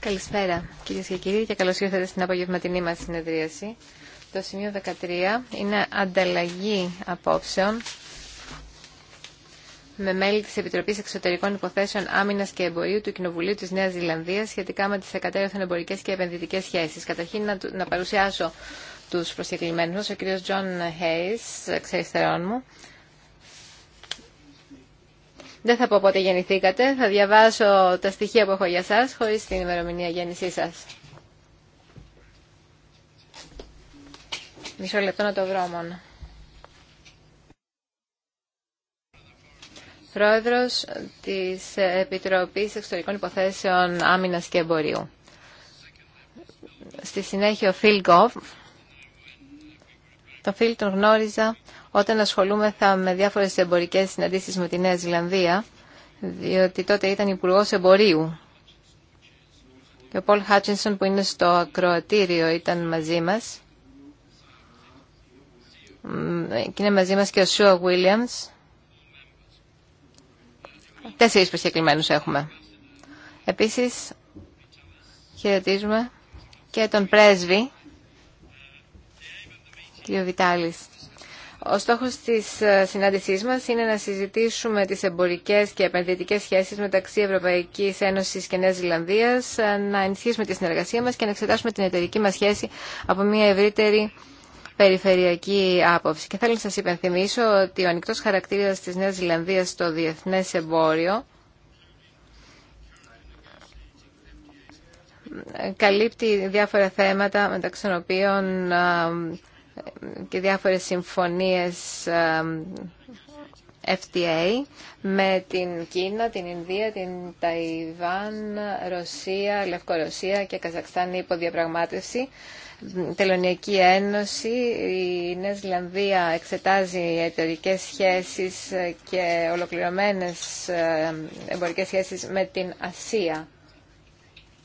Καλησπέρα κυρίες και κύριοι και καλώς ήρθατε στην απογευματινή μας συνεδρίαση. Το σημείο 13 είναι ανταλλαγή απόψεων με μέλη της Επιτροπής Εξωτερικών Υποθέσεων Άμυνας και Εμπορίου του Κοινοβουλίου της Νέας Ζηλανδίας σχετικά με τις εκατέρωθεν εμπορικές και επενδυτικές σχέσεις. Καταρχήν να, να παρουσιάσω τους προσκεκλημένους μας, ο κ. Τζον Χέις, εξ αριστερών μου, δεν θα πω πότε γεννηθήκατε. Θα διαβάσω τα στοιχεία που έχω για σας χωρίς την ημερομηνία γέννησή σας. Μισό λεπτό να το βρω μόνο. Πρόεδρος της Επιτροπής Εξωτερικών Υποθέσεων Άμυνας και Εμπορίου. Στη συνέχεια ο Φιλ Γκόβ, τον Φιλ τον γνώριζα όταν ασχολούμεθα με διάφορες εμπορικέ συναντήσεις με τη Νέα Ζηλανδία, διότι τότε ήταν υπουργό Εμπορίου. Και ο Πολ Χάτσινσον που είναι στο ακροατήριο ήταν μαζί μας. Και είναι μαζί μας και ο Σούα Βίλιαμς. Τέσσερις προσκεκλημένους έχουμε. Επίσης, χαιρετίζουμε και τον πρέσβη Κύριε Βιτάλη. ο στόχο τη ε, συνάντησή μα είναι να συζητήσουμε τι εμπορικέ και επενδυτικέ σχέσει μεταξύ Ευρωπαϊκή Ένωση και Νέα Ζηλανδία, ε, να ενισχύσουμε τη συνεργασία μα και να εξετάσουμε την εταιρική μα σχέση από μια ευρύτερη περιφερειακή άποψη. Και θέλω να σα υπενθυμίσω ότι ο ανοιχτό χαρακτήρα τη Νέα Ζηλανδία στο διεθνέ εμπόριο ε, καλύπτει διάφορα θέματα μεταξύ των οποίων και διάφορες συμφωνίες FTA με την Κίνα, την Ινδία, την Ταϊβάν, Ρωσία, Λευκορωσία και Καζακστάν υπό διαπραγμάτευση. Τελωνιακή Ένωση, η Νέα Ζηλανδία εξετάζει εταιρικές σχέσεις και ολοκληρωμένες εμπορικές σχέσεις με την Ασία.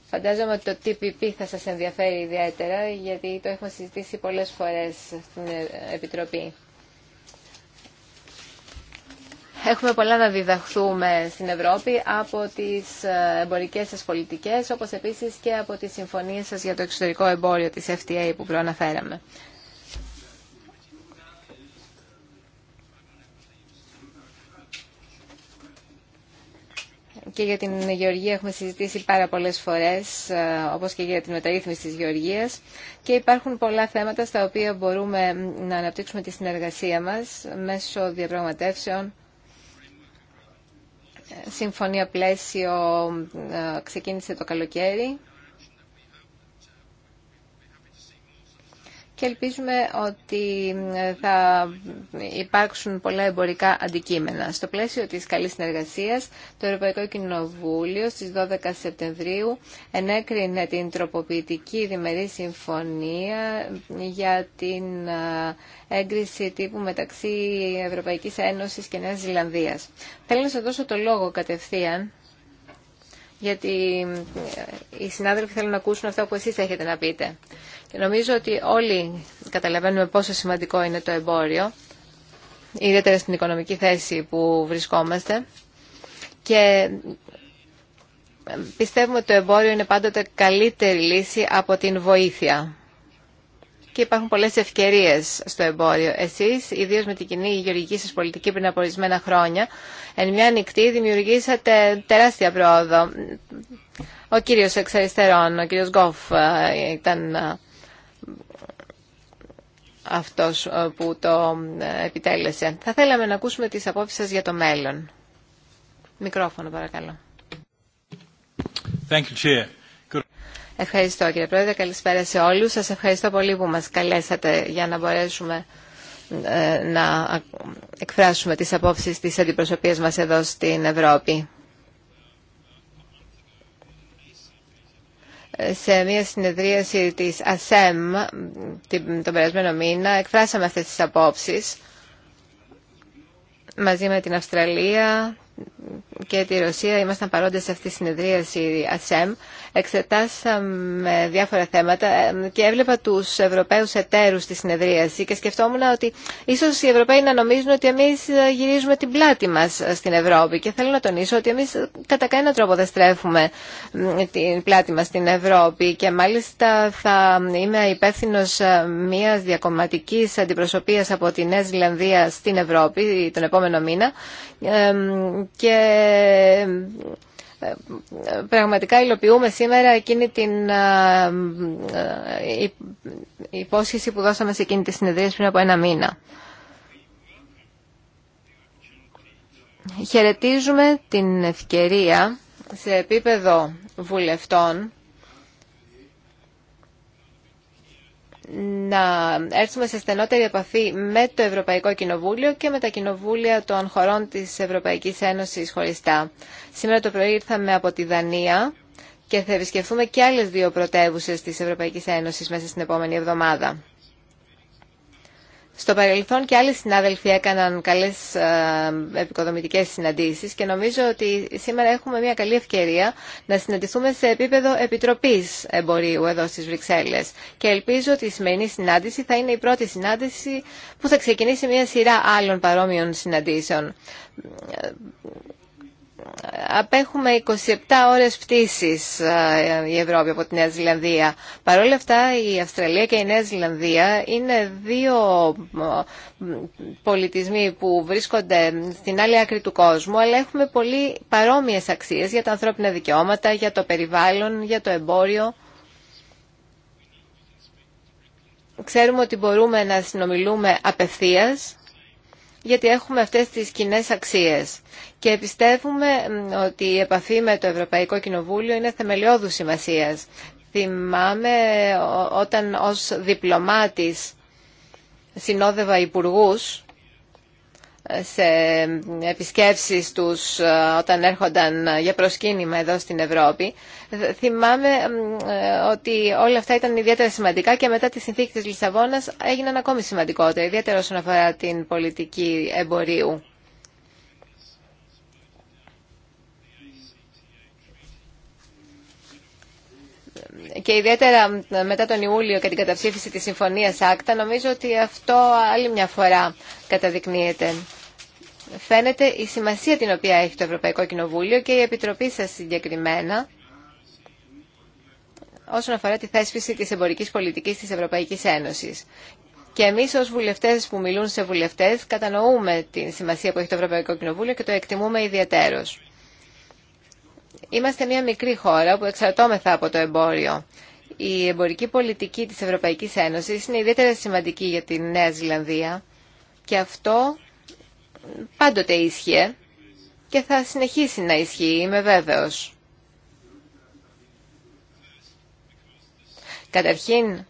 Φαντάζομαι ότι το TPP θα σας ενδιαφέρει ιδιαίτερα, γιατί το έχουμε συζητήσει πολλές φορές στην Επιτροπή. Έχουμε πολλά να διδαχθούμε στην Ευρώπη από τις εμπορικές σας πολιτικές, όπως επίσης και από τις συμφωνίες σας για το εξωτερικό εμπόριο της FTA που προαναφέραμε. και για την γεωργία έχουμε συζητήσει πάρα πολλές φορές, ε, όπως και για την μεταρρύθμιση της γεωργίας και υπάρχουν πολλά θέματα στα οποία μπορούμε να αναπτύξουμε τη συνεργασία μας μέσω διαπραγματεύσεων, συμφωνία πλαίσιο ε, ξεκίνησε το καλοκαίρι και ελπίζουμε ότι ε, θα υπάρξουν πολλά εμπορικά αντικείμενα. Στο πλαίσιο της καλής συνεργασίας, το Ευρωπαϊκό Κοινοβούλιο στις 12 Σεπτεμβρίου ενέκρινε την τροποποιητική διμερή συμφωνία για την ε, έγκριση τύπου μεταξύ Ευρωπαϊκής Ένωσης και Νέας Ζηλανδίας. Θέλω να σας δώσω το λόγο κατευθείαν γιατί ε, οι συνάδελφοι θέλουν να ακούσουν αυτά που εσείς έχετε να πείτε. Και νομίζω ότι όλοι καταλαβαίνουμε πόσο σημαντικό είναι το εμπόριο, ιδιαίτερα στην οικονομική θέση που βρισκόμαστε. Και πιστεύουμε ότι το εμπόριο είναι πάντοτε καλύτερη λύση από την βοήθεια. Και υπάρχουν πολλές ευκαιρίες στο εμπόριο. Εσείς, ιδίως με την κοινή γεωργική σας πολιτική πριν από ορισμένα χρόνια, εν μια νυχτή δημιουργήσατε τεράστια πρόοδο. Ο κύριος Εξαριστερών, ο κύριος Γκόφ ε, ήταν ε, αυτός ε, που το ε, επιτέλεσε. Θα θέλαμε να ακούσουμε τις απόψεις σας για το μέλλον. Μικρόφωνο παρακαλώ. Thank you, Chair. Ευχαριστώ κύριε Πρόεδρε. Καλησπέρα σε όλους. Σας ευχαριστώ πολύ που μας καλέσατε για να μπορέσουμε ε, να εκφράσουμε τις απόψεις της αντιπροσωπείας μας εδώ στην Ευρώπη. σε μια συνεδρίαση της ΑΣΕΜ τον περασμένο μήνα εκφράσαμε αυτές τις απόψεις μαζί με την Αυστραλία και τη Ρωσία ήμασταν παρόντες σε αυτή τη συνεδρίαση ΑΣΕΜ εξετάσαμε διάφορα θέματα ε, και έβλεπα τους Ευρωπαίους εταίρους στη συνεδρίαση και σκεφτόμουν ότι ίσως οι Ευρωπαίοι να νομίζουν ότι εμείς ε, γυρίζουμε την πλάτη μας ε, στην Ευρώπη και θέλω να τονίσω ότι εμείς κατά κανένα τρόπο δεν στρέφουμε την πλάτη μας στην Ευρώπη και μάλιστα θα είμαι υπεύθυνο μιας διακομματικής αντιπροσωπείας από τη Νέα Ζηλανδία στην Ευρώπη τον επόμενο μήνα και πραγματικά υλοποιούμε σήμερα εκείνη την ε, ε, υπόσχεση που δώσαμε σε εκείνη τη συνεδρία πριν από ένα μήνα. Χαιρετίζουμε την ευκαιρία σε επίπεδο βουλευτών να έρθουμε σε στενότερη επαφή με το Ευρωπαϊκό Κοινοβούλιο και με τα κοινοβούλια των χωρών της Ευρωπαϊκής Ένωσης χωριστά. Σήμερα το πρωί ήρθαμε από τη Δανία και θα επισκεφθούμε και άλλες δύο πρωτεύουσες της Ευρωπαϊκής Ένωσης μέσα στην επόμενη εβδομάδα. Στο παρελθόν και άλλοι συνάδελφοι έκαναν καλές ε, επικοδομητικές συναντήσεις και νομίζω ότι σήμερα έχουμε μια καλή ευκαιρία να συναντηθούμε σε επίπεδο Επιτροπής Εμπορίου εδώ στις Βρυξέλλες. Και ελπίζω ότι η σημερινή συνάντηση θα είναι η πρώτη συνάντηση που θα ξεκινήσει μια σειρά άλλων παρόμοιων συναντήσεων απέχουμε 27 ώρες πτήσης ε, η Ευρώπη από τη Νέα Ζηλανδία. Παρ' αυτά η Αυστραλία και η Νέα Ζηλανδία είναι δύο πολιτισμοί που βρίσκονται στην άλλη άκρη του κόσμου, αλλά έχουμε πολύ παρόμοιες αξίες για τα ανθρώπινα δικαιώματα, για το περιβάλλον, για το εμπόριο. Ξέρουμε ότι μπορούμε να συνομιλούμε απευθείας γιατί έχουμε αυτές τις κοινέ αξίες. Και πιστεύουμε ότι η επαφή με το Ευρωπαϊκό Κοινοβούλιο είναι θεμελιώδου σημασίας. Θυμάμαι όταν ως διπλωμάτης συνόδευα Υπουργού, σε επισκέψεις τους ε, όταν έρχονταν για προσκύνημα εδώ στην Ευρώπη. Θυμάμαι ε, ότι όλα αυτά ήταν ιδιαίτερα σημαντικά και μετά τη συνθήκη της Λισαβόνας έγιναν ακόμη σημαντικότερα, ιδιαίτερα όσον αφορά την πολιτική εμπορίου. και ιδιαίτερα ε, μετά τον Ιούλιο και την καταψήφιση της Συμφωνίας Άκτα, νομίζω ότι αυτό άλλη μια φορά καταδεικνύεται. Φαίνεται η σημασία την οποία έχει το Ευρωπαϊκό Κοινοβούλιο και η Επιτροπή σας συγκεκριμένα όσον αφορά τη θέσπιση της εμπορικής πολιτικής της Ευρωπαϊκής Ένωσης. Και εμεί ω βουλευτέ που μιλούν σε βουλευτέ κατανοούμε την σημασία που έχει το Ευρωπαϊκό Κοινοβούλιο και το εκτιμούμε ιδιαίτερω. Είμαστε μια μικρή χώρα που εξαρτώμεθα από το εμπόριο. Η εμπορική πολιτική της Ευρωπαϊκής Ένωσης είναι ιδιαίτερα σημαντική για τη Νέα Ζηλανδία και αυτό πάντοτε ίσχυε και θα συνεχίσει να ισχύει, είμαι βέβαιος. Καταρχήν,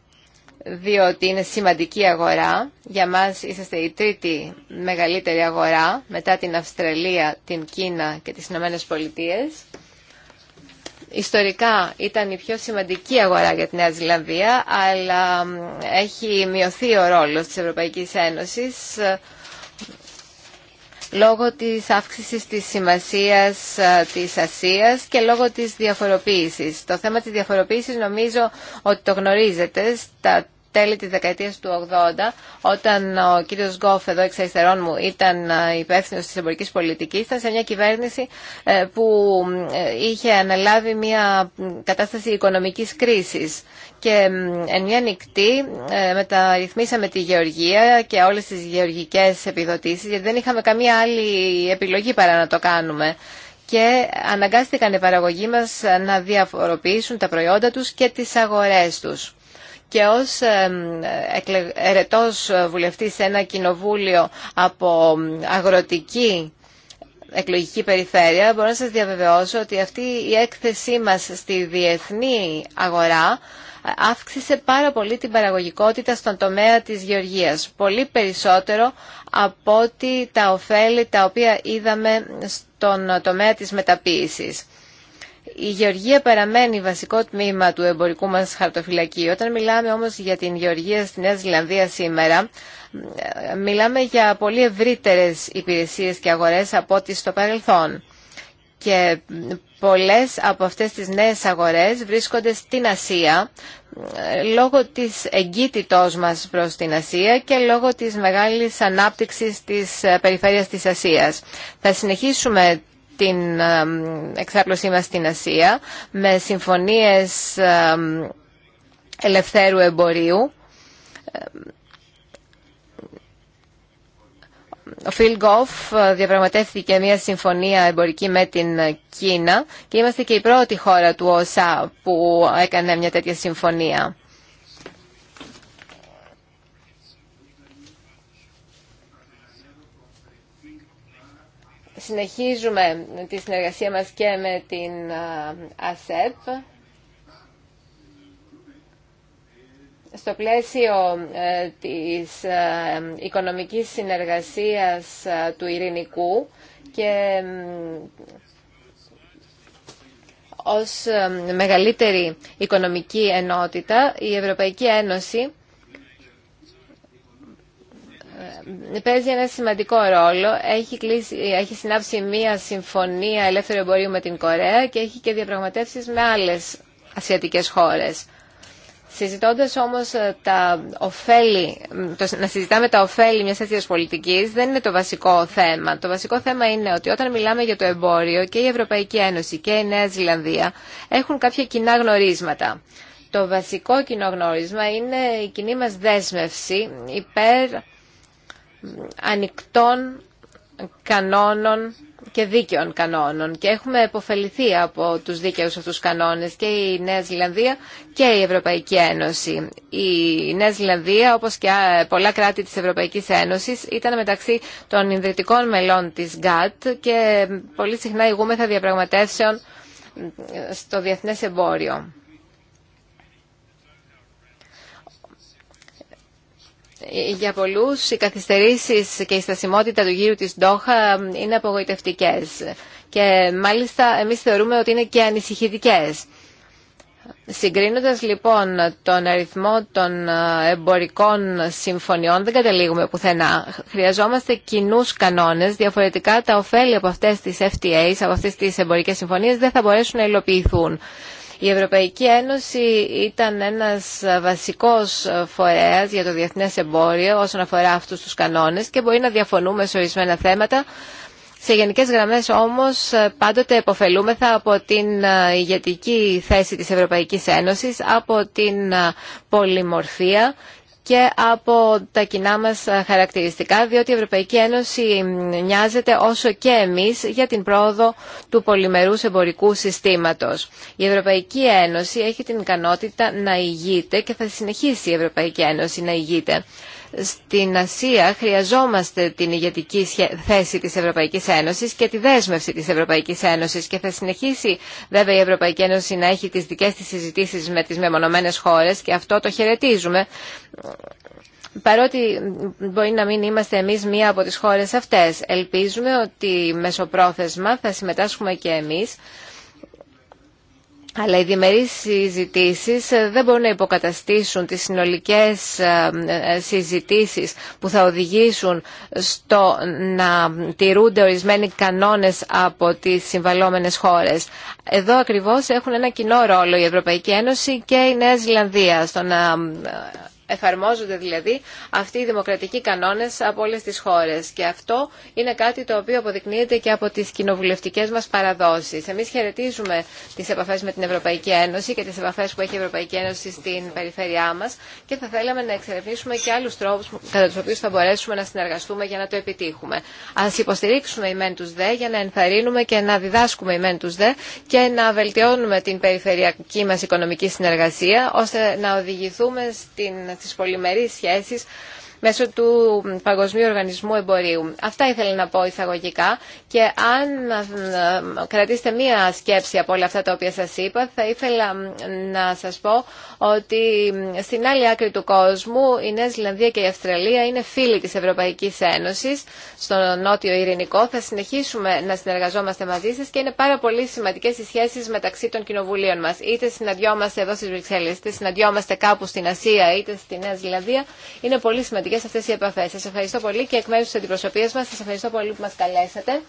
διότι είναι σημαντική αγορά. Για μας είσαστε η τρίτη μεγαλύτερη αγορά μετά την Αυστραλία, την Κίνα και τις Ηνωμένε Πολιτείες ιστορικά ήταν η πιο σημαντική αγορά για τη Νέα Ζηλανδία, αλλά έχει μειωθεί ο ρόλος της Ευρωπαϊκής Ένωσης ε, λόγω της αύξησης της σημασίας ε, της Ασίας και λόγω της διαφοροποίησης. Το θέμα της διαφοροποίησης νομίζω ότι το γνωρίζετε στα τέλη της δεκαετίας του 80, όταν ο κύριος Γκόφ εδώ εξ αριστερών μου ήταν ε, υπεύθυνος της εμπορικής πολιτικής, ήταν σε μια κυβέρνηση ε, που ε, είχε αναλάβει μια κατάσταση οικονομικής κρίσης. Και εν μια νυχτή μεταρρυθμίσαμε τη γεωργία και όλες τις γεωργικές επιδοτήσεις, γιατί δεν είχαμε καμία άλλη επιλογή παρά να το κάνουμε και αναγκάστηκαν οι παραγωγοί μας να διαφοροποιήσουν τα προϊόντα τους και τις αγορές τους και ως ερετός βουλευτής σε ένα κοινοβούλιο από αγροτική εκλογική περιφέρεια, μπορώ να σας διαβεβαιώσω ότι αυτή η έκθεσή μας στη διεθνή αγορά ε, αύξησε πάρα πολύ την παραγωγικότητα στον τομέα της γεωργίας. Πολύ περισσότερο από ότι τα ωφέλη τα οποία είδαμε στον τομέα της μεταποίησης. Η γεωργία παραμένει βασικό τμήμα του εμπορικού μας χαρτοφυλακίου. Όταν μιλάμε όμως για την γεωργία στη Νέα Ζηλανδία σήμερα, μιλάμε για πολύ ευρύτερες υπηρεσίες και αγορές από ό,τι στο παρελθόν. Και πολλές από αυτές τις νέες αγορές βρίσκονται στην Ασία λόγω της εγκύτητός μας προς την Ασία και λόγω της μεγάλης ανάπτυξης της περιφέρειας της Ασίας. Θα συνεχίσουμε την εξάπλωσή μας στην Ασία με συμφωνίες ελευθέρου εμπορίου. Ο Φιλ Γκόφ ε, διαπραγματεύτηκε μια συμφωνία εμπορική με την Κίνα και είμαστε και η πρώτη χώρα του ΩΣΑ που έκανε μια τέτοια συμφωνία. συνεχίζουμε τη συνεργασία μας και με την ΑΣΕΠ. Στο πλαίσιο ε, της ε, οικονομικής συνεργασίας ε, του ειρηνικού και ως μεγαλύτερη οικονομική ενότητα η Ευρωπαϊκή Ένωση ε, παίζει ένα σημαντικό ρόλο. Έχει, κλείσει, έχει συνάψει μία συμφωνία ελεύθερου εμπορίου με την Κορέα και έχει και διαπραγματεύσεις με άλλες ασιατικές χώρες. Συζητώντας όμως ε, τα ωφέλη, το, να συζητάμε τα ωφέλη μιας τέτοιας πολιτικής δεν είναι το βασικό θέμα. Το βασικό θέμα είναι ότι όταν μιλάμε για το εμπόριο και η Ευρωπαϊκή Ένωση και η Νέα Ζηλανδία έχουν κάποια κοινά γνωρίσματα. Το βασικό κοινό γνώρισμα είναι η κοινή μας δέσμευση υπέρ ανοιχτών κανόνων και δίκαιων κανόνων και έχουμε επωφεληθεί από τους δίκαιους αυτούς κανόνες και η Νέα Ζηλανδία και η Ευρωπαϊκή Ένωση. Η Νέα Ζηλανδία όπως και πολλά κράτη της Ευρωπαϊκής Ένωσης ήταν μεταξύ των ιδρυτικών μελών της ΓΑΤ και πολύ συχνά ηγούμεθα διαπραγματεύσεων στο διεθνές εμπόριο. για πολλούς οι καθυστερήσεις και η στασιμότητα του γύρου της Ντόχα είναι απογοητευτικές και μάλιστα εμείς θεωρούμε ότι είναι και ανησυχητικές. Συγκρίνοντας λοιπόν τον αριθμό των ε, εμπορικών συμφωνιών δεν καταλήγουμε πουθενά. Χρειαζόμαστε κοινού κανόνες, διαφορετικά τα ωφέλη από αυτές τις FTAs, από αυτές τις εμπορικές συμφωνίες δεν θα μπορέσουν να υλοποιηθούν. Η Ευρωπαϊκή Ένωση ήταν ένας βασικός φορέας για το διεθνές εμπόριο όσον αφορά αυτούς τους κανόνες και μπορεί να διαφωνούμε σε ορισμένα θέματα. Σε γενικές γραμμές όμως πάντοτε επωφελούμεθα από την ηγετική θέση της Ευρωπαϊκής Ένωσης, από την πολυμορφία και από τα κοινά μας χαρακτηριστικά, διότι η Ευρωπαϊκή Ένωση νοιάζεται όσο και εμείς για την πρόοδο του πολυμερούς εμπορικού συστήματος. Η Ευρωπαϊκή Ένωση έχει την ικανότητα να ηγείται και θα συνεχίσει η Ευρωπαϊκή Ένωση να ηγείται. Στην Ασία χρειαζόμαστε την ηγετική θέση της Ευρωπαϊκής Ένωσης και τη δέσμευση της Ευρωπαϊκής Ένωσης και θα συνεχίσει βέβαια η Ευρωπαϊκή Ένωση να έχει τις δικές της συζητήσεις με τις μεμονωμένες χώρες και αυτό το χαιρετίζουμε παρότι μπορεί να μην είμαστε εμείς μία από τις χώρες αυτές. Ελπίζουμε ότι μεσοπρόθεσμα θα συμμετάσχουμε και εμείς αλλά οι διμερείς συζητήσεις ε, δεν μπορούν να υποκαταστήσουν τις συνολικές ε, ε, συζητήσεις που θα οδηγήσουν στο να τηρούνται ορισμένοι κανόνες από τις συμβαλόμενες χώρες. Εδώ ακριβώς έχουν ένα κοινό ρόλο η Ευρωπαϊκή Ένωση και η Νέα Ζηλανδία στο εφαρμόζονται δηλαδή αυτοί οι δημοκρατικοί κανόνες από όλες τις χώρες. Και αυτό είναι κάτι το οποίο αποδεικνύεται και από τις κοινοβουλευτικές μας παραδόσεις. Εμείς χαιρετίζουμε τις επαφές με την Ευρωπαϊκή Ένωση και τις επαφές που έχει η Ευρωπαϊκή Ένωση στην περιφέρειά μας και θα θέλαμε να εξερευνήσουμε και άλλους τρόπους κατά τους οποίους θα μπορέσουμε να συνεργαστούμε για να το επιτύχουμε. Ας υποστηρίξουμε η μεν δε για να ενθαρρύνουμε και να διδάσκουμε οι μεν δε και να βελτιώνουμε την περιφερειακή μας οικονομική συνεργασία ώστε να οδηγηθούμε στην της πολυμερής σχέσεις μέσω του Παγκοσμίου Οργανισμού Εμπορίου. Αυτά ήθελα να πω εισαγωγικά και αν ε, κρατήσετε μία σκέψη από όλα αυτά τα οποία σας είπα, θα ήθελα να σας πω ότι στην άλλη άκρη του κόσμου η Νέα Ζηλανδία και η Αυστραλία είναι φίλοι της Ευρωπαϊκής Ένωσης στο Νότιο Ειρηνικό. Θα συνεχίσουμε να συνεργαζόμαστε μαζί σας και είναι πάρα πολύ σημαντικές οι σχέσεις μεταξύ των κοινοβουλίων μας. Είτε συναντιόμαστε εδώ στις Βρυξέλλες, είτε συναντιόμαστε κάπου στην Ασία, είτε στη Νέα Ζηλανδία. Είναι πολύ σημαντικέ αυτέ οι επαφέ. Σα ευχαριστώ πολύ και εκ μέρου τη αντιπροσωπεία μας σα ευχαριστώ πολύ που μα καλέσατε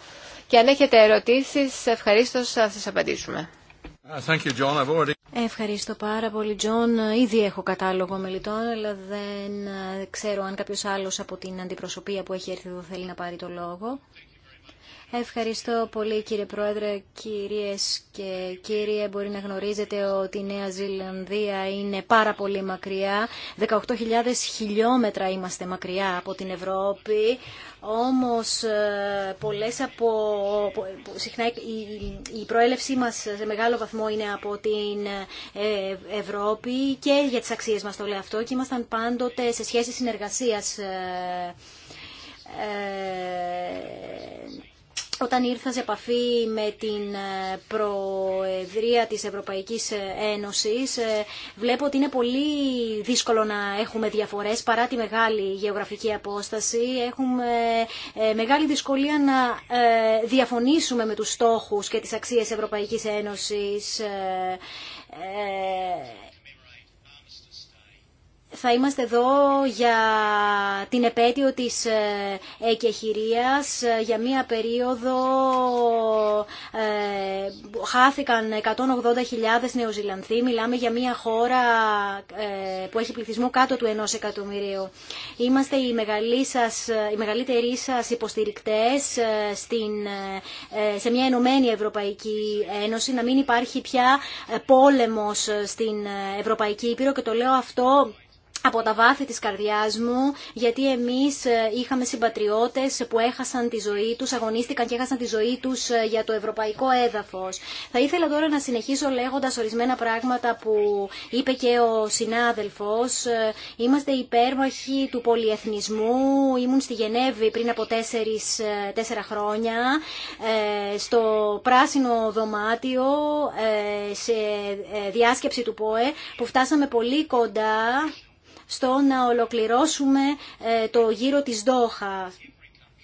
και αν έχετε ερωτήσει, ευχαρίστω θα σα απαντήσουμε. Uh, ευχαριστώ πάρα πολύ, Τζον. Ήδη έχω κατάλογο μελητών, αλλά δεν ε, ξέρω αν κάποιος άλλος από την αντιπροσωπεία που έχει έρθει εδώ θέλει να πάρει το λόγο. Ευχαριστώ πολύ κύριε Πρόεδρε, κυρίες και κύριοι. Μπορεί να γνωρίζετε ότι η Νέα Ζηλανδία είναι πάρα πολύ μακριά. 18.000 χιλιόμετρα είμαστε μακριά από την Ευρώπη. Όμως ε, πολλές από... Συχνά η προέλευσή μας σε μεγάλο βαθμό είναι από την ε, Ευρώπη και για τις αξίες μας το λέω αυτό και ήμασταν πάντοτε σε σχέση συνεργασίας ε, όταν ήρθα σε επαφή με την ε, Προεδρία της Ευρωπαϊκής ε, Ένωσης ε, βλέπω ότι είναι πολύ δύσκολο να έχουμε διαφορές παρά τη μεγάλη γεωγραφική απόσταση. Έχουμε μεγάλη δυσκολία να διαφωνήσουμε με τους στόχους και τις αξίες Ευρωπαϊκής Ένωσης θα είμαστε εδώ για την επέτειο της ε, εκεχηρίας ε, για μία περίοδο ε, χάθηκαν 180.000 Νεοζηλανθοί μιλάμε για μία χώρα ε, που έχει πληθυσμό κάτω του 1 εκατομμυρίου είμαστε οι, σας, οι μεγαλύτεροι σας υποστηρικτές στην, σε μια ενωμένη Ευρωπαϊκή Ένωση να μην υπάρχει πια πόλεμος στην Ευρωπαϊκή Ήπειρο και το λέω αυτό από τα βάθη της καρδιάς μου, γιατί εμείς ε, είχαμε συμπατριώτες που έχασαν τη ζωή τους, αγωνίστηκαν και έχασαν τη ζωή τους ε, για το ευρωπαϊκό έδαφος. Θα ήθελα τώρα να συνεχίσω λέγοντας ορισμένα πράγματα που είπε και ο συνάδελφος. Ε, είμαστε υπέρμαχοι του πολυεθνισμού, ήμουν στη Γενέβη πριν από τέσσερις, τέσσερα χρόνια, στο πράσινο δωμάτιο, σε διάσκεψη του ΠΟΕ, που φτάσαμε πολύ κοντά στο να ολοκληρώσουμε ε, το γύρο της Δόχα.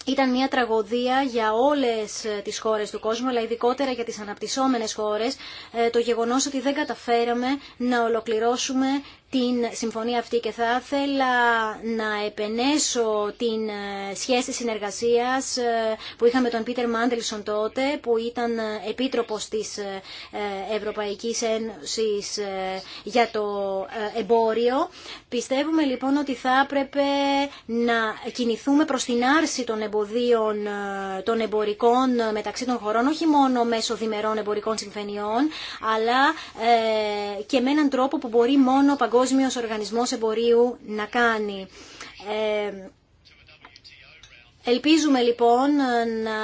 Ήταν μια τραγωδία για όλες ε, τις χώρες του κόσμου, αλλά ειδικότερα για τις αναπτυσσόμενες χώρες, ε, το γεγονός ότι δεν καταφέραμε να ολοκληρώσουμε την συμφωνία αυτή και θα ήθελα να επενέσω την ε, σχέση συνεργασίας ε, που είχαμε τον Πίτερ Μάντελσον τότε που ήταν ε, επίτροπος της Ευρωπαϊκής Ένωσης για το εμπόριο. Πιστεύουμε λοιπόν ότι θα έπρεπε να κινηθούμε προς την άρση των εμποδίων των εμπορικών μεταξύ των χωρών όχι μόνο μέσω διμερών εμπορικών συμφωνιών αλλά και με έναν τρόπο που μπορεί μόνο παγκόσμια Παγκόσμιος Οργανισμός Εμπορίου να κάνει. Ε, ελπίζουμε λοιπόν να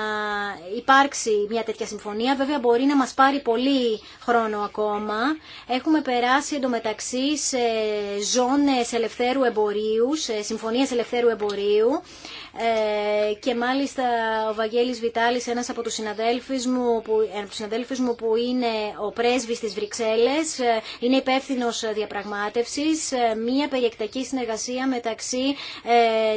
υπάρξει μια τέτοια συμφωνία. Βέβαια μπορεί να μας πάρει πολύ χρόνο ακόμα. Έχουμε περάσει εντωμεταξύ σε ζώνες ελευθέρου εμπορίου, σε συμφωνίες ελευθέρου εμπορίου. Ε, και μάλιστα ο Βαγγέλης Βιτάλης, ένας από τους συναδέλφους μου που, ε, τους συναδέλφους μου που είναι ο πρέσβης της Βρυξέλλες, ε, είναι υπεύθυνο διαπραγμάτευσης, μια περιεκτική συνεργασία μεταξύ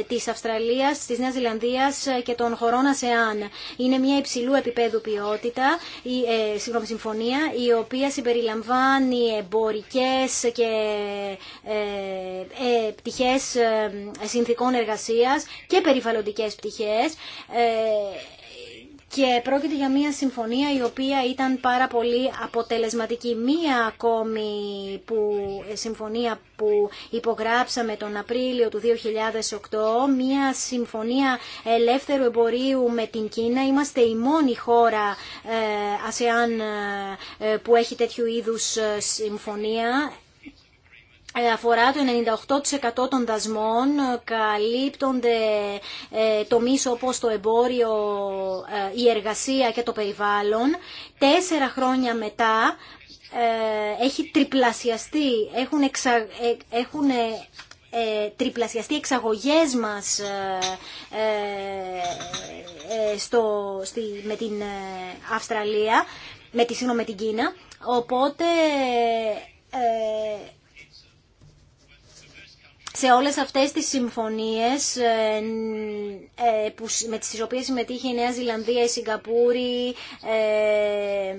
της Αυστραλίας, της Νέας Ζηλανδίας και των χωρών ΑΣΕΑΝ. Είναι μια υψηλού επίπεδου ποιότητα, η, συγγνώμη, συμφωνία, η οποία συμπεριλαμβάνει εμπορικές και ε, πτυχές συνθήκων εργασίας και περιβαλλοντικές πτυχές ε, και πρόκειται για μια συμφωνία η οποία ήταν πάρα πολύ αποτελεσματική. Μία ακόμη που, ε, συμφωνία που υπογράψαμε τον Απρίλιο του 2008, μια συμφωνία ελεύθερου εμπορίου με την Κίνα. Είμαστε η μόνη χώρα ε, ΑΣΕΑΝ ε, που έχει τέτοιου είδους συμφωνία αφορά το 98% των δασμών, ε, καλύπτονται το ε, τομείς όπως το εμπόριο, ε, η εργασία και το περιβάλλον. Τέσσερα χρόνια μετά έχει τριπλασιαστεί, έχουν, έχουν τριπλασιαστεί εξαγωγές μας στο, στη, με την Αυστραλία, με τη, σύνο, με την Κίνα, οπότε σε όλες αυτές τις συμφωνίες ε, ε, που, με τις οποίες συμμετείχε η Νέα Ζηλανδία, η Σιγκαπούρη, ε,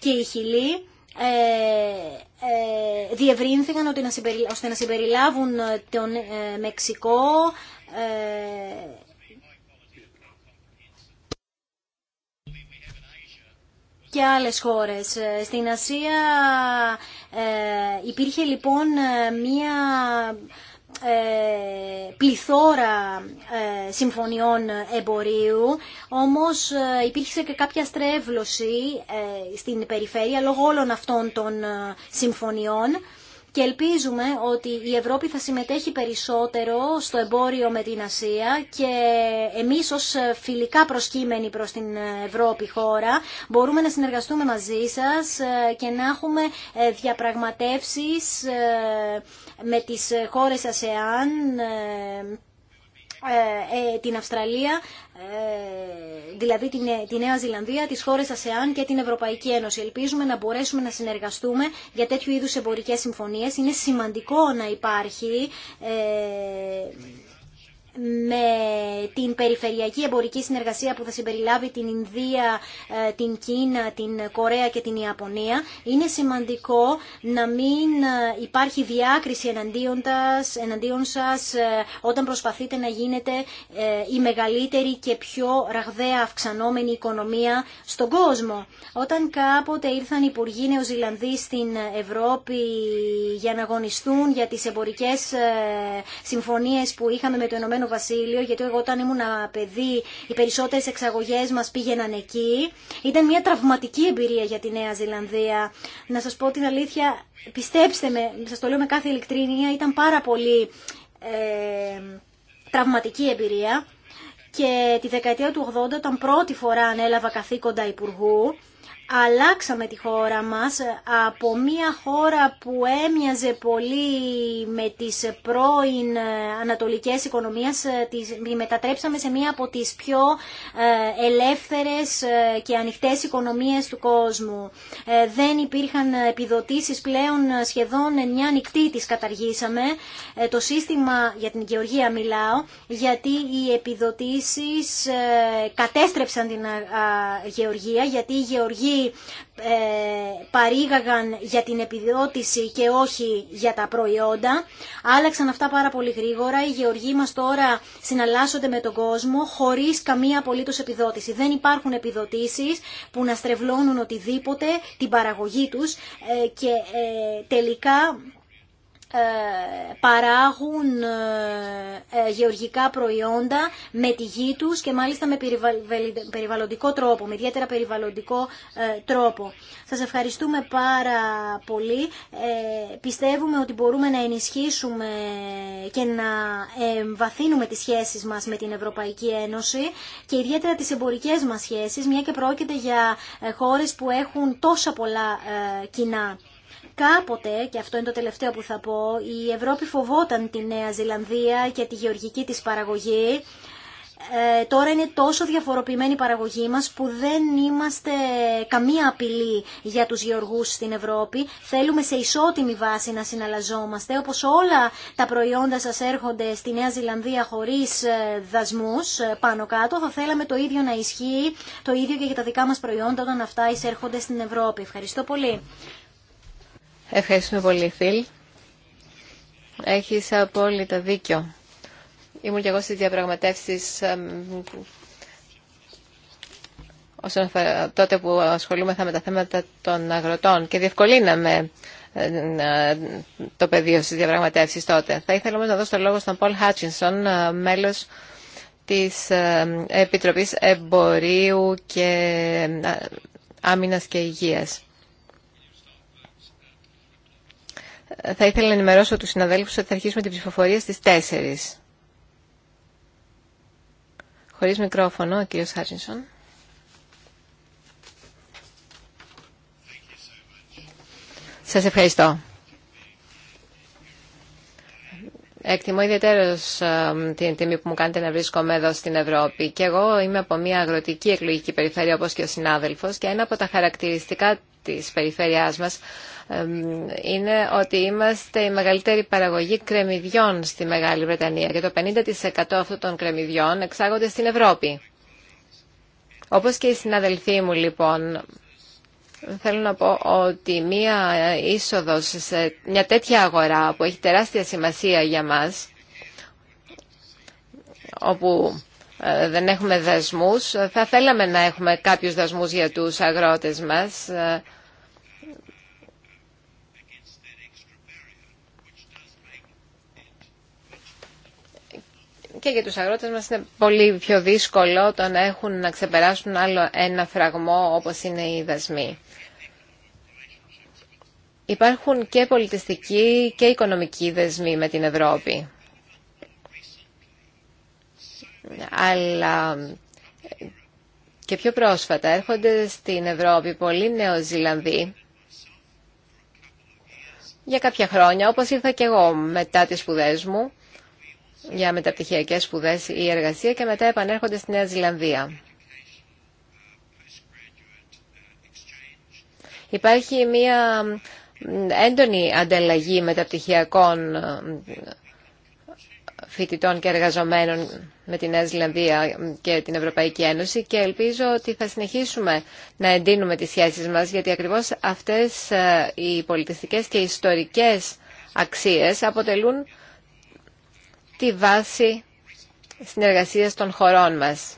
και η Χιλή διευρύνθηκαν ώστε να συμπεριλάβουν τον Μεξικό και άλλες χώρες. Ε, στην Ασία ε, υπήρχε λοιπόν ε, μία πληθώρα συμφωνιών εμπορίου, όμως υπήρχε και κάποια στρέβλωση στην περιφέρεια λόγω όλων αυτών των συμφωνιών και ελπίζουμε ότι η Ευρώπη θα συμμετέχει περισσότερο στο εμπόριο με την Ασία και εμείς ως φιλικά προσκύμενοι προς την Ευρώπη χώρα μπορούμε να συνεργαστούμε μαζί σας ε, και να έχουμε ε, διαπραγματεύσεις ε, με τις χώρες ΑΣΕΑΝ την Αυστραλία ε, δηλαδή τη Νέα Ζηλανδία, τις χώρες ΑΣΕΑΝ και την Ευρωπαϊκή Ένωση. Ελπίζουμε να μπορέσουμε να συνεργαστούμε για τέτοιου είδους εμπορικές συμφωνίες. Είναι σημαντικό να υπάρχει ε, με την περιφερειακή εμπορική συνεργασία που θα συμπεριλάβει την Ινδία, ε, την Κίνα, την Κορέα και την Ιαπωνία, είναι σημαντικό να μην ε, υπάρχει διάκριση εναντίον, τας, σας ε, όταν προσπαθείτε να γίνετε η μεγαλύτερη και πιο ραγδαία αυξανόμενη οικονομία στον κόσμο. Όταν κάποτε ήρθαν οι Υπουργοί Νεοζηλανδοί στην Ευρώπη για να αγωνιστούν για τις εμπορικές συμφωνίες που είχαμε με το Βασίλειο, γιατί εγώ όταν ήμουν παιδί οι περισσότερε εξαγωγέ μας πήγαιναν εκεί. Ήταν μια τραυματική εμπειρία για τη Νέα Ζηλανδία. Να σας πω την αλήθεια, πιστέψτε με, σας το λέω με κάθε ειλικρίνεια, ήταν πάρα πολύ ε, τραυματική εμπειρία. Και τη δεκαετία του 80, όταν πρώτη φορά ανέλαβα καθήκοντα υπουργού, αλλάξαμε τη χώρα μας ε, από μια χώρα που έμοιαζε πολύ με τις πρώην ε, ανατολικές οικονομίες, ε, τις μετατρέψαμε σε μια από τις πιο ελεύθερες και ανοιχτές οικονομίες του κόσμου. Δεν υπήρχαν επιδοτήσεις πλέον σχεδόν μια νυχτή τις καταργήσαμε. Το σύστημα, για την γεωργία μιλάω, γιατί οι επιδοτήσεις κατέστρεψαν την γεωργία, γιατί η γεωργία ε, παρήγαγαν για την επιδότηση και όχι για τα προϊόντα. Άλλαξαν αυτά πάρα πολύ γρήγορα. Οι γεωργοί μας τώρα συναλλάσσονται με τον κόσμο χωρίς καμία απολύτως επιδότηση. Δεν υπάρχουν επιδοτήσεις που να στρεβλώνουν οτιδήποτε την παραγωγή τους ε, και ε, τελικά ε, παράγουν ε, ε, γεωργικά προϊόντα με τη γη τους και μάλιστα με περιβαλλοντικό τρόπο, με ιδιαίτερα περιβαλλοντικό τρόπο. Σας ευχαριστούμε πάρα πολύ. Πιστεύουμε ότι μπορούμε να ενισχύσουμε και να βαθύνουμε τις σχέσεις μας με την Ευρωπαϊκή Ένωση και ιδιαίτερα τις εμπορικές μας σχέσεις, μια και πρόκειται για χώρες που έχουν τόσα πολλά κοινά. Κάποτε, και αυτό είναι το τελευταίο που θα πω, η Ευρώπη φοβόταν τη Νέα Ζηλανδία και τη γεωργική της παραγωγή. Ε, τώρα είναι τόσο διαφοροποιημένη η παραγωγή μας που δεν είμαστε καμία απειλή για τους γεωργούς στην Ευρώπη. Θέλουμε σε ισότιμη βάση να συναλλαζόμαστε, όπως όλα τα προϊόντα σας έρχονται στη Νέα Ζηλανδία χωρίς ε, δασμούς ε, πάνω κάτω. Θα θέλαμε το ίδιο να ισχύει, το ίδιο και για τα δικά μας προϊόντα όταν αυτά εισέρχονται στην Ευρώπη. Ευχαριστώ πολύ. Ευχαριστούμε πολύ, Φιλ. Έχεις απόλυτα δίκιο. Ήμουν και εγώ στις διαπραγματεύσεις όσον αφορά τότε που ασχολούμεθα με τα θέματα των αγροτών και διευκολύναμε το πεδίο στις διαπραγματεύσεις τότε. Θα ήθελα όμως να δώσω το λόγο στον Πολ Χάτσινσον, ε, μέλος της ε, Επιτροπής Εμπορίου και ε, Άμυνας και Υγείας. θα ήθελα να ενημερώσω τους συναδέλφους ότι θα αρχίσουμε την ψηφοφορία στις 4. Χωρίς μικρόφωνο, ο κύριος Χάτσινσον. Σας ευχαριστώ. Εκτιμώ ιδιαίτερω ε, την τιμή που μου κάνετε να βρίσκομαι εδώ στην Ευρώπη. Και εγώ είμαι από μια αγροτική εκλογική περιφέρεια, όπω και ο συνάδελφο, και ένα από τα χαρακτηριστικά τη περιφέρειά μα είναι ότι είμαστε η μεγαλύτερη παραγωγή κρεμμυδιών στη Μεγάλη Βρετανία και το 50% αυτών των κρεμμυδιών εξάγονται στην Ευρώπη. Όπως και οι συναδελφοί μου λοιπόν, θέλω να πω ότι μία είσοδος σε μια τέτοια αγορά που έχει τεράστια σημασία για μας, όπου ε, δεν έχουμε δασμούς, θα θέλαμε να έχουμε κάποιους δασμούς για τους αγρότες μας, ε, και για τους αγρότες μας είναι πολύ πιο δύσκολο το να έχουν να ξεπεράσουν άλλο ένα φραγμό όπως είναι οι δασμοί. Υπάρχουν και πολιτιστικοί και οικονομικοί δεσμοί με την Ευρώπη. Αλλά και πιο πρόσφατα έρχονται στην Ευρώπη πολλοί Νεοζηλανδοί για κάποια χρόνια, όπως ήρθα και εγώ μετά τις σπουδέ μου, για μεταπτυχιακές σπουδές ή εργασία και μετά επανέρχονται στη Νέα Ζηλανδία. Υπάρχει μία έντονη ανταλλαγή μεταπτυχιακών φοιτητών και εργαζομένων με τη Νέα Ζηλανδία και την Ευρωπαϊκή Ένωση και ελπίζω ότι θα συνεχίσουμε να εντείνουμε τις σχέσεις μας γιατί ακριβώς αυτές ε, οι πολιτιστικές και ιστορικές αξίες αποτελούν τη βάση συνεργασίας των χωρών μας.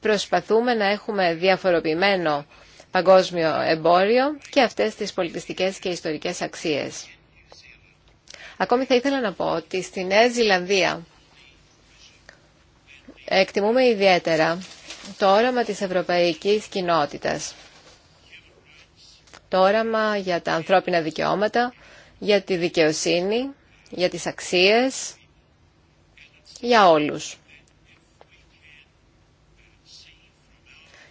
Προσπαθούμε να έχουμε διαφοροποιημένο παγκόσμιο εμπόριο και αυτές τις πολιτιστικές και ιστορικές αξίες. Ακόμη θα ήθελα να πω ότι στη Νέα Ζηλανδία εκτιμούμε ιδιαίτερα το όραμα της ευρωπαϊκής κοινότητας το όραμα για τα ανθρώπινα δικαιώματα, για τη δικαιοσύνη, για τις αξίες, για όλους.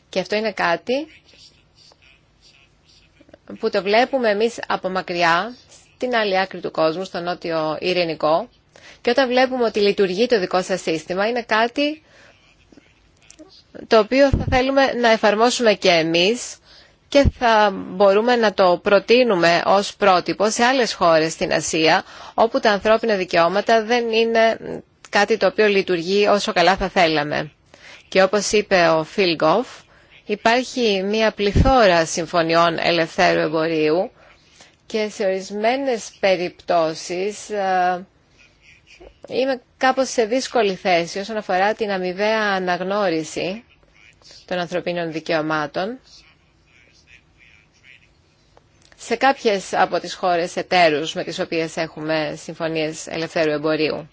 Και αυτό είναι κάτι που το βλέπουμε εμείς από μακριά, στην άλλη άκρη του κόσμου, στο νότιο ειρηνικό. Και όταν βλέπουμε ότι λειτουργεί το δικό σας σύστημα, είναι κάτι το οποίο θα θέλουμε να εφαρμόσουμε και εμείς και θα μπορούμε να το προτείνουμε ως πρότυπο σε άλλες χώρες στην Ασία όπου τα ανθρώπινα δικαιώματα δεν είναι κάτι το οποίο λειτουργεί όσο καλά θα θέλαμε. Και όπως είπε ο Φιλ υπάρχει μια πληθώρα συμφωνιών ελευθέρου εμπορίου και σε ορισμένες περιπτώσεις ε, είμαι κάπως σε δύσκολη θέση όσον αφορά την αμοιβαία αναγνώριση των ανθρωπίνων δικαιωμάτων σε κάποιες από τις χώρες εταίρους με τις οποίες έχουμε συμφωνίες ελευθέρου εμπορίου.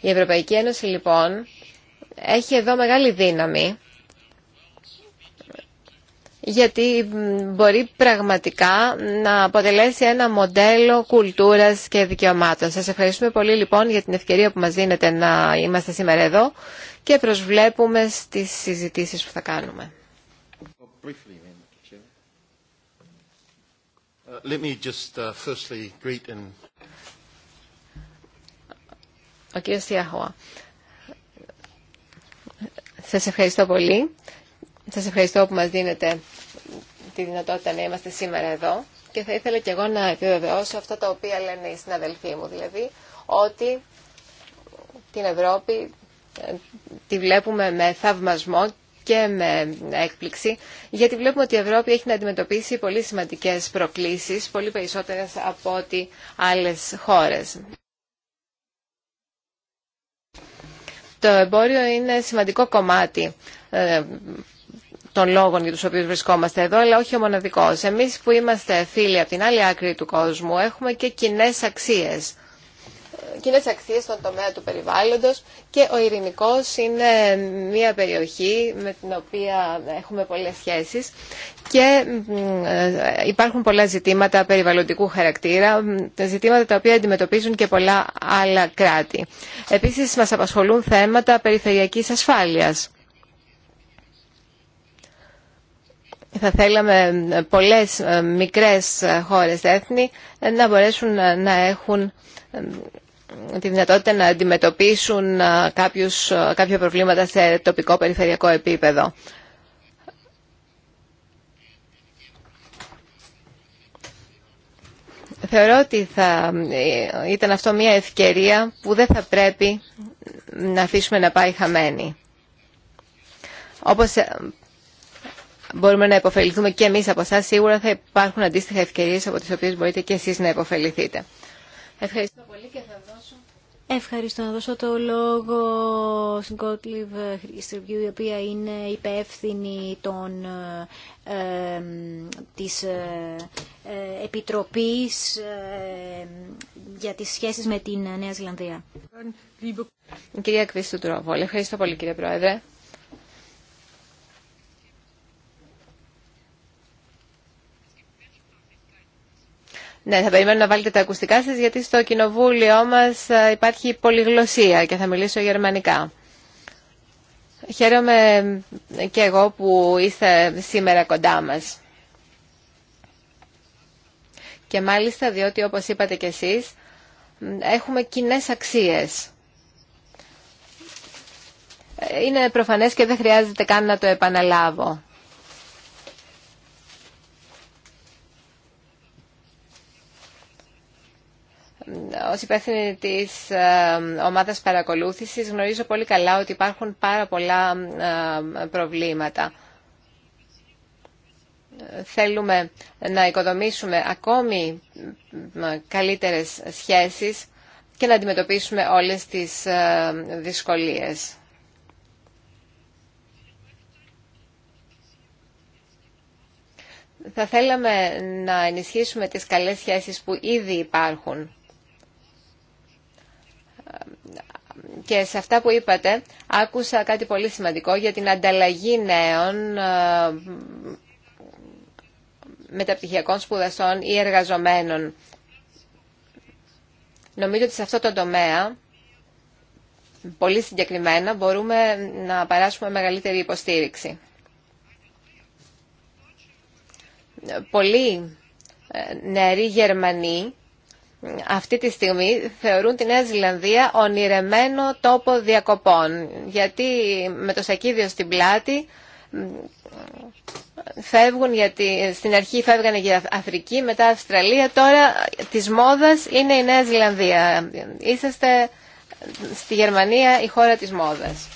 Η Ευρωπαϊκή Ένωση λοιπόν έχει εδώ μεγάλη δύναμη γιατί μπορεί πραγματικά να αποτελέσει ένα μοντέλο κουλτούρας και δικαιωμάτων. Σας ευχαριστούμε πολύ λοιπόν για την ευκαιρία που μας δίνετε να είμαστε σήμερα εδώ και προσβλέπουμε στις συζητήσεις που θα κάνουμε let me just uh, firstly greet and... Ο κύριο Σας ευχαριστώ πολύ. Σας ευχαριστώ που μας δίνετε τη δυνατότητα να είμαστε σήμερα εδώ και θα ήθελα και εγώ να επιβεβαιώσω αυτά τα οποία λένε οι συναδελφοί μου, δηλαδή ότι την Ευρώπη ε, τη βλέπουμε με θαυμασμό και με έκπληξη, γιατί βλέπουμε ότι η Ευρώπη έχει να αντιμετωπίσει πολύ σημαντικές προκλήσεις, πολύ περισσότερες από ό,τι άλλες χώρες. Το εμπόριο είναι σημαντικό κομμάτι ε, των λόγων για τους οποίους βρισκόμαστε εδώ, αλλά όχι ο μοναδικός. Εμείς που είμαστε φίλοι από την άλλη άκρη του κόσμου έχουμε και κοινές αξίες κοινέ αξίε στον τομέα του περιβάλλοντο και ο Ειρηνικό είναι μια περιοχή με την οποία έχουμε πολλέ σχέσει και ε, υπάρχουν πολλά ζητήματα περιβαλλοντικού χαρακτήρα, ζητήματα τα οποία αντιμετωπίζουν και πολλά άλλα κράτη. Επίση μα απασχολούν θέματα περιφερειακή ασφάλεια. θα θέλαμε πολλές ε, μικρές ε, χώρες έθνη να μπορέσουν να έχουν τη δυνατότητα να αντιμετωπίσουν κάποιους, κάποια προβλήματα σε τοπικό περιφερειακό επίπεδο. Θεωρώ ότι ε, ήταν αυτό μια ευκαιρία που δεν θα πρέπει να αφήσουμε να πάει χαμένη. Όπως ε, μπορούμε να υποφεληθούμε και εμείς από εσά, σίγουρα θα υπάρχουν αντίστοιχα ευκαιρίες από τις οποίες μπορείτε και εσείς να υποφεληθείτε. Ευχαριστώ πολύ και θα δω. Ευχαριστώ να δώσω το λόγο στην Κότλιβ Χρυστριβιού, η οποία είναι υπεύθυνη των, ε, της ε, ε, Επιτροπής ε, για τις σχέσεις με την Νέα Ζηλανδία. Κυρία Κβίστου Τουροβόλη, ευχαριστώ πολύ κύριε Πρόεδρε. Ναι, θα περιμένω να βάλετε τα ακουστικά σας γιατί στο κοινοβούλιο μας ε, υπάρχει πολυγλωσία και θα μιλήσω γερμανικά. Χαίρομαι ε, και εγώ που είστε σήμερα κοντά μας. Και μάλιστα διότι όπως είπατε κι εσείς έχουμε κοινέ αξίες. Ε, είναι προφανές και δεν χρειάζεται καν να το επαναλάβω. ως υπεύθυνη της ε, ομάδας παρακολούθησης γνωρίζω πολύ καλά ότι υπάρχουν πάρα πολλά ε, προβλήματα. Θέλουμε να οικοδομήσουμε ακόμη καλύτερες σχέσεις και να αντιμετωπίσουμε όλες τις ε, δυσκολίες. Θα θέλαμε να ενισχύσουμε τις καλές σχέσεις που ήδη υπάρχουν και σε αυτά που είπατε άκουσα κάτι πολύ σημαντικό για την ανταλλαγή νέων ε, μεταπτυχιακών σπουδαστών ή εργαζομένων. Νομίζω ότι σε αυτό το τομέα, πολύ συγκεκριμένα, μπορούμε να παράσουμε μεγαλύτερη υποστήριξη. Πολλοί ε, νεαροί Γερμανοί αυτή τη στιγμή θεωρούν τη Νέα Ζηλανδία ονειρεμένο τόπο διακοπών. Γιατί με το σακίδιο στην πλάτη φεύγουν γιατί στην αρχή φεύγανε για Αφρική, μετά Αυστραλία, τώρα της μόδας είναι η Νέα Ζηλανδία. Είσαστε στη Γερμανία η χώρα της μόδας.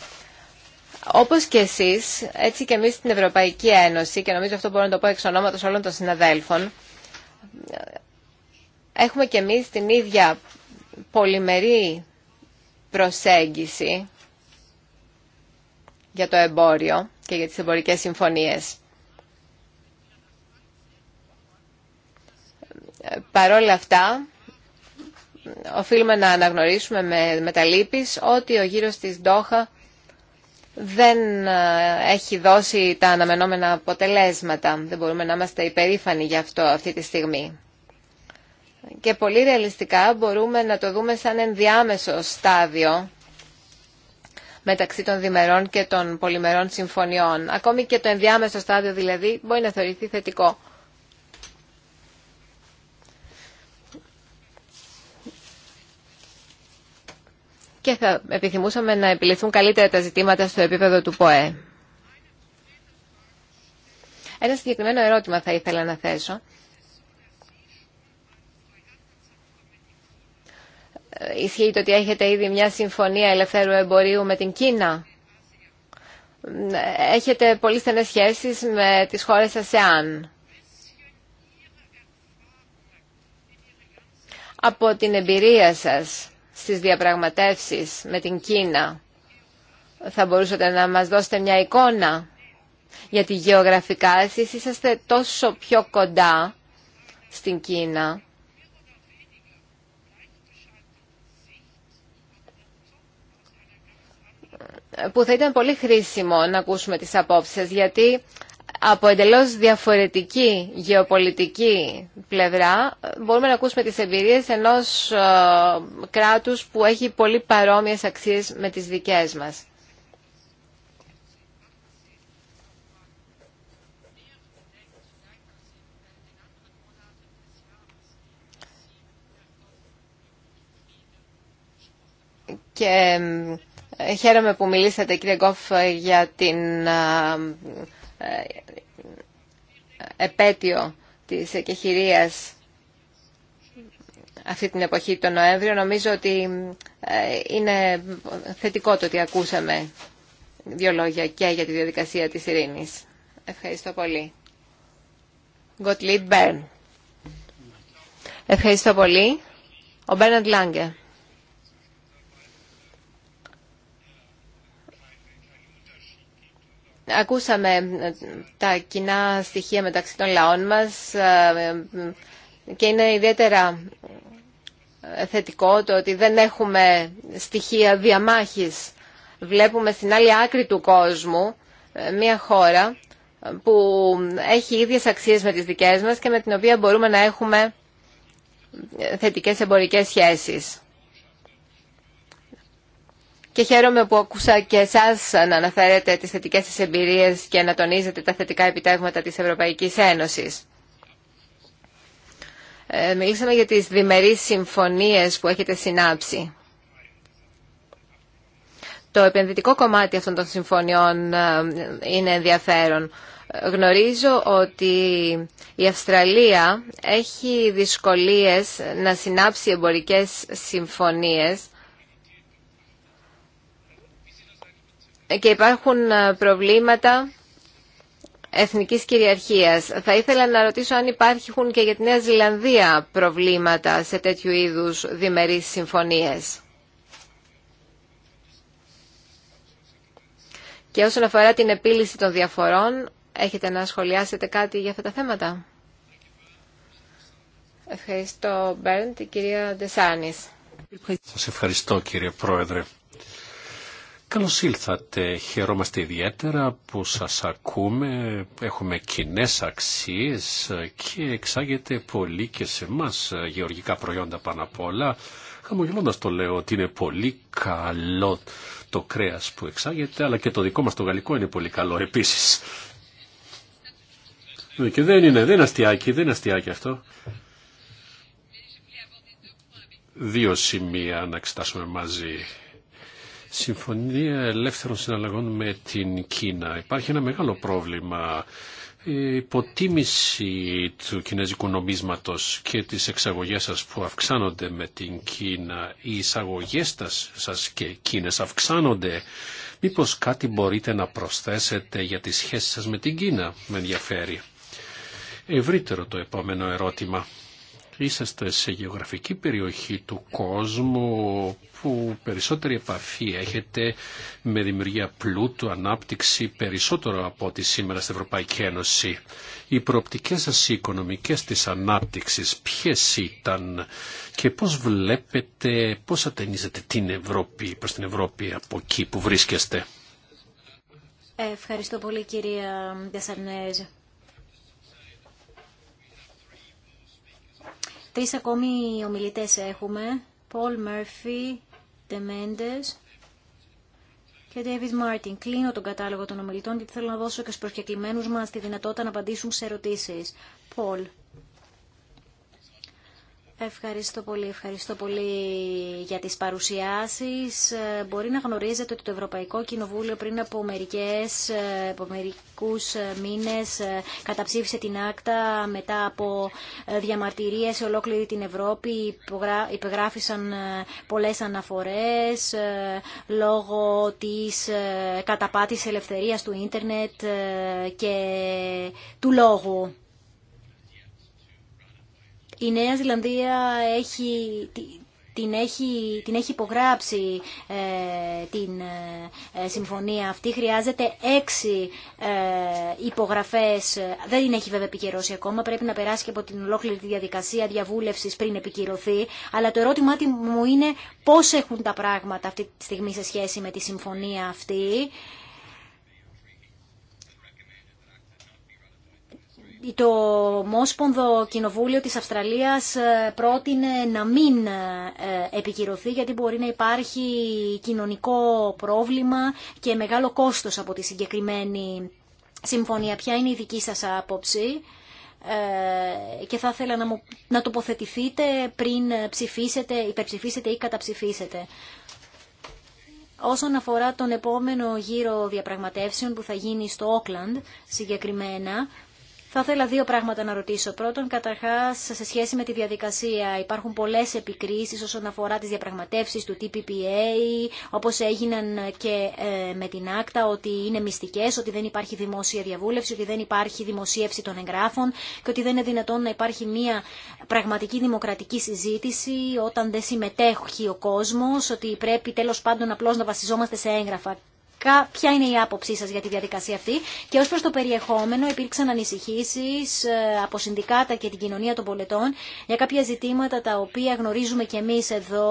Όπως και εσείς, έτσι και εμείς στην Ευρωπαϊκή Ένωση, και νομίζω αυτό μπορώ να το πω εξ όλων των συναδέλφων, έχουμε και εμείς την ίδια πολυμερή προσέγγιση για το εμπόριο και για τις εμπορικές συμφωνίες. Παρόλα αυτά, οφείλουμε να αναγνωρίσουμε με, με τα λύπης ότι ο γύρος της Ντόχα δεν ε, έχει δώσει τα αναμενόμενα αποτελέσματα. Δεν μπορούμε να είμαστε υπερήφανοι γι' αυτό αυτή τη στιγμή και πολύ ρεαλιστικά μπορούμε να το δούμε σαν ενδιάμεσο στάδιο μεταξύ των διμερών και των πολυμερών συμφωνιών. Ακόμη και το ενδιάμεσο στάδιο δηλαδή μπορεί να θεωρηθεί θετικό. Και θα επιθυμούσαμε να επιληθούν καλύτερα τα ζητήματα στο επίπεδο του ΠΟΕ. Ένα συγκεκριμένο ερώτημα θα ήθελα να θέσω Ε, ισχύει το ότι έχετε ήδη μια συμφωνία ελευθέρου εμπορίου με την Κίνα. Έχετε πολύ στενές σχέσεις με τις χώρες ΑΣΕΑΝ. Από την εμπειρία σας στις διαπραγματεύσεις με την Κίνα, θα μπορούσατε να μας δώσετε μια εικόνα. Γιατί γεωγραφικά εσείς είσαστε τόσο πιο κοντά στην Κίνα που θα ήταν πολύ χρήσιμο να ακούσουμε τις απόψεις γιατί από εντελώς διαφορετική γεωπολιτική πλευρά ε, μπορούμε να ακούσουμε τις εμπειρίες ενός ε, κράτους που έχει πολύ παρόμοιες αξίες με τις δικές μας. Και ε, ε, χαίρομαι που μιλήσατε κύριε Γκόφ για την ε, επέτειο της εκεχηρίας αυτή την εποχή τον Νοέμβριο. Νομίζω ότι ε, είναι θετικό το ότι ακούσαμε δύο λόγια και για τη διαδικασία της ειρήνης. Ευχαριστώ πολύ. Bern. Ευχαριστώ πολύ. Ο Μπέρναντ Λάγκε. Ακούσαμε ε, τα κοινά στοιχεία μεταξύ των λαών μας ε, ε, και είναι ιδιαίτερα θετικό το ότι δεν έχουμε στοιχεία διαμάχης. Βλέπουμε στην άλλη άκρη του κόσμου μια χώρα που έχει ίδιες αξίες με τις δικές μας και με την οποία μπορούμε να έχουμε θετικές εμπορικές σχέσεις και χαίρομαι που ακούσα και εσά να αναφέρετε τις θετικέ σα εμπειρίες και να τονίζετε τα θετικά επιτεύγματα της Ευρωπαϊκής Ένωσης. Ε, μιλήσαμε για τις διμερείς συμφωνίες που έχετε συνάψει. Το επενδυτικό κομμάτι αυτών των συμφωνιών ε, είναι ενδιαφέρον. Γνωρίζω ότι η Αυστραλία έχει δυσκολίες να συνάψει εμπορικές συμφωνίες και υπάρχουν ε, προβλήματα εθνικής κυριαρχίας. Θα ήθελα να ρωτήσω αν υπάρχουν και για τη Νέα Ζηλανδία προβλήματα σε τέτοιου είδους διμερείς συμφωνίες. Και όσον αφορά την επίλυση των διαφορών, έχετε να σχολιάσετε κάτι για αυτά τα θέματα. Ευχαριστώ, Μπέρντ, η κυρία Ντεσάνης. Σας ευχαριστώ, κύριε Πρόεδρε. Καλώς ήλθατε. Χαιρόμαστε ιδιαίτερα που σας ακούμε. Έχουμε κοινέ αξίες και εξάγεται πολύ και σε εμά ε, γεωργικά προϊόντα πάνω απ' όλα. Χαμογελώντας το λέω ότι είναι πολύ καλό το κρέας που εξάγεται, αλλά και το δικό μας το γαλλικό είναι πολύ καλό επίσης. Ε, και δεν είναι, δεν είναι δεν είναι αστιάκι αυτό. Δύο σημεία να εξετάσουμε μαζί Συμφωνία Ελεύθερων Συναλλαγών με την Κίνα. Υπάρχει ένα μεγάλο πρόβλημα υποτίμηση του κινέζικου νομίσματος και τις εξαγωγές σας που αυξάνονται με την Κίνα, οι εισαγωγές σας και Κίνες αυξάνονται. Μήπως κάτι μπορείτε να προσθέσετε για τις σχέσεις σας με την Κίνα, με ενδιαφέρει. Ευρύτερο το επόμενο ερώτημα. Είσαστε σε γεωγραφική περιοχή του κόσμου που περισσότερη επαφή έχετε με δημιουργία πλούτου, ανάπτυξη περισσότερο από ό,τι σήμερα στην Ευρωπαϊκή Ένωση. Οι προοπτικές σας οικονομικές της ανάπτυξης ποιες ήταν και πώς βλέπετε, πώς ατενίζετε την Ευρώπη, προς την Ευρώπη από εκεί που βρίσκεστε. Ευχαριστώ πολύ κυρία Τρεις ακόμη ομιλητές έχουμε. Πολ Μέρφι, Ντεμέντες και David Μάρτιν. Κλείνω τον κατάλογο των ομιλητών γιατί θέλω να δώσω και στους προσκεκλημένους μας τη δυνατότητα να απαντήσουν σε ερωτήσεις. Πολ. Ευχαριστώ πολύ, ευχαριστώ πολύ για τις παρουσιάσεις. Ε, μπορεί να γνωρίζετε ότι το Ευρωπαϊκό Κοινοβούλιο πριν από, μερικές, ε, από μερικούς ε, μήνες καταψήφισε την άκτα μετά από διαμαρτυρίες σε ολόκληρη την Ευρώπη. Υπεγράφησαν πολλές αναφορές λόγω της καταπάτησης ελευθερίας του ίντερνετ και του λόγου. Η Νέα Ζηλανδία έχει, την, έχει, την έχει υπογράψει ε, την ε, συμφωνία αυτή. Χρειάζεται έξι ε, υπογραφές. Δεν την έχει βέβαια επικυρώσει ακόμα. Πρέπει να περάσει και από την ολόκληρη διαδικασία διαβούλευσης πριν επικυρωθεί. Αλλά το ερώτημά μου είναι πώς έχουν τα πράγματα αυτή τη στιγμή σε σχέση με τη συμφωνία αυτή. το Μόσπονδο Κοινοβούλιο της Αυστραλίας ε, πρότεινε να μην ε, επικυρωθεί γιατί μπορεί να υπάρχει κοινωνικό πρόβλημα και μεγάλο κόστος από τη συγκεκριμένη συμφωνία. Ποια είναι η δική σας άποψη ε, και θα ήθελα να, να τοποθετηθείτε πριν ψηφίσετε, υπερψηφίσετε ή καταψηφίσετε. Όσον αφορά τον επόμενο γύρο διαπραγματεύσεων που θα γίνει στο Όκλαντ συγκεκριμένα, θα ήθελα δύο πράγματα να ρωτήσω. Πρώτον, καταρχά, σε σχέση με τη διαδικασία, υπάρχουν πολλέ επικρίσει όσον αφορά τι διαπραγματεύσει του TPPA, όπω έγιναν και ε, με την άκτα, ότι είναι μυστικέ, ότι δεν υπάρχει δημόσια διαβούλευση, ότι δεν υπάρχει δημοσίευση των εγγράφων και ότι δεν είναι δυνατόν να υπάρχει μια πραγματική δημοκρατική συζήτηση όταν δεν συμμετέχει ο κόσμο, ότι πρέπει τέλο πάντων απλώ να βασιζόμαστε σε έγγραφα ποια είναι η άποψή σας για τη διαδικασία αυτή και ως προς το περιεχόμενο υπήρξαν ανησυχήσεις ε, από συνδικάτα και την κοινωνία των πολιτών για κάποια ζητήματα τα οποία γνωρίζουμε και εμείς εδώ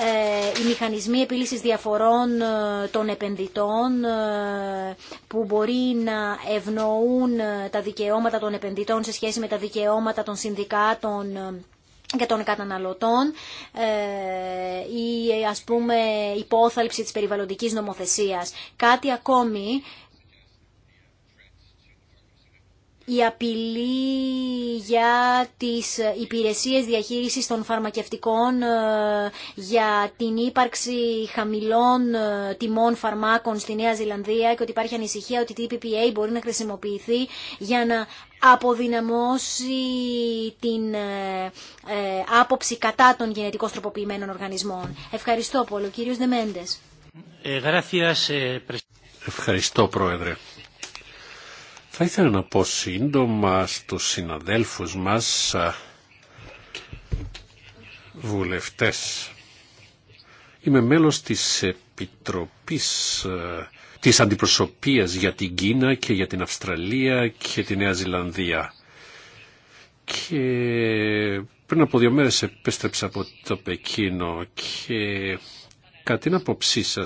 ε, οι μηχανισμοί επίλυσης διαφορών ε, των επενδυτών που μπορεί να ευνοούν τα δικαιώματα των επενδυτών σε σχέση με τα δικαιώματα των συνδικάτων για των καταναλωτών ή ε, ας πούμε υπόθαλψη της περιβαλλοντικής νομοθεσίας. Κάτι ακόμη η απειλή για τις υπηρεσίες διαχείρισης των φαρμακευτικών, ε, για την ύπαρξη χαμηλών ε, τιμών φαρμάκων στη Νέα Ζηλανδία και ότι υπάρχει ανησυχία ότι η TPPA μπορεί να χρησιμοποιηθεί για να αποδυναμώσει την ε, άποψη κατά των γενετικώς τροποποιημένων οργανισμών. Ευχαριστώ πολύ. Κύριος Δεμέντες. Ευχαριστώ, Πρόεδρε. Θα ήθελα να πω σύντομα στους συναδέλφους μας βουλευτές. Είμαι μέλος της Επιτροπής της Αντιπροσωπείας για την Κίνα και για την Αυστραλία και τη Νέα Ζηλανδία. Και πριν από δύο μέρες επέστρεψα από το Πεκίνο και Κατά την άποψή σα,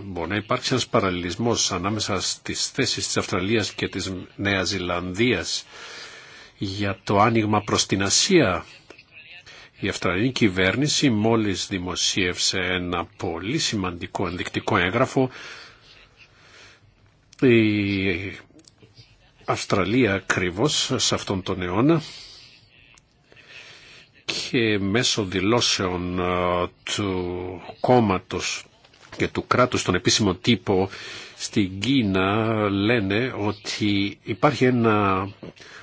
μπορεί να υπάρξει ένα παραλληλισμό ανάμεσα στι θέσει τη Αυστραλία και τη Νέα Ζηλανδία για το άνοιγμα προ την Ασία. Η Αυστραλίνη κυβέρνηση μόλις δημοσίευσε ένα πολύ σημαντικό ενδεικτικό έγγραφο. Η Αυστραλία ακριβώ σε αυτόν τον αιώνα και μέσω δηλώσεων ε, του κόμματος και του κράτους στον επίσημο τύπο στην Κίνα λένε ότι υπάρχει ένα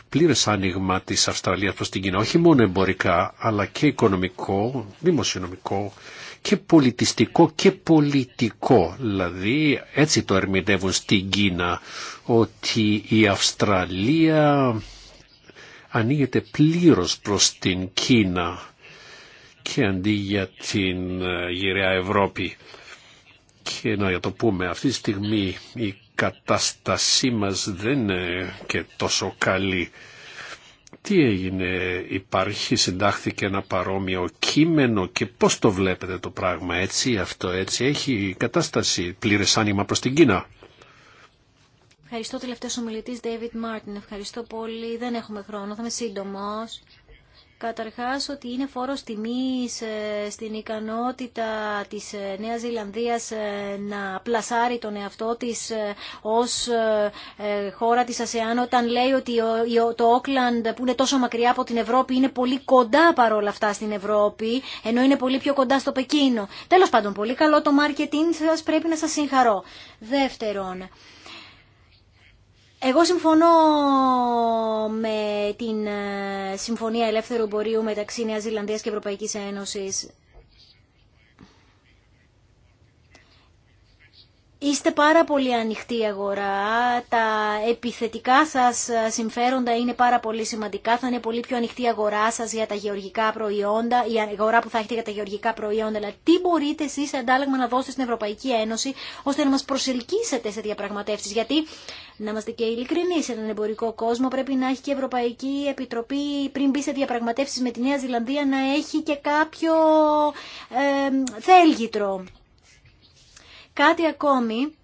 πλήρες άνοιγμα της Αυστραλίας προς την Κίνα, όχι μόνο εμπορικά, αλλά και οικονομικό, δημοσιονομικό και πολιτιστικό και πολιτικό. Δηλαδή έτσι το ερμηνεύουν στην Κίνα, ότι η Αυστραλία ανοίγεται πλήρως προς την Κίνα και αντί για την ε, γυραιά Ευρώπη. Και να το πούμε, αυτή τη στιγμή η κατάστασή μας δεν είναι και τόσο καλή. Τι έγινε, υπάρχει, συντάχθηκε ένα παρόμοιο κείμενο και πώς το βλέπετε το πράγμα έτσι, αυτό έτσι, έχει κατάσταση πλήρες άνοιγμα προς την Κίνα. Ευχαριστώ τελευταίο ομιλητή David Martin. Ευχαριστώ πολύ. Δεν έχουμε χρόνο. Θα είμαι σύντομο. Καταρχά, ότι είναι φόρος τιμής ε, στην ικανότητα της ε, Νέας Ζηλανδίας ε, να πλασάρει τον εαυτό της ως χώρα τη ΑΣΕΑΝ όταν λέει ότι το Όκλαντ που είναι τόσο μακριά από την Ευρώπη είναι πολύ κοντά παρόλα αυτά στην Ευρώπη ενώ είναι πολύ πιο κοντά στο Πεκίνο. Τέλο πάντων πολύ καλό το marketing σα πρέπει να σα συγχαρώ. Δεύτερον, εγώ συμφωνώ με την ε, Συμφωνία Ελεύθερου Εμπορίου μεταξύ Νέας Ζηλανδίας και Ευρωπαϊκής Ένωσης. Είστε πάρα πολύ ανοιχτή αγορά, τα επιθετικά σας συμφέροντα είναι πάρα πολύ σημαντικά, θα είναι πολύ πιο ανοιχτή η αγορά σας για τα γεωργικά προϊόντα, η αγορά που θα έχετε για τα γεωργικά προϊόντα, αλλά τι μπορείτε εσείς αντάλλαγμα να δώσετε στην Ευρωπαϊκή Ένωση ώστε να μας προσελκύσετε σε διαπραγματεύσεις, γιατί να είμαστε και ειλικρινεί σε έναν εμπορικό κόσμο, πρέπει να έχει και η Ευρωπαϊκή Επιτροπή πριν μπει σε διαπραγματεύσεις με τη Νέα Ζηλανδία να έχει και κάποιο ε, Κάτι ακόμη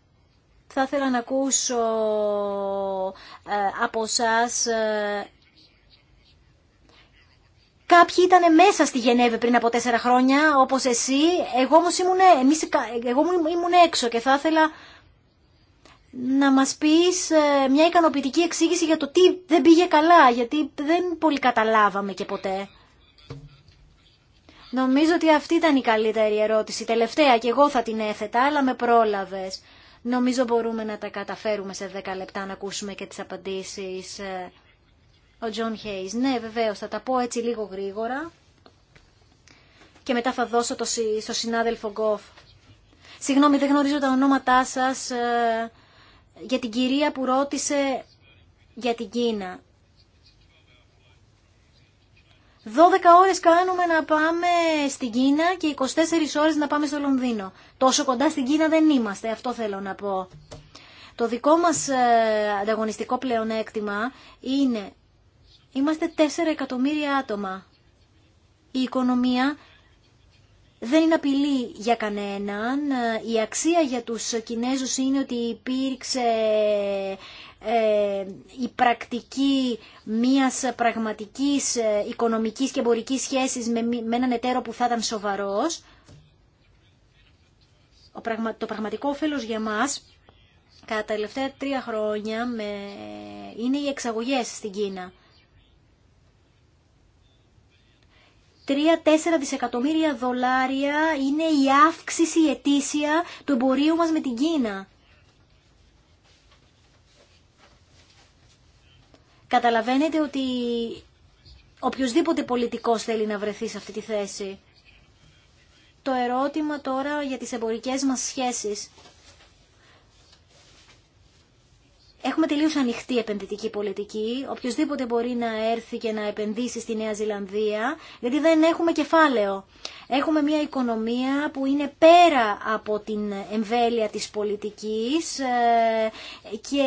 θα ήθελα να ακούσω ε, από σας ε, Κάποιοι ήταν μέσα στη Γενέβη πριν από τέσσερα χρόνια, όπως εσύ. Εγώ μου ήμουν, εμείς, εγώ ήμουν έξω και θα ήθελα να μας πεις ε, μια ικανοποιητική εξήγηση για το τι δεν πήγε καλά, γιατί δεν πολύ καταλάβαμε και ποτέ. Νομίζω ότι αυτή ήταν η καλύτερη ερώτηση. Τελευταία και εγώ θα την έθετα, αλλά με πρόλαβες. Νομίζω μπορούμε να τα καταφέρουμε σε 10 λεπτά να ακούσουμε και τι απαντήσει, ε, Ο Τζον Χέις. Ναι, βεβαίω, θα τα πω έτσι λίγο γρήγορα. Και μετά θα δώσω το στο συνάδελφο Γκόφ. Συγγνώμη, δεν γνωρίζω τα ονόματά σας ε, για την κυρία που ρώτησε για την Κίνα. 12 ώρες κάνουμε να πάμε στην Κίνα και 24 ώρες να πάμε στο Λονδίνο. Τόσο κοντά στην Κίνα δεν είμαστε, αυτό θέλω να πω. Το δικό μας ε, ανταγωνιστικό πλεονέκτημα είναι, είμαστε 4 εκατομμύρια άτομα. Η οικονομία δεν είναι απειλή για κανέναν. Ε, η αξία για τους Κινέζους είναι ότι υπήρξε ε, η πρακτική μιας πραγματικής ε, οικονομικής και εμπορικής σχέσης με έναν εταίρο που θα ήταν σοβαρός. Το πραγματικό όφελος για μας κατά τα τελευταία τρία χρόνια είναι οι εξαγωγές στην Κίνα. 3-4 δισεκατομμύρια δολάρια είναι η αύξηση ετήσια του εμπορίου μας με την Κίνα. Καταλαβαίνετε ότι οποιοδήποτε πολιτικός θέλει να βρεθεί σε αυτή τη θέση. Το ερώτημα τώρα για τις εμπορικές μας σχέσεις. Έχουμε τελείω ανοιχτή επενδυτική πολιτική. Οποιοδήποτε μπορεί να έρθει και να επενδύσει στη Νέα Ζηλανδία, γιατί δεν έχουμε κεφάλαιο. Έχουμε μια οικονομία που είναι πέρα από την εμβέλεια της πολιτικής ε, και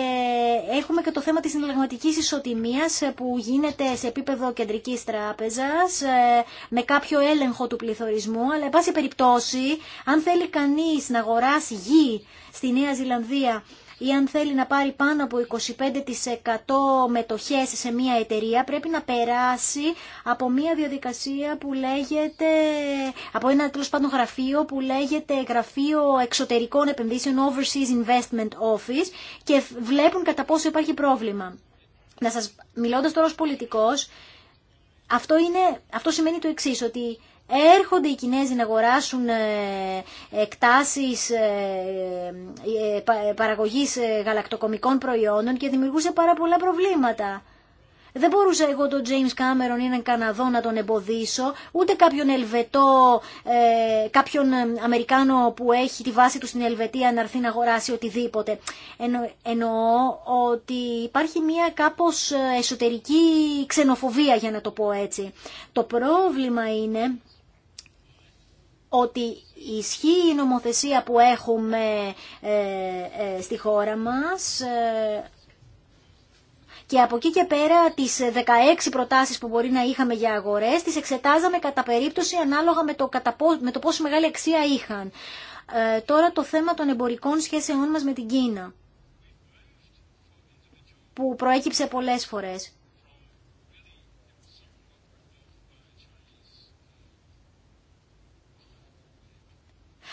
έχουμε και το θέμα της συναλλαγματικής ισοτιμίας που γίνεται σε επίπεδο κεντρικής τράπεζας ε, με κάποιο έλεγχο του πληθωρισμού, αλλά εν πάση περιπτώσει, αν θέλει κανείς να αγοράσει γη στη Νέα Ζηλανδία ή αν θέλει να πάρει πάνω από 25% μετοχές σε μια εταιρεία πρέπει να περάσει από μια διαδικασία που λέγεται, από ένα τέλο πάντων γραφείο που λέγεται Γραφείο Εξωτερικών Επενδύσεων Overseas Investment Office και βλέπουν κατά πόσο υπάρχει πρόβλημα. Να σας μιλώντας τώρα ως πολιτικός, αυτό, είναι, αυτό σημαίνει το εξής, ότι έρχονται οι Κινέζοι να αγοράσουν ε, εκτάσεις ε, ε, παραγωγής γαλακτοκομικών προϊόντων και δημιουργούσε πάρα πολλά προβλήματα. Δεν μπορούσα εγώ τον James Cameron ή έναν Καναδό να τον εμποδίσω, ούτε κάποιον Ελβετό, κάποιον Αμερικάνο που έχει τη βάση του στην Ελβετία να έρθει να αγοράσει οτιδήποτε. Εννο, εννοώ ότι υπάρχει μια κάπως εσωτερική ξενοφοβία για να το πω έτσι. Το πρόβλημα είναι ότι ισχύει η νομοθεσία που έχουμε ε, ε, στη χώρα μας ε, και από εκεί και πέρα τις 16 προτάσεις που μπορεί να είχαμε για αγορές τις εξετάζαμε κατά περίπτωση ανάλογα με το, κατα... με το πόσο μεγάλη αξία είχαν. τώρα το θέμα των εμπορικών σχέσεών μας με την Κίνα που προέκυψε πολλές φορές.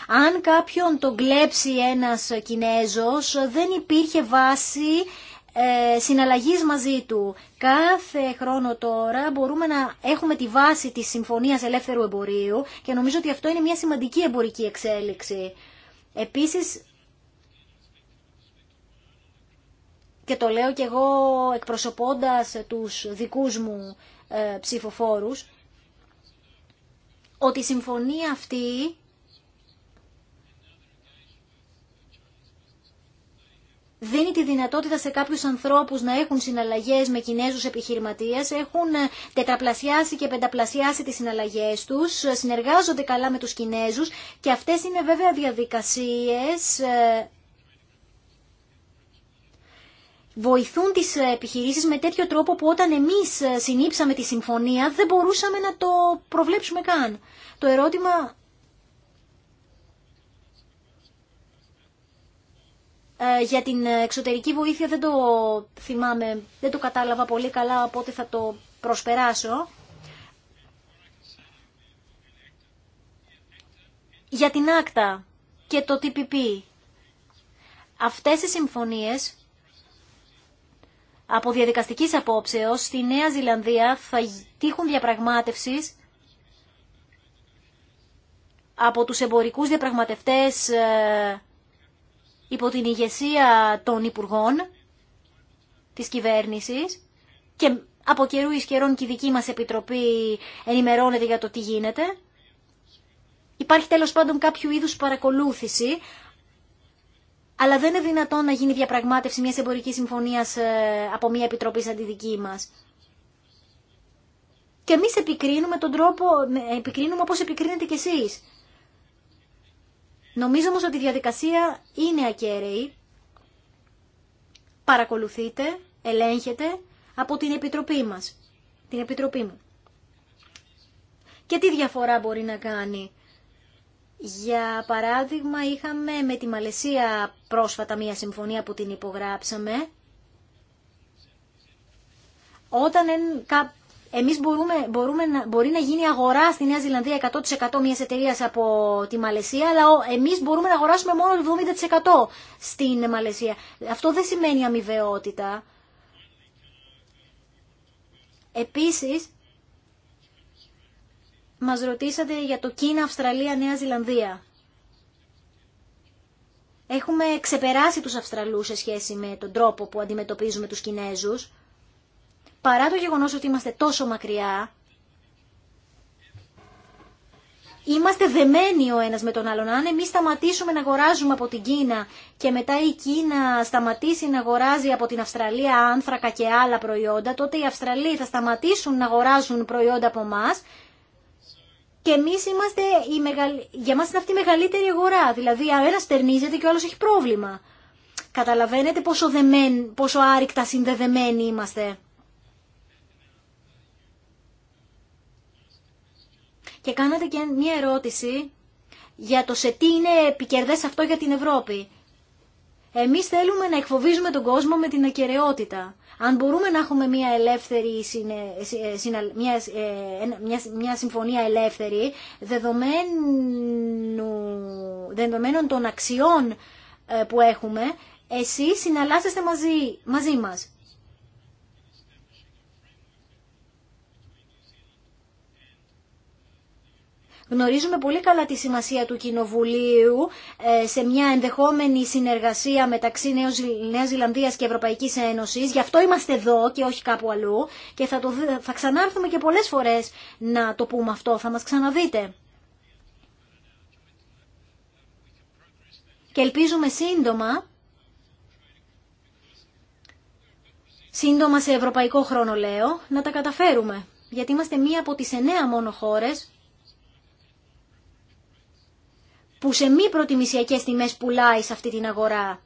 Αν κάποιον τον κλέψει ένας Κινέζος δεν υπήρχε βάση ε, συναλλαγής μαζί του. Κάθε χρόνο τώρα μπορούμε να έχουμε τη βάση της Συμφωνίας Ελεύθερου Εμπορίου και νομίζω ότι αυτό είναι μια σημαντική εμπορική εξέλιξη. Επίσης, και το λέω και εγώ εκπροσωπώντας τους δικούς μου ε, ψηφοφόρους, ότι η συμφωνία αυτή δίνει τη δυνατότητα σε κάποιους ανθρώπους να έχουν συναλλαγές με Κινέζους επιχειρηματίες, έχουν ε, τετραπλασιάσει και πενταπλασιάσει τις συναλλαγές τους, ε, συνεργάζονται καλά με τους Κινέζους και αυτές είναι βέβαια διαδικασίες ε, βοηθούν τις επιχειρήσεις με τέτοιο τρόπο που όταν εμείς συνήψαμε τη συμφωνία δεν μπορούσαμε να το προβλέψουμε καν. Το ερώτημα Ε, για την εξωτερική βοήθεια δεν το θυμάμαι, δεν το κατάλαβα πολύ καλά, οπότε θα το προσπεράσω. Για την άκτα και το TPP. Αυτές οι συμφωνίες από διαδικαστικής απόψεως στη Νέα Ζηλανδία θα τύχουν διαπραγμάτευσης από τους εμπορικούς διαπραγματευτές ε, υπό την ηγεσία των Υπουργών της κυβέρνησης και από καιρού εις καιρών και η δική μας Επιτροπή ενημερώνεται για το τι γίνεται. Υπάρχει τέλος πάντων κάποιο είδους παρακολούθηση, αλλά δεν είναι δυνατόν να γίνει διαπραγμάτευση μιας εμπορικής συμφωνίας ε, από μια Επιτροπή σαν τη δική μας. Και εμείς επικρίνουμε τον τρόπο, ε, επικρίνουμε όπως επικρίνετε κι εσείς. Νομίζω όμως ότι η διαδικασία είναι ακέραιη, Παρακολουθείτε, ελέγχετε από την Επιτροπή μας, την Επιτροπή μου. Και τι διαφορά μπορεί να κάνει. Για παράδειγμα, είχαμε με τη Μαλαισία πρόσφατα μία συμφωνία που την υπογράψαμε. Όταν εμείς μπορούμε, μπορούμε να, μπορεί να γίνει αγορά στη Νέα Ζηλανδία 100% μιας εταιρεία από τη Μαλαισία, αλλά εμείς μπορούμε να αγοράσουμε μόνο 70% στην Μαλαισία. Αυτό δεν σημαίνει αμοιβαιότητα. Επίσης, μας ρωτήσατε για το Κίνα, Αυστραλία, Νέα Ζηλανδία. Έχουμε ξεπεράσει τους Αυστραλούς σε σχέση με τον τρόπο που αντιμετωπίζουμε τους Κινέζους παρά το γεγονός ότι είμαστε τόσο μακριά, είμαστε δεμένοι ο ένας με τον άλλον. Αν εμείς σταματήσουμε να αγοράζουμε από την Κίνα και μετά η Κίνα σταματήσει να αγοράζει από την Αυστραλία άνθρακα και άλλα προϊόντα, τότε οι Αυστραλοί θα σταματήσουν να αγοράζουν προϊόντα από εμά. Και εμεί είμαστε, η μεγαλ... για μας είναι αυτή η μεγαλύτερη αγορά. Δηλαδή, ο ένα τερνίζεται και ο άλλο έχει πρόβλημα. Καταλαβαίνετε πόσο, δεμέν, πόσο άρρηκτα συνδεδεμένοι είμαστε. και κάνατε και μία ερώτηση για το σε τι είναι επικερδές αυτό για την Ευρώπη. Εμείς θέλουμε να εκφοβίζουμε τον κόσμο με την ακαιρεότητα. Αν μπορούμε να έχουμε μια, ελεύθερη, μια, μια, μια συμφωνία ελεύθερη, δεδομένων των αξιών ε, που έχουμε, εσείς συναλλάσσεστε μαζί, μαζί μας. Γνωρίζουμε πολύ καλά τη σημασία του Κοινοβουλίου ε, σε μια ενδεχόμενη συνεργασία μεταξύ Νέας Ζηλανδία και Ευρωπαϊκής Ένωση. Γι' αυτό είμαστε εδώ και όχι κάπου αλλού και θα, το, θα ξανάρθουμε και πολλές φορές να το πούμε αυτό. Θα μας ξαναδείτε. Και ελπίζουμε σύντομα σύντομα σε ευρωπαϊκό χρόνο λέω, να τα καταφέρουμε. Γιατί είμαστε μία από τις εννέα μόνο χώρες που σε μη προτιμησιακές τιμές πουλάει σε αυτή την αγορά.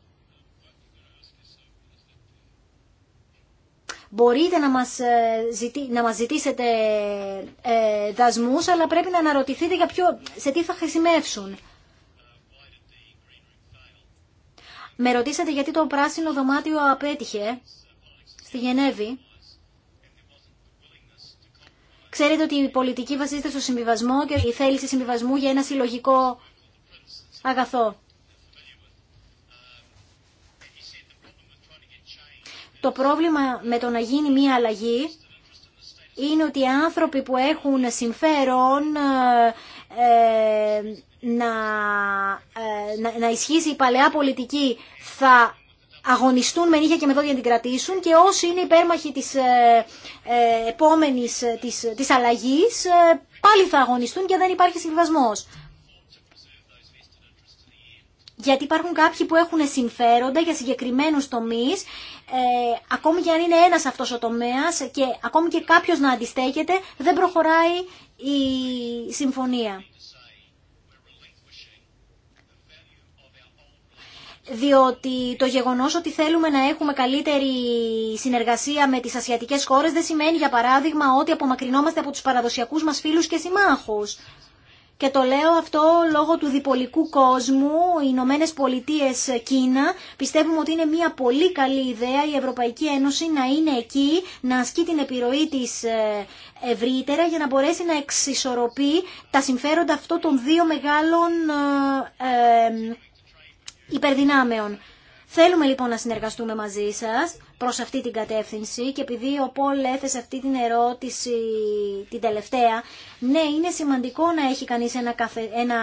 Μπορείτε να μας, ε, να μας ζητήσετε ε, δασμούς, αλλά πρέπει να αναρωτηθείτε για ποιο, σε τι θα χρησιμεύσουν. Με ρωτήσατε γιατί το πράσινο δωμάτιο απέτυχε στη Γενέβη. Ξέρετε ότι η πολιτική βασίζεται στο συμβιβασμό και η θέληση συμβιβασμού για ένα συλλογικό το πρόβλημα με το να γίνει μία αλλαγή είναι ότι οι άνθρωποι που έχουν συμφέρον ε, ε, να, να, ισχύσει η παλαιά πολιτική θα αγωνιστούν με νύχια και με δόντια να την κρατήσουν και όσοι είναι υπέρμαχοι της ε, ε επόμενης της, της αλλαγής πάλι θα αγωνιστούν και δεν υπάρχει συμβασμός γιατί υπάρχουν κάποιοι που έχουν συμφέροντα για συγκεκριμένους τομείς, ε, ακόμη και αν είναι ένας αυτός ο τομέας και ακόμη και κάποιος να αντιστέκεται, δεν προχωράει η συμφωνία. διότι το γεγονός ότι θέλουμε να έχουμε καλύτερη συνεργασία με τις ασιατικές χώρες δεν σημαίνει για παράδειγμα ότι απομακρυνόμαστε από τους παραδοσιακούς μας φίλους και συμμάχους. Και το λέω αυτό λόγω του διπολικού κόσμου, οι Ηνωμένε Πολιτείε Κίνα. Πιστεύουμε ότι είναι μια πολύ καλή ιδέα η Ευρωπαϊκή Ένωση να είναι εκεί, να ασκεί την επιρροή της ε, ευρύτερα για να μπορέσει να εξισορροπεί τα συμφέροντα αυτών των δύο μεγάλων ε, ε, υπερδυνάμεων. Θέλουμε λοιπόν να συνεργαστούμε μαζί σας προς αυτή την κατεύθυνση και επειδή ο Πολ έθεσε αυτή την ερώτηση την τελευταία, ναι, είναι σημαντικό να έχει κανείς ένα, ένα,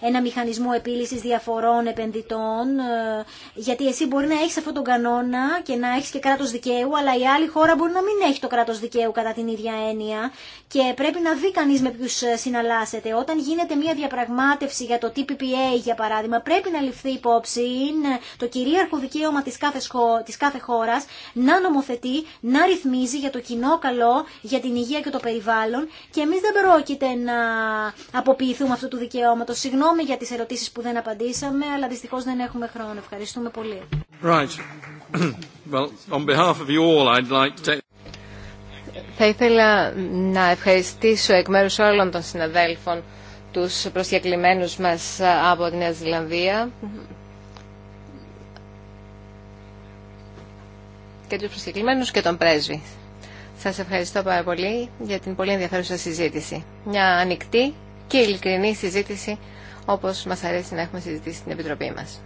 ένα μηχανισμό επίλυσης διαφορών επενδυτών, ε, γιατί εσύ μπορεί να έχεις αυτόν τον κανόνα και να έχεις και κράτος δικαίου, αλλά η άλλη χώρα μπορεί να μην έχει το κράτος δικαίου κατά την ίδια έννοια και πρέπει να δει κανείς με ποιους ε, συναλλάσσεται. Όταν γίνεται μια διαπραγμάτευση για το TPPA, για παράδειγμα, πρέπει να ληφθεί υπόψη το κυρίαρχο δικαίωμα της κάθε, της κάθε να νομοθετεί, να ρυθμίζει για το κοινό καλό, για την υγεία και το περιβάλλον και εμείς δεν πρόκειται να αποποιηθούμε αυτού του δικαιώματος. Συγγνώμη για τις ερωτήσεις που δεν απαντήσαμε, αλλά δυστυχώς δεν έχουμε χρόνο. Ευχαριστούμε πολύ. Right. Well, on behalf of you all, I'd like to... Θα ήθελα να ευχαριστήσω εκ μέρους όλων των συναδέλφων τους προσκεκλημένους μας από τη Νέα Ζηλανδία και τους προσκεκλημένους και τον πρέσβη. Σας ευχαριστώ πάρα πολύ για την πολύ ενδιαφέρουσα συζήτηση. Μια ανοιχτή και ειλικρινή συζήτηση όπως μας αρέσει να έχουμε συζητήσει στην Επιτροπή μας.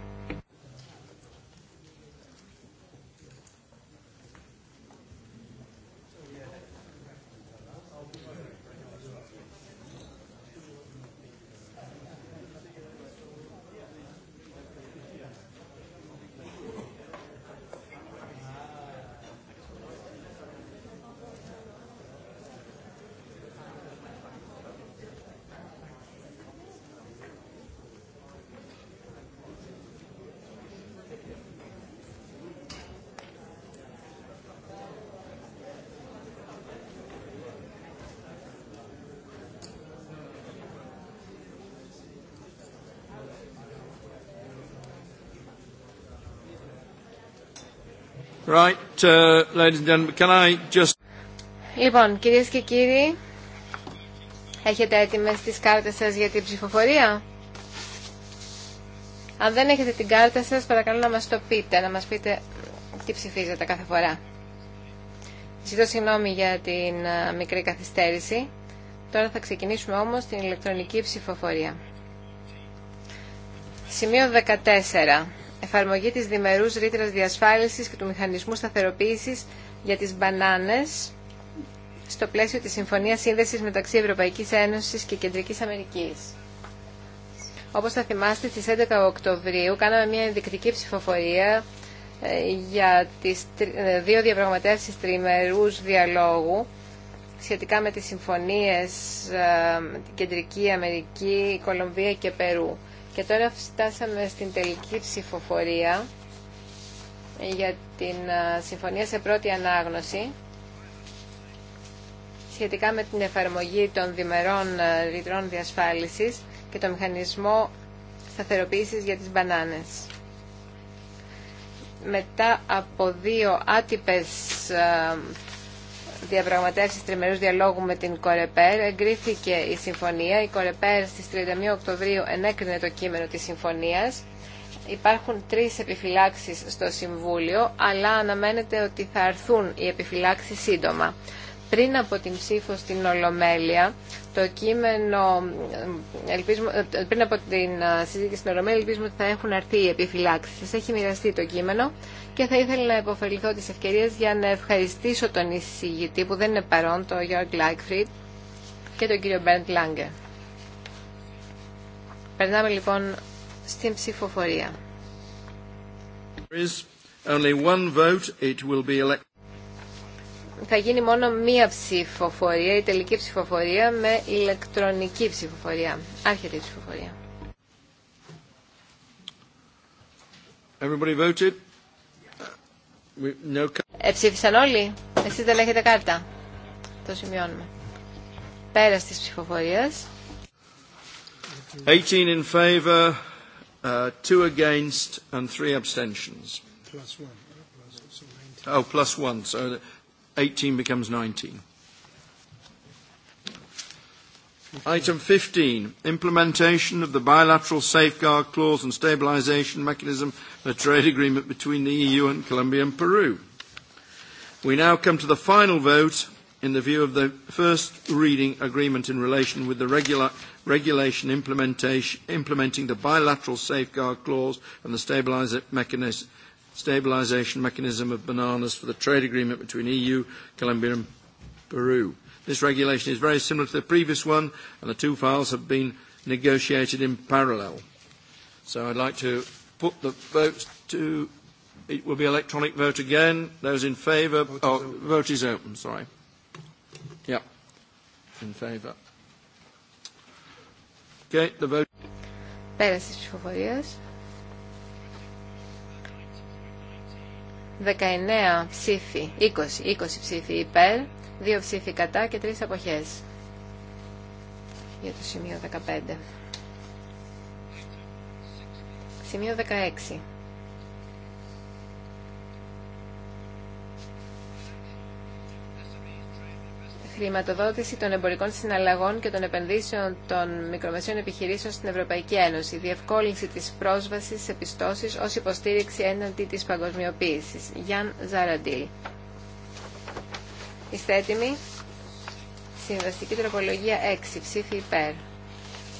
Uh, λοιπόν, κυρίε και κύριοι, έχετε έτοιμες τις κάρτε σας για την ψηφοφορία. Αν δεν έχετε την κάρτα σας, παρακαλώ να μας το πείτε, να μας πείτε τι ψηφίζετε κάθε φορά. Ζητώ συγγνώμη για την μικρή καθυστέρηση. Τώρα θα ξεκινήσουμε όμως την ηλεκτρονική ψηφοφορία. Σημείο 14 εφαρμογή της διμερούς ρήτρας διασφάλισης και του μηχανισμού σταθεροποίησης για τις μπανάνες στο πλαίσιο της Συμφωνίας Σύνδεσης μεταξύ Ευρωπαϊκής Ένωσης και Κεντρικής Αμερικής. Όπως θα θυμάστε, στις 11 Οκτωβρίου κάναμε μια ενδεικτική ψηφοφορία ε, για τις ε, δύο διαπραγματεύσεις τριμερούς διαλόγου σχετικά με τις συμφωνίες ε, Κεντρική Αμερική, Κολομβία και Περού. Και τώρα φτάσαμε στην τελική ψηφοφορία για την συμφωνία σε πρώτη ανάγνωση σχετικά με την εφαρμογή των διμερών ρητρών διασφάλισης και το μηχανισμό σταθεροποίησης για τις μπανάνες. Μετά από δύο άτυπες διαπραγματεύσεις τριμερούς διαλόγου με την Κορεπέρ εγκρίθηκε η συμφωνία. Η Κορεπέρ στις 31 Οκτωβρίου ενέκρινε το κείμενο της συμφωνίας. Υπάρχουν τρεις επιφυλάξεις στο Συμβούλιο, αλλά αναμένεται ότι θα αρθούν οι επιφυλάξεις σύντομα πριν από την ψήφο στην Ολομέλεια, το κείμενο, ε, ελπίζουμε, ε, ε, πριν από την συζήτηση στην Ολομέλεια, ελπίζουμε ότι θα έχουν αρθεί οι επιφυλάξει. Σα έχει μοιραστεί το κείμενο και θα ήθελα να υποφεληθώ τη ευκαιρία για να ευχαριστήσω τον εισηγητή που δεν είναι παρόν, τον Γιώργο Λάικφριντ και τον κύριο Μπέντ Λάγκε. Περνάμε λοιπόν στην ψηφοφορία. There is only one vote. It will θα γίνει μόνο μία ψηφοφορία, η τελική ψηφοφορία με ηλεκτρονική ψηφοφορία. Άρχεται η ψηφοφορία. Everybody voted. No... Εψήφισαν όλοι. Εσείς δεν έχετε κάρτα. Το σημειώνουμε. Πέρας της ψηφοφορίας. 18 in favor, uh, two against and three abstentions. Plus one. Oh, plus one. So 18 becomes 19. Item 15, implementation of the bilateral safeguard clause and stabilisation mechanism a trade agreement between the EU and Colombia and Peru. We now come to the final vote in the view of the first reading agreement in relation with the regulation implementing the bilateral safeguard clause and the stabilisation mechanism stabilisation mechanism of bananas for the trade agreement between EU, Colombia and Peru. This regulation is very similar to the previous one, and the two files have been negotiated in parallel. So I'd like to put the vote to. It will be electronic vote again. Those in favour. Oh, vote is open. Sorry. Yeah. In favour. Okay. The vote. Πέρασε 19 ψήφοι, 20, 20 ψήφοι υπέρ, 2 ψήφοι κατά και 3 αποχές. Για το σημείο 15. Σημείο 16. χρηματοδότηση των εμπορικών συναλλαγών και των επενδύσεων των μικρομεσαίων επιχειρήσεων στην Ευρωπαϊκή Ένωση, διευκόλυνση της πρόσβασης σε πιστώσεις ως υποστήριξη έναντι της παγκοσμιοποίησης. Γιάν Ζαραντήλ. Είστε έτοιμοι. Συμβαστική τροπολογία 6. Ψήφι υπέρ.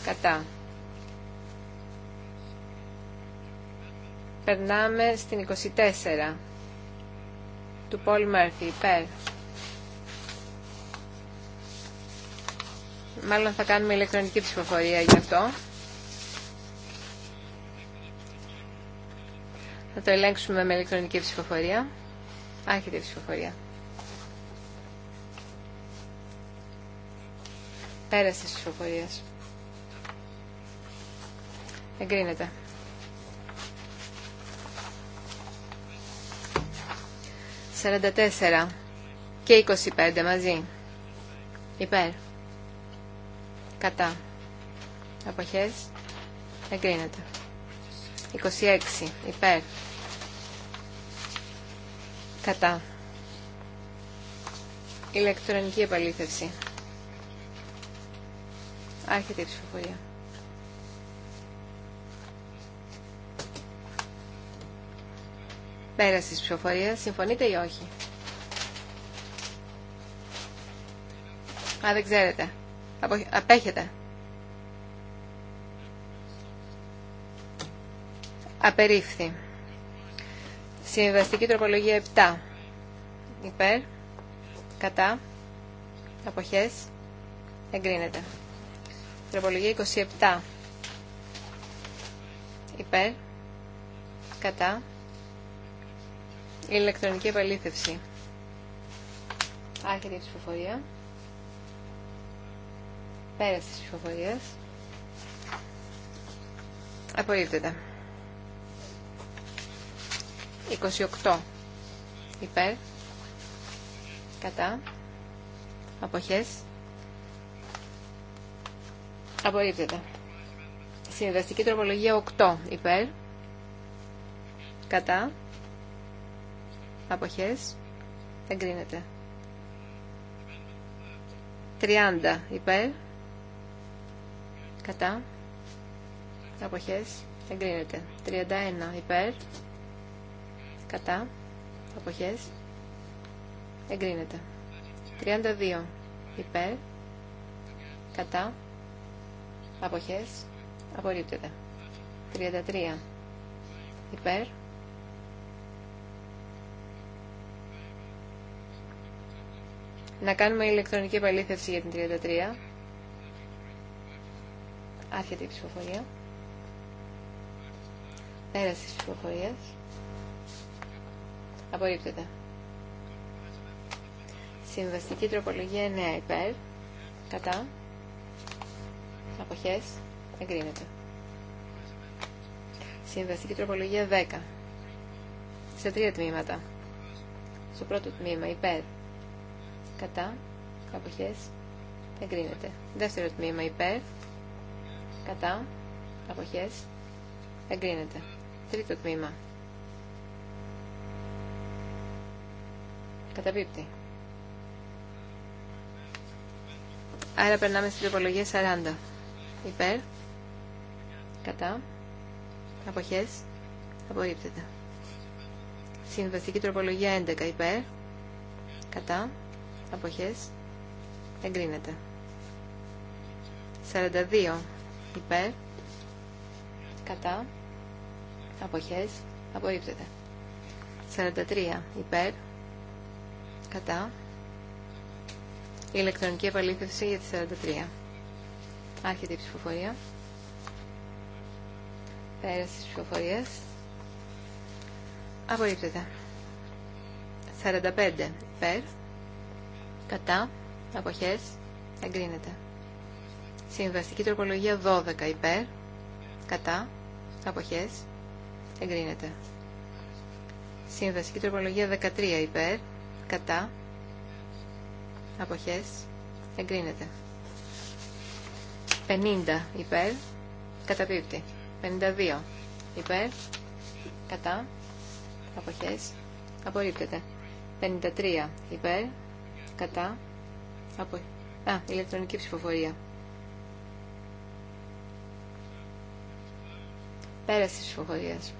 Κατά. Περνάμε στην 24 του Πολ Μέρφυ υπέρ. Μάλλον θα κάνουμε ηλεκτρονική ψηφοφορία γι' αυτό. Θα το ελέγξουμε με ηλεκτρονική ψηφοφορία. Άρχεται η ψηφοφορία. Πέρασε τη ψηφοφορία. Εγκρίνεται. 44 και 25 μαζί. Υπέρ. Κατά. Αποχές. Εγκρίνεται. 26. Υπέρ. Κατά. Ηλεκτρονική επαλήθευση. Άρχεται η ψηφοφορία. Πέραση της ψηφοφορίας. Συμφωνείτε ή όχι. Α, δεν ξέρετε. Απέχετε. Απερίφθη. Συμβαστική τροπολογία 7. Υπέρ. Κατά. Αποχές. Εγκρίνεται. Τροπολογία 27. Υπέρ. Κατά. Ηλεκτρονική επαλήθευση. Άρχεται η ψηφοφορία. Πέρας της ψηφοφορίας. Απορρίπτεται. 28 υπέρ. Κατά. Αποχές. Απορρίπτεται. Συνεδραστική τροπολογία 8 υπέρ. Κατά. Αποχές. Εγκρίνεται. 30 υπέρ κατά αποχές εγκρίνεται 31 υπέρ κατά αποχές εγκρίνεται 32 υπέρ κατά αποχές απορρίπτεται 33 υπέρ να κάνουμε ηλεκτρονική επαλήθευση για την 33 Άρχεται η ψηφοφορία. Πέραση τη ψηφοφορία. Απορρίπτεται. Συμβαστική τροπολογία 9 υπέρ. Κατά. Αποχέ, Εγκρίνεται. Συμβαστική τροπολογία 10. Σε τρία τμήματα. Στο πρώτο τμήμα υπέρ. Κατά. Αποχέ. Εγκρίνεται. Δεύτερο τμήμα υπέρ κατά, αποχές, εγκρίνεται. Τρίτο τμήμα. Καταπίπτει. Άρα περνάμε στην τροπολογία 40. Υπέρ, κατά, αποχές, απορρίπτεται. Συμβαστική τροπολογία 11 υπέρ, κατά, αποχές, εγκρίνεται. 42 υπέρ, κατά, αποχές, απορρίπτεται. 43 υπέρ, κατά, ηλεκτρονική επαλήθευση για τη 43. Άρχεται η ψηφοφορία. Πέραση ψηφοφορίας. Απορρίπτεται. 45 υπέρ, κατά, αποχές, εγκρίνεται. Συμβαστική τροπολογία 12 υπέρ, κατά, αποχές, εγκρίνεται. Συμβαστική τροπολογία 13 υπέρ, κατά, αποχές, εγκρίνεται. 50 υπέρ, καταπίπτει. 52 υπέρ, κατά, αποχές, απορρίπτεται. 53 υπέρ, κατά, απο... Α, ηλεκτρονική ψηφοφορία. Πέραση της ψηφοφορίας.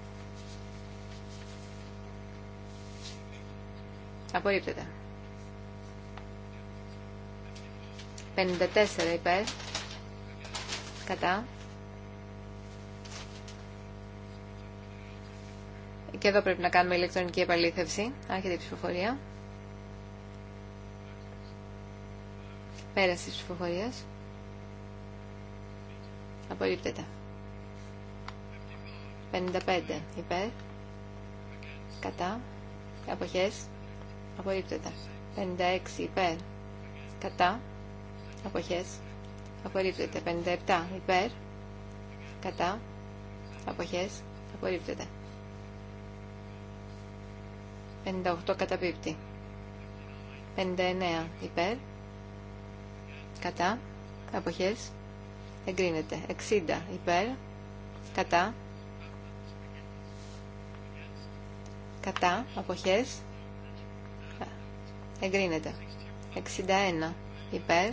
Απορρίπτεται. 54 υπέρ. Κατά. Και εδώ πρέπει να κάνουμε ηλεκτρονική επαλήθευση. Άρχεται η ψηφοφορία. Πέραση της ψηφοφορίας. Απορρίπτεται. 55 υπέρ κατά αποχές απορρίπτεται 56 υπέρ κατά αποχές απορρίπτεται 57 υπέρ κατά αποχές απορρίπτεται 58 καταπίπτει 59 υπέρ κατά αποχές εγκρίνεται 60 υπέρ κατά κατά, αποχές, εγκρίνεται. 61 υπέρ,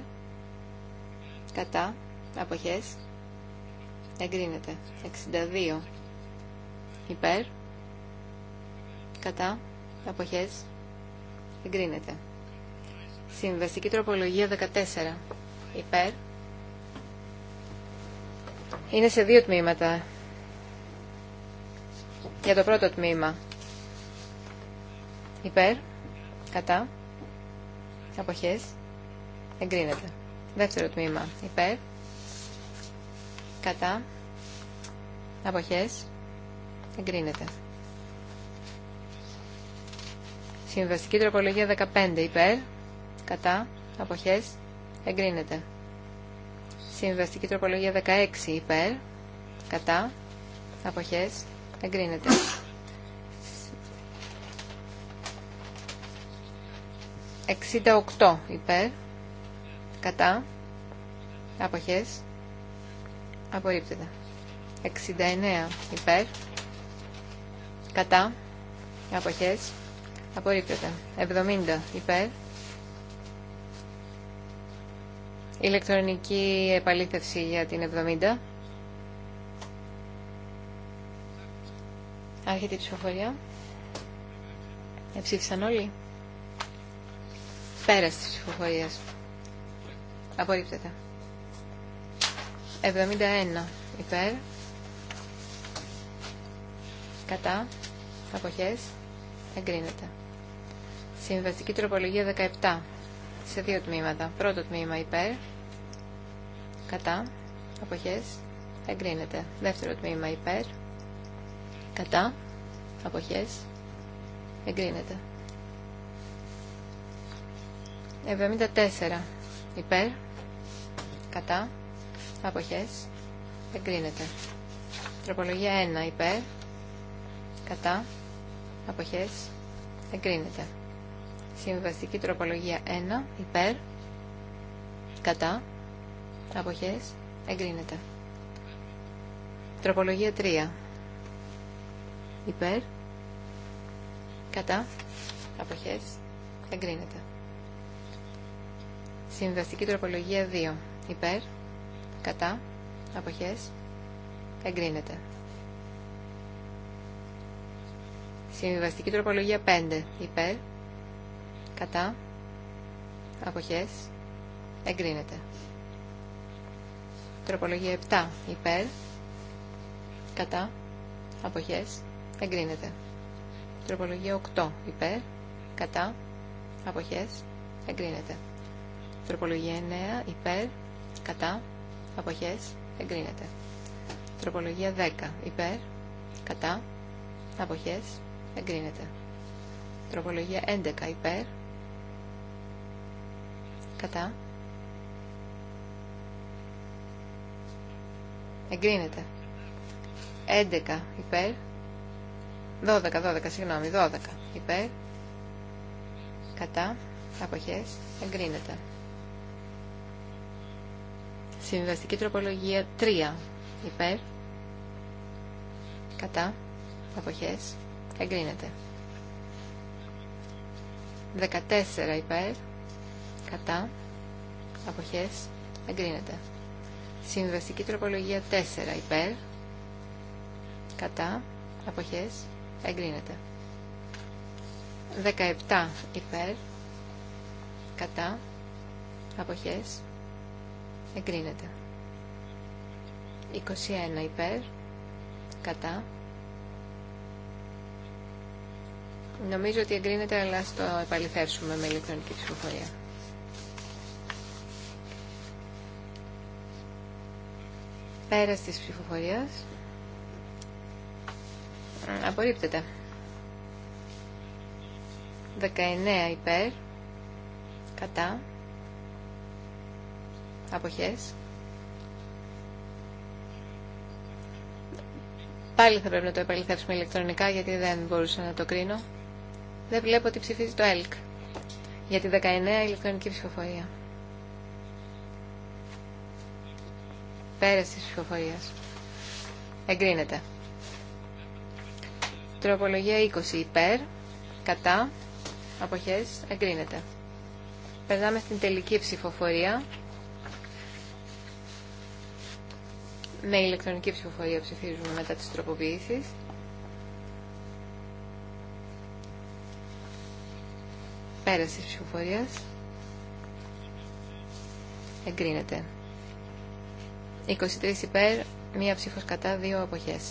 κατά, αποχές, εγκρίνεται. 62 υπέρ, κατά, αποχές, εγκρίνεται. Συμβαστική τροπολογία 14 υπέρ. Είναι σε δύο τμήματα. Για το πρώτο τμήμα Υπέρ. Κατά. Αποχές. Εγκρίνεται. Δεύτερο τμήμα. Υπέρ. Κατά. Αποχές. Εγκρίνεται. Συμβαστική τροπολογία 15. Υπέρ. Κατά. Αποχές. Εγκρίνεται. Συμβαστική τροπολογία 16. Υπέρ. Κατά. Αποχές. Εγκρίνεται. 68 υπέρ, κατά, αποχές, απορρίπτεται. 69 υπέρ, κατά, αποχές, απορρίπτεται. 70 υπέρ, ηλεκτρονική επαλήθευση για την 70. Άρχεται η ψηφοφορία. Εψήφισαν όλοι. Πέρας τη ψηφοφορίας. Απορρίπτεται. 71 υπέρ. Κατά. Αποχέ. Εγκρίνεται. Συμβαστική τροπολογία 17. Σε δύο τμήματα. Πρώτο τμήμα υπέρ. Κατά. Αποχέ. Εγκρίνεται. Δεύτερο τμήμα υπέρ. Κατά. Αποχέ. Εγκρίνεται. 74 υπέρ, κατά, αποχές, εγκρίνεται. Τροπολογία 1 υπέρ, κατά, αποχές, εγκρίνεται. Συμβαστική τροπολογία 1 υπέρ, κατά, αποχές, εγκρίνεται. Τροπολογία 3 υπέρ, κατά, αποχές, εγκρίνεται. Συμβαστική τροπολογία 2. Υπέρ, κατά, αποχές, εγκρίνεται. Συμβιβαστική τροπολογία 5. Υπέρ, κατά, αποχές, εγκρίνεται. Τροπολογία 7. Υπέρ, κατά, αποχές, εγκρίνεται. Τροπολογία 8. Υπέρ, κατά, αποχές, εγκρίνεται. Τροπολογία 9 υπέρ, κατά, αποχές, εγκρίνεται. Τροπολογία 10 υπέρ, κατά, αποχές, εγκρίνεται. Τροπολογία 11 υπέρ, κατά, εγκρίνεται. 11 υπέρ, 12, 12, συγγνώμη, 12 υπέρ, κατά, αποχές, εγκρίνεται. Συμβιβαστική τροπολογία 3. Υπέρ. Κατά. Αποχές. Εγκρίνεται. 14 υπέρ. Κατά. Αποχές. Εγκρίνεται. Συμβιβαστική τροπολογία 4 υπέρ. Κατά. Αποχές. Εγκρίνεται. 17 υπέρ. Κατά. Αποχές εγκρίνεται. 21 υπέρ, κατά. Νομίζω ότι εγκρίνεται, αλλά στο επαληθεύσουμε με ηλεκτρονική ψηφοφορία. Πέρας της ψηφοφορίας απορρίπτεται. 19 υπέρ, κατά αποχές. Πάλι θα πρέπει να το επαληθεύσουμε ηλεκτρονικά γιατί δεν μπορούσα να το κρίνω. Δεν βλέπω ότι ψηφίζει το ΕΛΚ. Για τη 19 ηλεκτρονική ψηφοφορία. Πέραση της ψηφοφορίας. Εγκρίνεται. Τροπολογία 20 υπέρ, κατά, αποχές, εγκρίνεται. Περνάμε στην τελική ψηφοφορία. Με ναι, ηλεκτρονική ψηφοφορία ψηφίζουμε μετά τις τροποποιήσεις. Πέραση της ψηφοφορίας. Εγκρίνεται. 23 υπέρ, μία ψήφος κατά, δύο αποχές.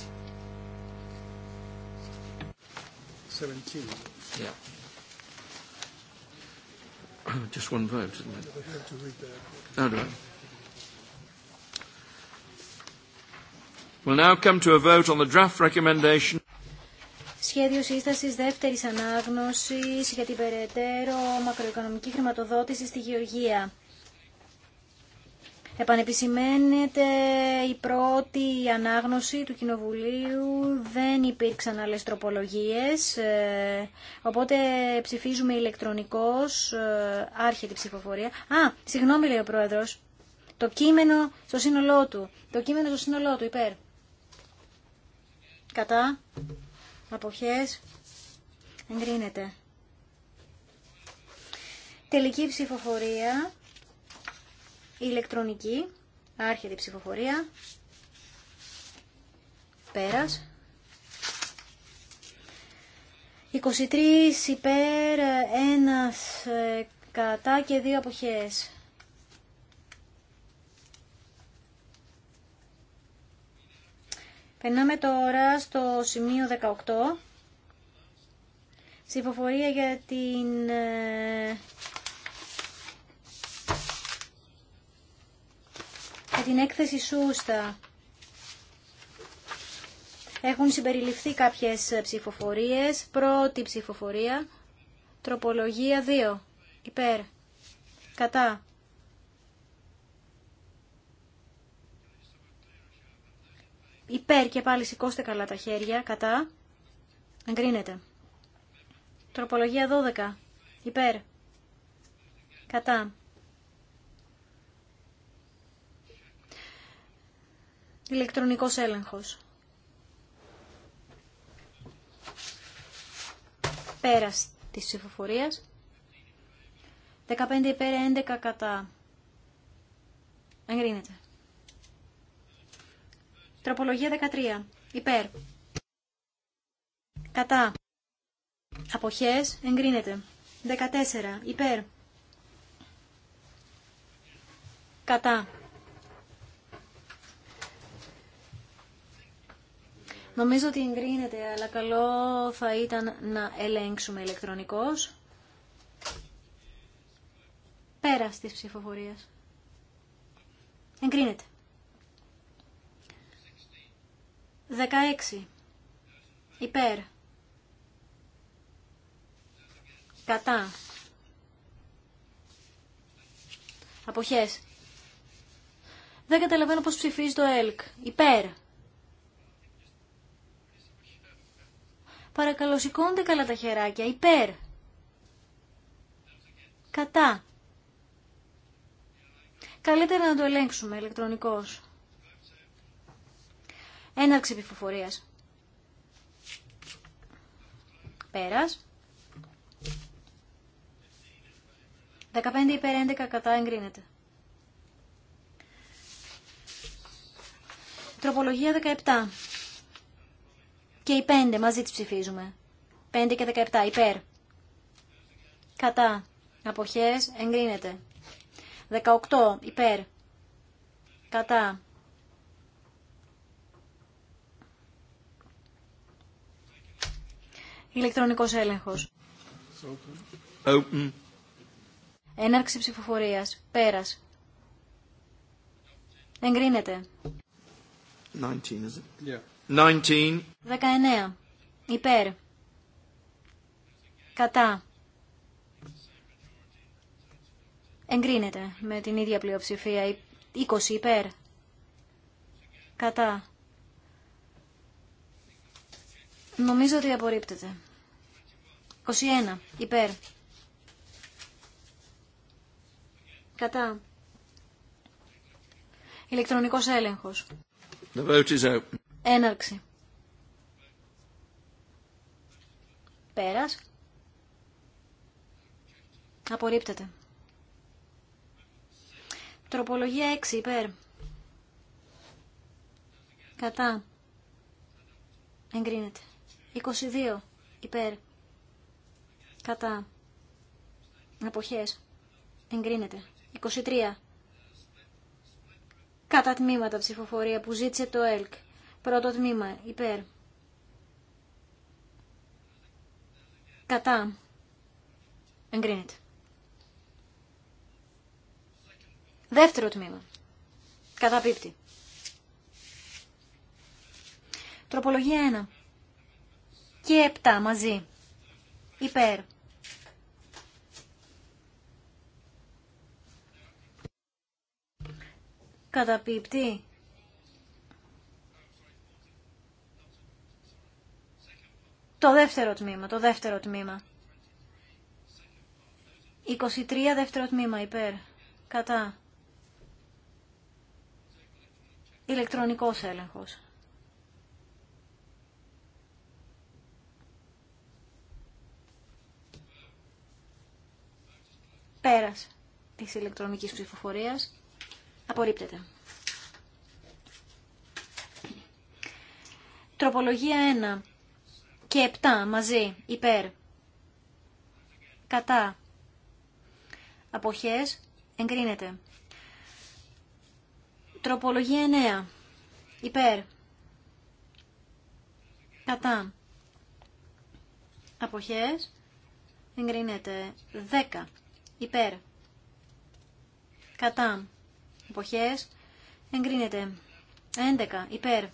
17. Yeah. Just one vote, isn't it? Oh, do I? now come to a vote on the draft recommendation. Σχέδιο σύσταση δεύτερη ανάγνωση για την περαιτέρω μακροοικονομική χρηματοδότηση στη Γεωργία. Επανεπισημαίνεται η πρώτη ανάγνωση του Κοινοβουλίου, δεν υπήρξαν άλλες τροπολογίες, ε, οπότε ψηφίζουμε ηλεκτρονικός, ε, άρχεται η ψηφοφορία. Α, συγγνώμη λέει ο Πρόεδρος, το κείμενο στο σύνολό του, το κείμενο στο σύνολό του, υπέρ κατά αποχές εγκρίνεται. Τελική ψηφοφορία ηλεκτρονική, άρχεται ψηφοφορία, πέρας. 23 υπέρ, 1 ε, κατά και 2 αποχές. Περνάμε τώρα στο σημείο 18. Ψηφοφορία για την ε, για την έκθεση Σούστα. Έχουν συμπεριληφθεί κάποιες ψηφοφορίες. Πρώτη ψηφοφορία, τροπολογία 2. Υπέρ. Κατά. Υπέρ και πάλι σηκώστε καλά τα χέρια. Κατά. Εγκρίνεται. Τροπολογία 12. Υπέρ. Κατά. Ηλεκτρονικός έλεγχος. Πέρας της ψηφοφορίας. 15 υπέρ 11 κατά. Εγκρίνεται. Τροπολογία 13. Υπέρ. Κατά. Αποχές. Εγκρίνεται. 14. Υπέρ. Κατά. Νομίζω ότι εγκρίνεται, αλλά καλό θα ήταν να ελέγξουμε ηλεκτρονικώς. Πέρα της ψηφοφορίας. Εγκρίνεται. 16. Υπέρ. Κατά. Αποχές. Δεν καταλαβαίνω πώς ψηφίζει το ΕΛΚ. Υπέρ. Παρακαλώ σηκώντε καλά τα χεράκια. Υπέρ. Κατά. Καλύτερα να το ελέγξουμε ηλεκτρονικώς. Έναρξη επιφοφορία. Πέρας. 15 υπέρ 11 κατά εγκρίνεται. Τροπολογία 17. Και οι 5 μαζί τις ψηφίζουμε. 5 και 17 υπέρ. Κατά. Αποχές εγκρίνεται. 18 υπέρ. Κατά. Ηλεκτρονικός έλεγχος. Έναρξη ψηφοφορίας. Πέρας. Εγκρίνεται. 19, 19. 19. Υπέρ. Κατά. Εγκρίνεται με την ίδια πλειοψηφία. 20 υπέρ. Κατά. Νομίζω ότι απορρίπτεται. 21. Υπέρ. Κατά. Ηλεκτρονικός έλεγχος. The vote Έναρξη. Πέρας. Απορρίπτεται. Τροπολογία 6. Υπέρ. Κατά. Εγκρίνεται. 22. Υπέρ κατά αποχές εγκρίνεται. 23. Κατά τμήματα ψηφοφορία που ζήτησε το ΕΛΚ. Πρώτο τμήμα υπέρ. Κατά. Εγκρίνεται. Δεύτερο τμήμα. κατά πίπτη. Τροπολογία 1. Και 7 μαζί. Υπέρ. καταπίπτει. Το δεύτερο τμήμα, το δεύτερο τμήμα. 23 δεύτερο τμήμα υπέρ. Κατά. Ηλεκτρονικός έλεγχος. Πέρας της ηλεκτρονικής ψηφοφορίας. Απορρίπτεται. Τροπολογία 1 και 7 μαζί, υπέρ, κατά, αποχές, εγκρίνεται. Τροπολογία 9, υπέρ, κατά, αποχές, εγκρίνεται. 10, υπέρ, κατά, εποχές εγκρίνεται 11 υπέρ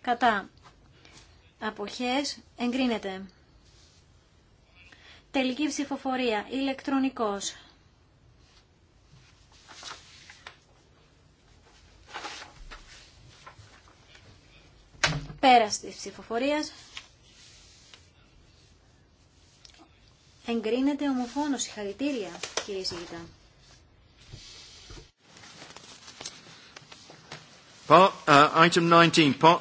κατά αποχές εγκρίνεται τελική ψηφοφορία ηλεκτρονικός πέρας της ψηφοφορίας εγκρίνεται ομοφόνο συγχαρητήρια κύριε Σιγητά 19, 19. Uh,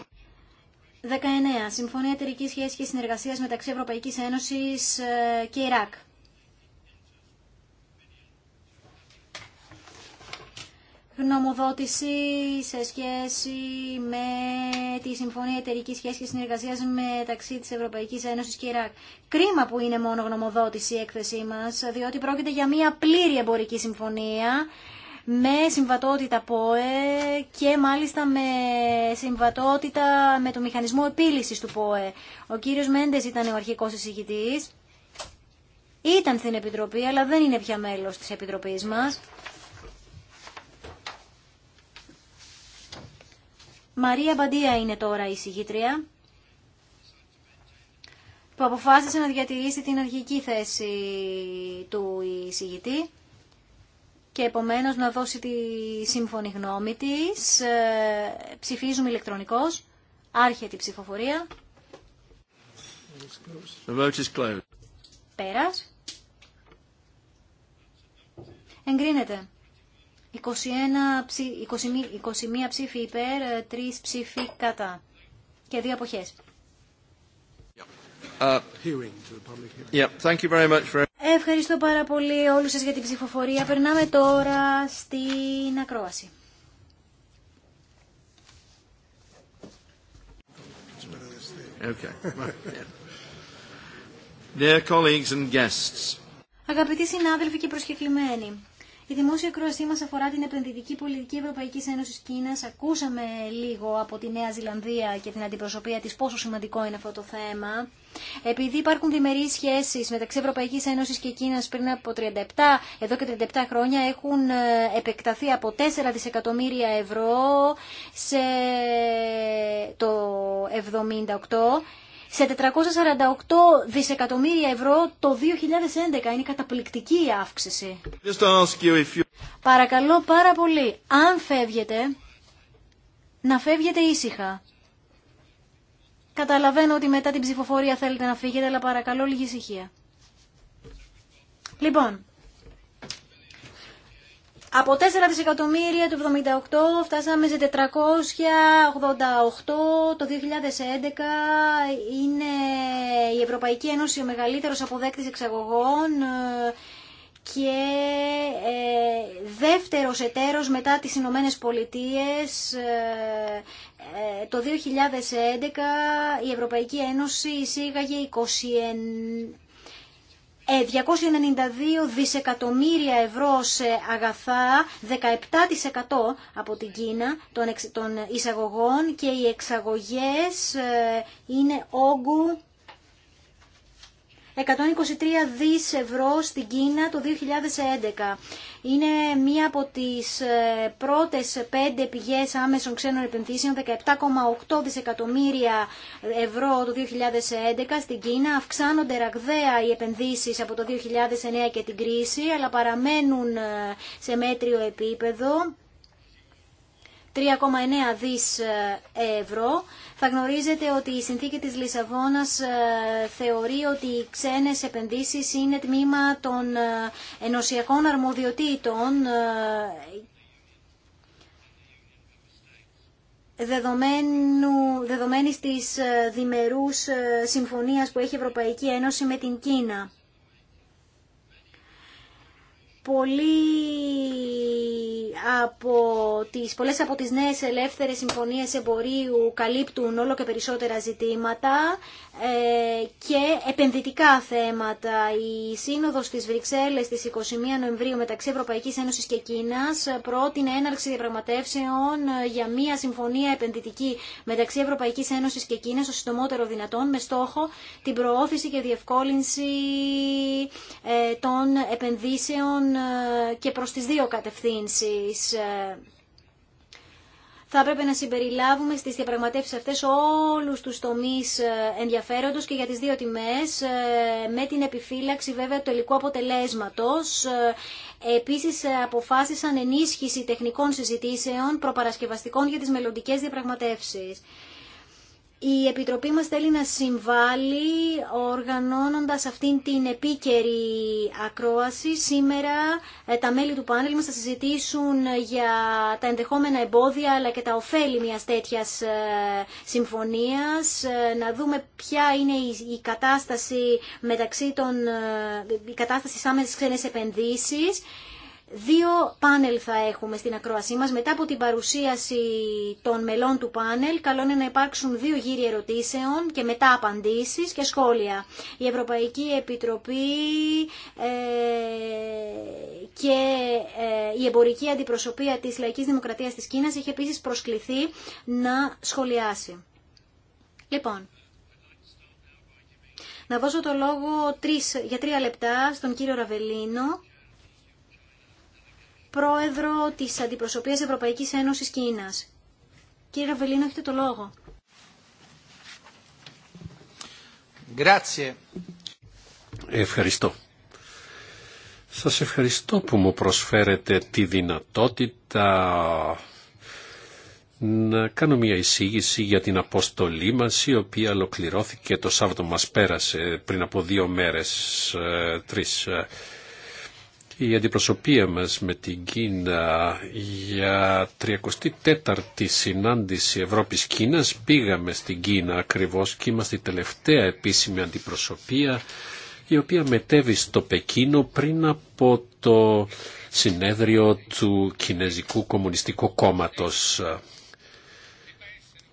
συμφωνία εταιρική σχέση και συνεργασία μεταξύ Ευρωπαϊκή Ένωση ε, και Ιράκ. Γνωμοδότηση σε σχέση με τη Συμφωνία Εταιρική Σχέση και Συνεργασία μεταξύ τη Ευρωπαϊκή Ένωση και Ιράκ. Κρίμα που είναι μόνο γνωμοδότηση η έκθεσή μα, διότι πρόκειται για μια πλήρη εμπορική συμφωνία με συμβατότητα ΠΟΕ και μάλιστα με συμβατότητα με το μηχανισμό επίλυσης του ΠΟΕ. Ο κύριος Μέντες ήταν ο αρχικός εισηγητής. Ήταν στην Επιτροπή, αλλά δεν είναι πια μέλος της Επιτροπής μας. Μαρία Μπαντία είναι τώρα η συγγήτρια που αποφάσισε να διατηρήσει την αρχική θέση του εισηγητή και επομένως να δώσει τη σύμφωνη γνώμη της. Ε, ψηφίζουμε ηλεκτρονικώς. Άρχεται η ψηφοφορία. The is closed. Πέρας. Εγκρίνεται. 21, ψηφί 21 ψήφοι υπέρ, 3 ε, ψήφοι κατά και δύο αποχές. Yeah. Uh, yeah. Thank you very much Ευχαριστώ πάρα πολύ όλους σας για την ψηφοφορία. Περνάμε τώρα στην ακρόαση. Okay. Αγαπητοί συνάδελφοι και προσκεκλημένοι, η δημόσια ακρόασή μας αφορά την επενδυτική πολιτική Ευρωπαϊκή Ένωσης Κίνα. Ακούσαμε λίγο από τη Νέα Ζηλανδία και την αντιπροσωπεία της πόσο σημαντικό είναι αυτό το θέμα. Επειδή υπάρχουν διμερείς σχέσει μεταξύ Ευρωπαϊκή Ένωση και Κίνας πριν από 37, εδώ και 37 χρόνια έχουν ε, επεκταθεί από 4 δισεκατομμύρια ευρώ σε το 78 σε 448 δισεκατομμύρια ευρώ το 2011. Είναι καταπληκτική η αύξηση. Παρακαλώ πάρα πολύ, αν φεύγετε, να φεύγετε ήσυχα. Καταλαβαίνω ότι μετά την ψηφοφορία θέλετε να φύγετε, αλλά παρακαλώ λίγη ησυχία. Λοιπόν, από 4 δισεκατομμύρια του 78 φτάσαμε σε 488 το 2011 είναι η Ευρωπαϊκή Ένωση ο μεγαλύτερος αποδέκτης εξαγωγών ε, και ε, δεύτερος εταίρος μετά τις Ηνωμένε Πολιτείες ε, ε, το 2011 η Ευρωπαϊκή Ένωση εισήγαγε 292 ε, δισεκατομμύρια ευρώ σε αγαθά, 17% από την Κίνα των εισαγωγών και οι εξαγωγές ε, είναι όγκου 123 δις ευρώ στην Κίνα το 2011. Είναι μία από τις ε, πρώτες πέντε πηγές άμεσων ξένων επενδύσεων, 17,8 δισεκατομμύρια ευρώ το 2011 στην Κίνα. Αυξάνονται ραγδαία οι επενδύσεις από το 2009 και την κρίση, αλλά παραμένουν ε, σε μέτριο επίπεδο. 3,9 δις ε, ευρώ. Θα γνωρίζετε ότι η συνθήκη της Λισαβόνας ε, θεωρεί ότι οι ξένες επενδύσεις είναι τμήμα των ε, ενωσιακών αρμοδιοτήτων δεδομένου, δεδομένης της διμερούς συμφωνίας που έχει η Ευρωπαϊκή Ένωση με την Κίνα πολύ από τις, πολλές από τις νέες ελεύθερες συμφωνίες εμπορίου καλύπτουν όλο και περισσότερα ζητήματα ε, και επενδυτικά θέματα. Η Σύνοδος της Βρυξέλλες της 21 Νοεμβρίου μεταξύ Ευρωπαϊκής Ένωσης και Κίνας πρότεινε έναρξη διαπραγματεύσεων για μια συμφωνία επενδυτική μεταξύ Ευρωπαϊκής Ένωσης και Κίνας ως συντομότερο δυνατόν με στόχο την προώθηση και διευκόλυνση ε, των επενδύσεων ε, και προς τις δύο κατευθύνσεις. Ε. Θα έπρεπε να συμπεριλάβουμε στις διαπραγματεύσεις αυτές όλους τους τομείς ε, ενδιαφέροντος και για τις δύο τιμές, με την επιφύλαξη βέβαια του τελικού αποτελέσματος. Επίσης αποφάσισαν ενίσχυση τεχνικών συζητήσεων προπαρασκευαστικών για τις μελλοντικές διαπραγματεύσεις. Η Επιτροπή μας θέλει να συμβάλλει οργανώνοντας αυτήν την επίκαιρη ακρόαση. Σήμερα ε, τα μέλη του πάνελ μας θα συζητήσουν για τα ενδεχόμενα εμπόδια αλλά και τα ωφέλη μιας τέτοιας ε, συμφωνίας. Ε, να δούμε ποια είναι η κατάσταση μεταξύ των... η κατάσταση σαν ξένες επενδύσεις Δύο πάνελ θα έχουμε στην ακρόασή μας. Μετά από την παρουσίαση των μελών του πάνελ, καλό είναι να υπάρξουν δύο γύροι ερωτήσεων και μετά απαντήσεις και σχόλια. Η Ευρωπαϊκή Επιτροπή ε, και ε, η εμπορική αντιπροσωπεία της Λαϊκής Δημοκρατίας της Κίνας έχει επίσης προσκληθεί να σχολιάσει. Λοιπόν, να δώσω το λόγο τρεις, για τρία λεπτά στον κύριο Ραβελίνο πρόεδρο της Αντιπροσωπείας Ευρωπαϊκής Ένωσης Κίνας. Κύριε Ραβελίνο, έχετε το λόγο. Ευχαριστώ. Σας ευχαριστώ που μου προσφέρετε τη δυνατότητα να κάνω μια εισήγηση για την αποστολή μας η οποία ολοκληρώθηκε το Σάββατο μας πέρασε πριν από δύο μέρες, ε, τρεις ε, η αντιπροσωπεία μας με την Κίνα για 34η συνάντηση Ευρώπης-Κίνας πήγαμε στην Κίνα ακριβώς και είμαστε η τελευταία επίσημη αντιπροσωπεία η οποία μετέβη στο Πεκίνο πριν από το συνέδριο του Κινέζικου Κομμουνιστικού Κόμματος.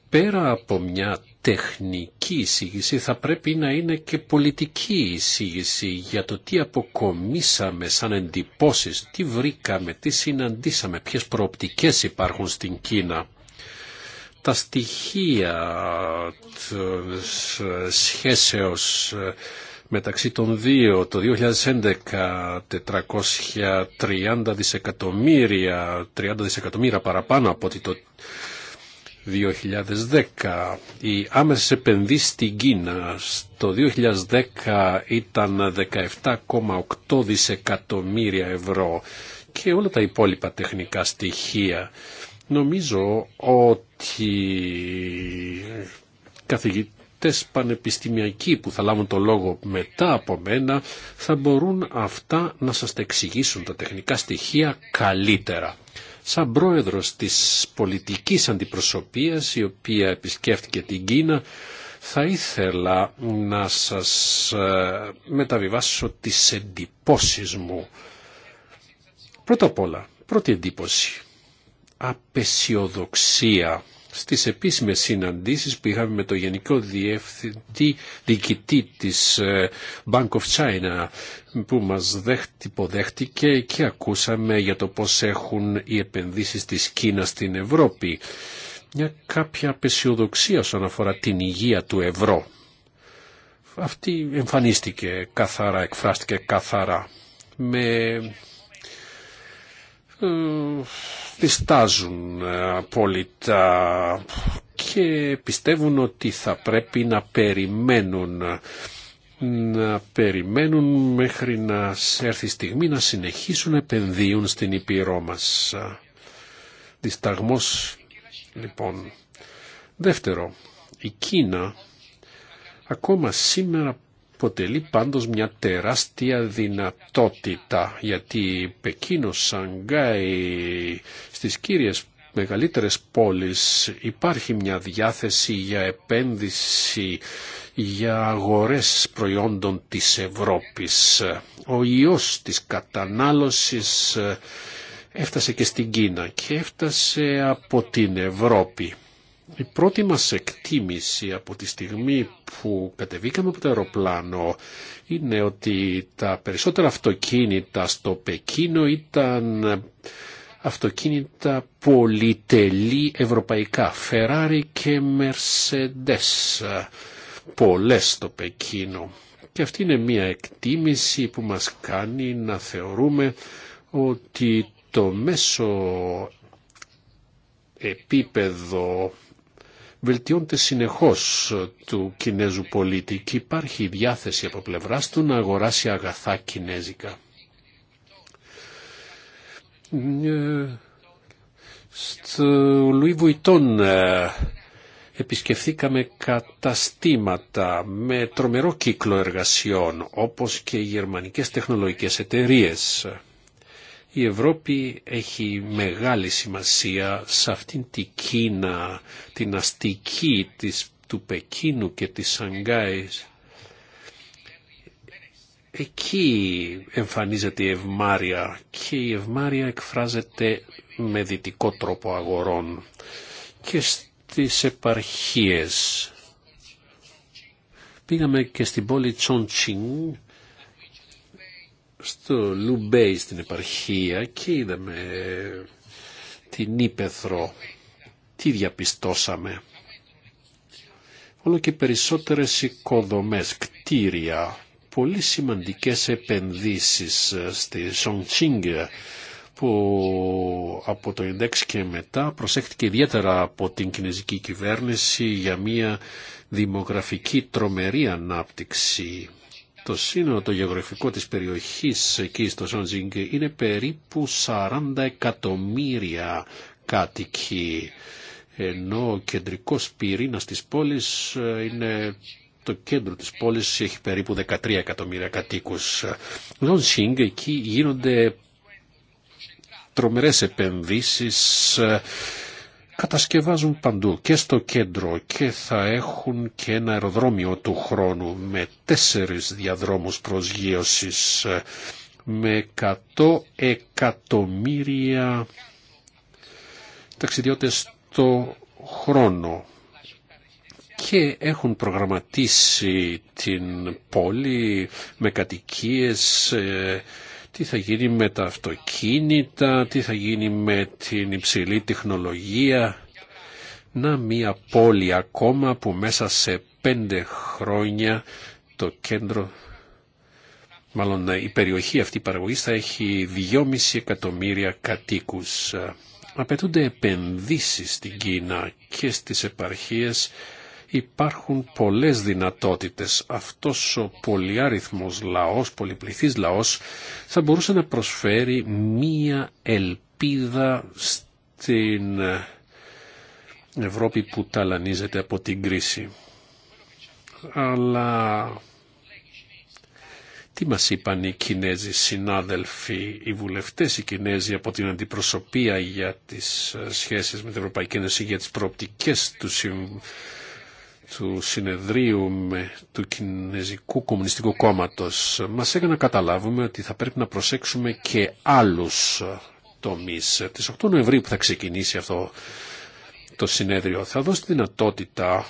Πέρα από μια τεχνική εισήγηση θα πρέπει να είναι και πολιτική εισήγηση για το τι αποκομίσαμε σαν εντυπώσεις, τι βρήκαμε, τι συναντήσαμε, ποιες προοπτικές υπάρχουν στην Κίνα. Τα στοιχεία σχέσεως μεταξύ των δύο το 2011 430 δισεκατομμύρια, 30 δισεκατομμύρια παραπάνω από ότι το 2010. Οι άμεσε επενδύσει στην Κίνα το 2010 ήταν 17,8 δισεκατομμύρια ευρώ και όλα τα υπόλοιπα τεχνικά στοιχεία. Νομίζω ότι καθηγητές πανεπιστημιακοί που θα λάβουν το λόγο μετά από μένα θα μπορούν αυτά να σας τα εξηγήσουν τα τεχνικά στοιχεία καλύτερα σαν πρόεδρος της πολιτικής αντιπροσωπείας η οποία επισκέφτηκε την Κίνα θα ήθελα να σας ε, μεταβιβάσω τις εντυπώσεις μου. Πρώτα απ' όλα, πρώτη εντύπωση, απεσιοδοξία στις επίσημες συναντήσεις που είχαμε με το Γενικό Διευθυντή Διοικητή της ε, Bank of China που μας υποδέχτηκε και ακούσαμε για το πώς έχουν οι επενδύσεις της Κίνας στην Ευρώπη. Μια κάποια απεσιοδοξία όσον αφορά την υγεία του ευρώ. Αυτή εμφανίστηκε καθαρά, εκφράστηκε καθαρά με διστάζουν ε, απόλυτα και πιστεύουν ότι θα πρέπει να περιμένουν να περιμένουν μέχρι να έρθει η στιγμή να συνεχίσουν να επενδύουν στην Ήπειρό μας. Δισταγμός λοιπόν. Δεύτερο, η Κίνα ακόμα σήμερα αποτελεί πάντως μια τεράστια δυνατότητα γιατί Πεκίνο, Σανγκάι, στις κύριες μεγαλύτερες πόλεις υπάρχει μια διάθεση για επένδυση για αγορές προϊόντων της Ευρώπης. Ο ιός της κατανάλωσης έφτασε και στην Κίνα και έφτασε από την Ευρώπη. Η πρώτη μας εκτίμηση από τη στιγμή που κατεβήκαμε από το αεροπλάνο είναι ότι τα περισσότερα αυτοκίνητα στο Πεκίνο ήταν αυτοκίνητα πολυτελή ευρωπαϊκά, Φεράρι και Mercedes, πολλές στο Πεκίνο. Και αυτή είναι μια εκτίμηση που μας κάνει να θεωρούμε ότι το μέσο επίπεδο βελτιώνεται συνεχώς ε, του Κινέζου πολίτη και υπάρχει η διάθεση από πλευράς του να αγοράσει αγαθά κινέζικα. Ε, στο Λουί Βουητών ε, επισκεφθήκαμε καταστήματα με τρομερό κύκλο εργασιών όπως και οι γερμανικές τεχνολογικές εταιρείες η Ευρώπη έχει μεγάλη σημασία σε αυτήν την Κίνα, την αστική της, του Πεκίνου και της Σανγκάης. Εκεί εμφανίζεται η ευμάρια και η ευμάρια εκφράζεται με δυτικό τρόπο αγορών και στις επαρχίες. Πήγαμε και στην πόλη Τσόντσινγκ στο Λουμπέι στην επαρχία και είδαμε την Ήπεθρο. Τι διαπιστώσαμε. Όλο και περισσότερες οικοδομές, κτίρια, πολύ σημαντικές επενδύσεις στη Σοντσίνγκ που από το 1996 και μετά προσέχτηκε ιδιαίτερα από την κινέζικη κυβέρνηση για μια δημογραφική τρομερή ανάπτυξη το σύνολο το γεωγραφικό της περιοχής εκεί στο Σοντζίνγκ είναι περίπου 40 εκατομμύρια κάτοικοι ενώ ο κεντρικός πυρήνας της πόλης ε, είναι το κέντρο της πόλης έχει περίπου 13 εκατομμύρια κατοίκους. Σονζίνγκ εκεί γίνονται τρομερές επενδύσεις ε, κατασκευάζουν παντού και στο κέντρο και θα έχουν και ένα αεροδρόμιο του χρόνου με τέσσερις διαδρόμους προσγείωσης με 100 εκατομμύρια ταξιδιώτες το χρόνο και έχουν προγραμματίσει την πόλη με κατοικίες ε, τι θα γίνει με τα αυτοκίνητα, τι θα γίνει με την υψηλή τεχνολογία. Να μία πόλη ακόμα που μέσα σε πέντε χρόνια το κέντρο, μάλλον ε, η περιοχή αυτή παραγωγής θα έχει 2,5 εκατομμύρια κατοίκους. Απαιτούνται επενδύσεις στην Κίνα και στις επαρχίες υπάρχουν πολλές δυνατότητες. Αυτός ο πολυάριθμος λαός, πολυπληθής λαός θα μπορούσε να προσφέρει μία ελπίδα στην Ευρώπη που ταλανίζεται από την κρίση. Αλλά τι μας είπαν οι Κινέζοι συνάδελφοι, οι βουλευτές οι Κινέζοι από την αντιπροσωπεία για τις σχέσεις με την Ευρωπαϊκή Ένωση, για τις προοπτικές του του συνεδρίου του Κινέζικου Κομμουνιστικού Κόμματος μας έκανε να καταλάβουμε ότι θα πρέπει να προσέξουμε και άλλους τομείς. Τις 8 Νοεμβρίου που θα ξεκινήσει αυτό το συνέδριο θα δώσει τη δυνατότητα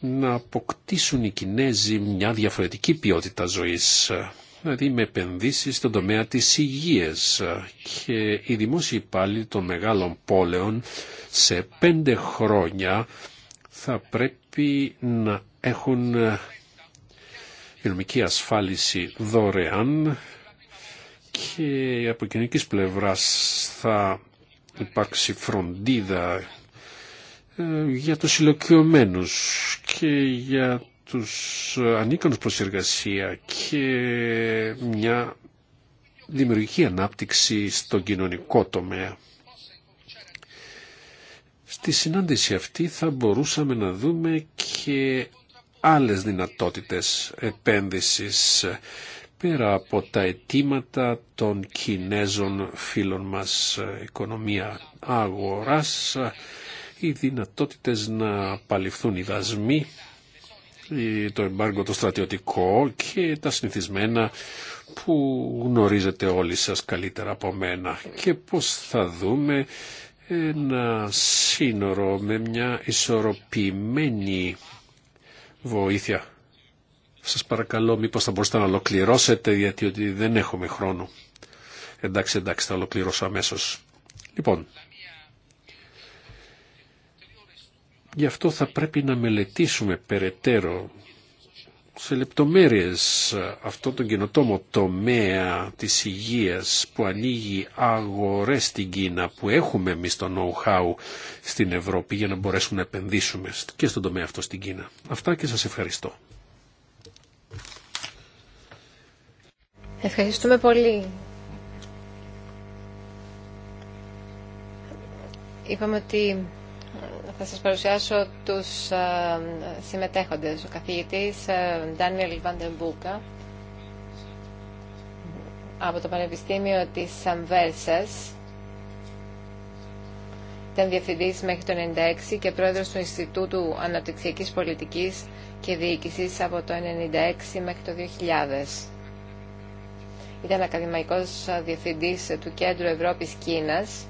να αποκτήσουν οι Κινέζοι μια διαφορετική ποιότητα ζωής δηλαδή με επενδύσει στον τομέα της υγείας και οι δημόσιοι υπάλληλοι των μεγάλων πόλεων σε πέντε χρόνια θα πρέπει πρέπει να έχουν ε, υγειονομική ασφάλιση δωρεάν και από κοινωνικής πλευράς θα υπάρξει φροντίδα ε, για τους συλλοκιωμένους και για τους ανίκανους προς εργασία και μια δημιουργική ανάπτυξη στον κοινωνικό τομέα. Στη συνάντηση αυτή θα μπορούσαμε να δούμε και άλλες δυνατότητες επένδυσης πέρα από τα αιτήματα των Κινέζων φίλων μας οικονομία αγοράς, οι δυνατότητες να απαλληφθούν οι δασμοί, το εμπάργκο το στρατιωτικό και τα συνηθισμένα που γνωρίζετε όλοι σας καλύτερα από μένα και πώς θα δούμε ένα σύνορο με μια ισορροπημένη βοήθεια. Σας παρακαλώ μήπως θα μπορούσατε να ολοκληρώσετε γιατί ότι δεν έχουμε χρόνο. Εντάξει, εντάξει, θα ολοκληρώσω αμέσως. Λοιπόν, γι' αυτό θα πρέπει να μελετήσουμε περαιτέρω σε λεπτομέρειες αυτό τον καινοτόμο τομέα της υγείας που ανοίγει αγορές στην Κίνα που έχουμε εμεί το know-how στην Ευρώπη για να μπορέσουμε να επενδύσουμε και στον τομέα αυτό στην Κίνα. Αυτά και σας ευχαριστώ. Ευχαριστούμε πολύ. Είπαμε ότι θα σας παρουσιάσω τους ε, συμμετέχοντες. Ο καθηγητής Ντάνιελ Βαντεμπούκα από το Πανεπιστήμιο της Αμβέρσας ήταν διευθυντής μέχρι το 1996 και πρόεδρος του Ινστιτούτου Αναπτυξιακής Πολιτικής και Διοίκησης από το 1996 μέχρι το 2000. Ήταν ακαδημαϊκός ε, διευθυντής του Κέντρου Ευρώπης-Κίνας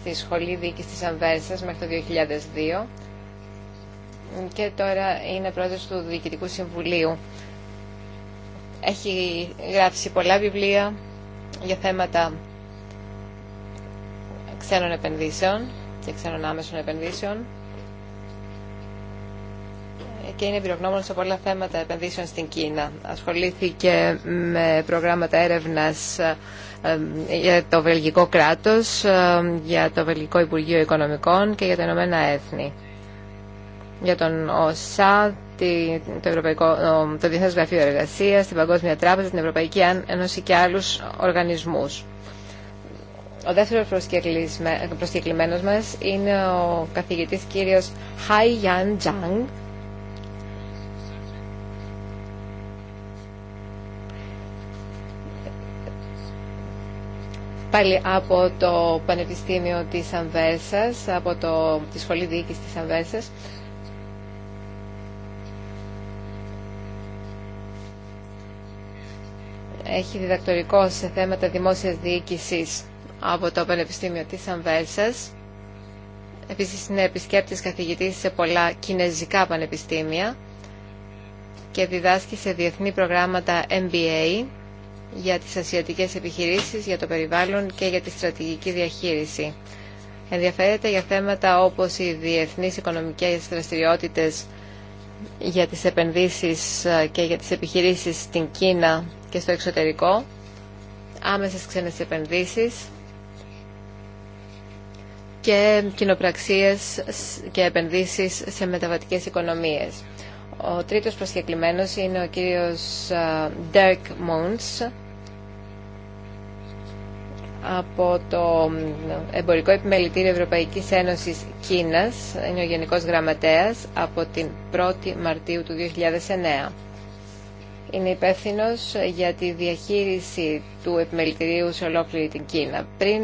στη Σχολή Διοίκησης της Αμβέρσας μέχρι το 2002 και τώρα είναι πρόεδρος του Διοικητικού Συμβουλίου. Έχει γράψει πολλά βιβλία για θέματα ξένων επενδύσεων και ξένων άμεσων επενδύσεων και είναι εμπειρογνώμων σε πολλά θέματα επενδύσεων στην Κίνα. Ασχολήθηκε με προγράμματα έρευνας για το Βελγικό κράτος, για το Βελγικό Υπουργείο Οικονομικών και για τα Ηνωμένα Έθνη. Για τον ΟΣΑ, το, Ευρωπαϊκό, το Διεθνές Γραφείο Εργασίας, την Παγκόσμια Τράπεζα, την Ευρωπαϊκή Ένωση και άλλους οργανισμούς. Ο δεύτερος προσκεκλημένος μας είναι ο καθηγητής κύριος Χάι Γιάν Τζάνγκ, πάλι από το Πανεπιστήμιο της Αμβέρσας, από το, τη Σχολή Διοίκησης της Αμβέρσας. Έχει διδακτορικό σε θέματα δημόσιας διοίκησης από το Πανεπιστήμιο της Αμβέρσας. Επίσης είναι επισκέπτης καθηγητής σε πολλά κινέζικα πανεπιστήμια και διδάσκει σε διεθνή προγράμματα MBA για τις ασιατικές επιχειρήσεις, για το περιβάλλον και για τη στρατηγική διαχείριση. Ενδιαφέρεται για θέματα όπως οι διεθνείς οικονομικές δραστηριότητες για τις επενδύσεις και για τις επιχειρήσεις στην Κίνα και στο εξωτερικό, άμεσες ξένες επενδύσεις και κοινοπραξίες και επενδύσεις σε μεταβατικές οικονομίες. Ο τρίτος προσκεκλημένος είναι ο κύριος Dirk Mons από το Εμπορικό Επιμελητήριο Ευρωπαϊκής Ένωσης Κίνας, είναι ο Γενικός Γραμματέας από την 1η Μαρτίου του 2009. Είναι υπεύθυνο για τη διαχείριση του επιμελητηρίου σε ολόκληρη την Κίνα. Πριν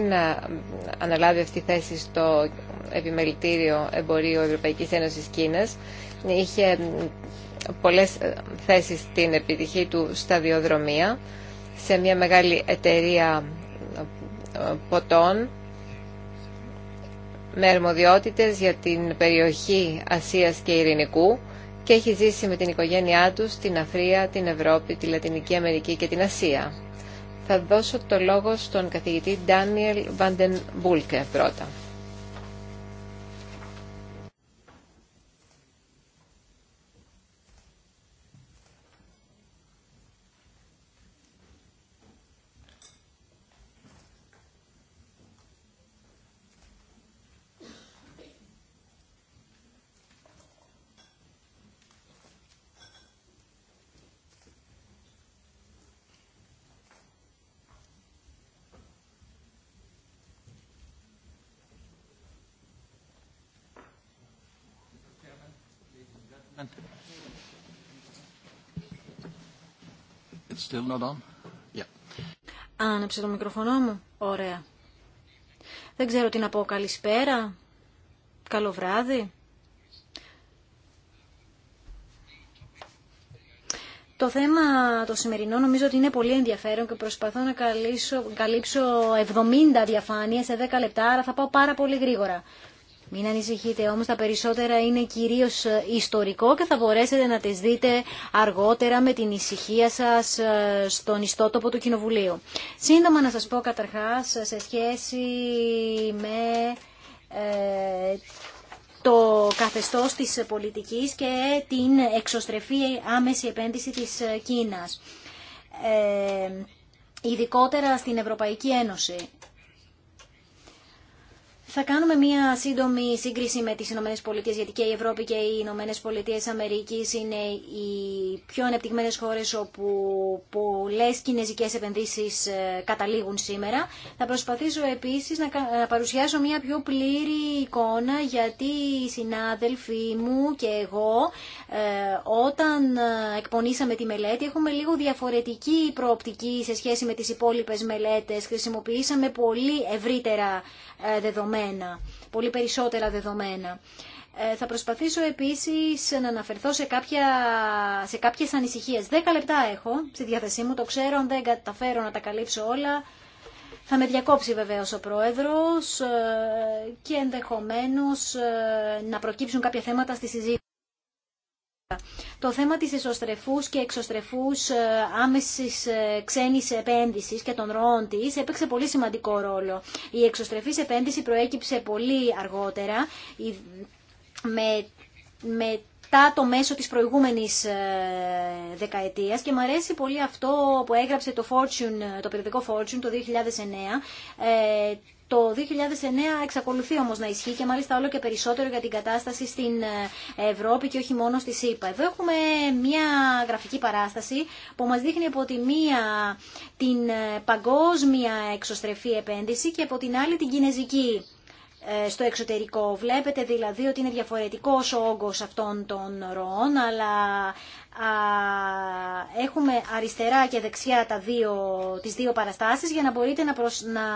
αναλάβει αυτή τη θέση στο Επιμελητήριο Εμπορίου Ευρωπαϊκής Ένωσης Κίνας, είχε ε, πολλές ε, θέσεις στην επιτυχή του σταδιοδρομία σε μια μεγάλη εταιρεία ε, ποτών με αρμοδιότητες για την περιοχή Ασίας και Ειρηνικού και έχει ζήσει με την οικογένειά του στην Αφρία, την Ευρώπη, τη Λατινική Αμερική και την Ασία. Θα δώσω το λόγο στον καθηγητή Ντάνιελ Μπούλκε πρώτα. Still Yeah. Άναψε το μικροφωνό μου. Ωραία. Δεν ξέρω τι να πω. Καλησπέρα. Καλό βράδυ. Το θέμα το σημερινό νομίζω ότι είναι πολύ ενδιαφέρον και προσπαθώ να καλύψω 70 διαφάνειες σε 10 λεπτά, άρα θα πάω πάρα πολύ γρήγορα. Μην ανησυχείτε όμως τα περισσότερα είναι κυρίως ε, ιστορικό και θα μπορέσετε να τις δείτε αργότερα με την ησυχία σας ε, στον ιστότοπο του Κοινοβουλίου. Σύντομα να σας πω καταρχάς ε, σε σχέση με το καθεστώς της πολιτικής και την εξωστρεφή άμεση επένδυση της Κίνας. Ε, ειδικότερα στην Ευρωπαϊκή Ένωση. Θα κάνουμε μία σύντομη σύγκριση με τις Ηνωμένες Πολιτείες, γιατί και η Ευρώπη και οι Ηνωμένες Πολιτείες Αμερικής είναι οι πιο ανεπτυγμένες χώρες όπου πολλές κινέζικες επενδύσεις ε, καταλήγουν σήμερα. Θα προσπαθήσω επίσης να παρουσιάσω μία πιο πλήρη εικόνα, γιατί οι συνάδελφοί μου και εγώ ε, όταν ε, εκπονήσαμε τη μελέτη έχουμε λίγο διαφορετική προοπτική σε σχέση με τις υπόλοιπες μελέτες. Χρησιμοποιήσαμε πολύ ευρύτερα δεδομένα πολύ περισσότερα δεδομένα. Ε, θα προσπαθήσω επίσης να αναφερθώ σε, κάποια, σε κάποιες ανησυχίες. Δέκα λεπτά έχω στη διάθεσή μου, το ξέρω, δεν καταφέρω να τα καλύψω όλα. Θα με διακόψει βεβαίως ο Πρόεδρος ε, και ενδεχομένως ε, να προκύψουν κάποια θέματα στη συζήτηση. Το θέμα της εσωστρεφούς και εξωστρεφούς ε, άμεσης ε, ξένης επένδυσης και των ροών της έπαιξε πολύ σημαντικό ρόλο. Η εξωστρεφής επένδυση προέκυψε πολύ αργότερα με, με μετά το μέσο της προηγούμενης ε, δεκαετίας και μου αρέσει πολύ αυτό που έγραψε το, Fortune, το περιοδικό Fortune το 2009 το 2009 εξακολουθεί όμως να ισχύει και μάλιστα όλο και περισσότερο για την κατάσταση στην ε, Ευρώπη και όχι μόνο στη ΣΥΠΑ. Εδώ έχουμε μια γραφική παράσταση που μας δείχνει από τη μία την ε, παγκόσμια εξωστρεφή επένδυση και από την άλλη την κινέζικη ε, στο εξωτερικό. Βλέπετε δηλαδή ότι είναι διαφορετικός ο όγκος αυτών των ροών, αλλά έχουμε αριστερά και δεξιά τα δύο, τις δύο παραστάσεις για να μπορείτε να, να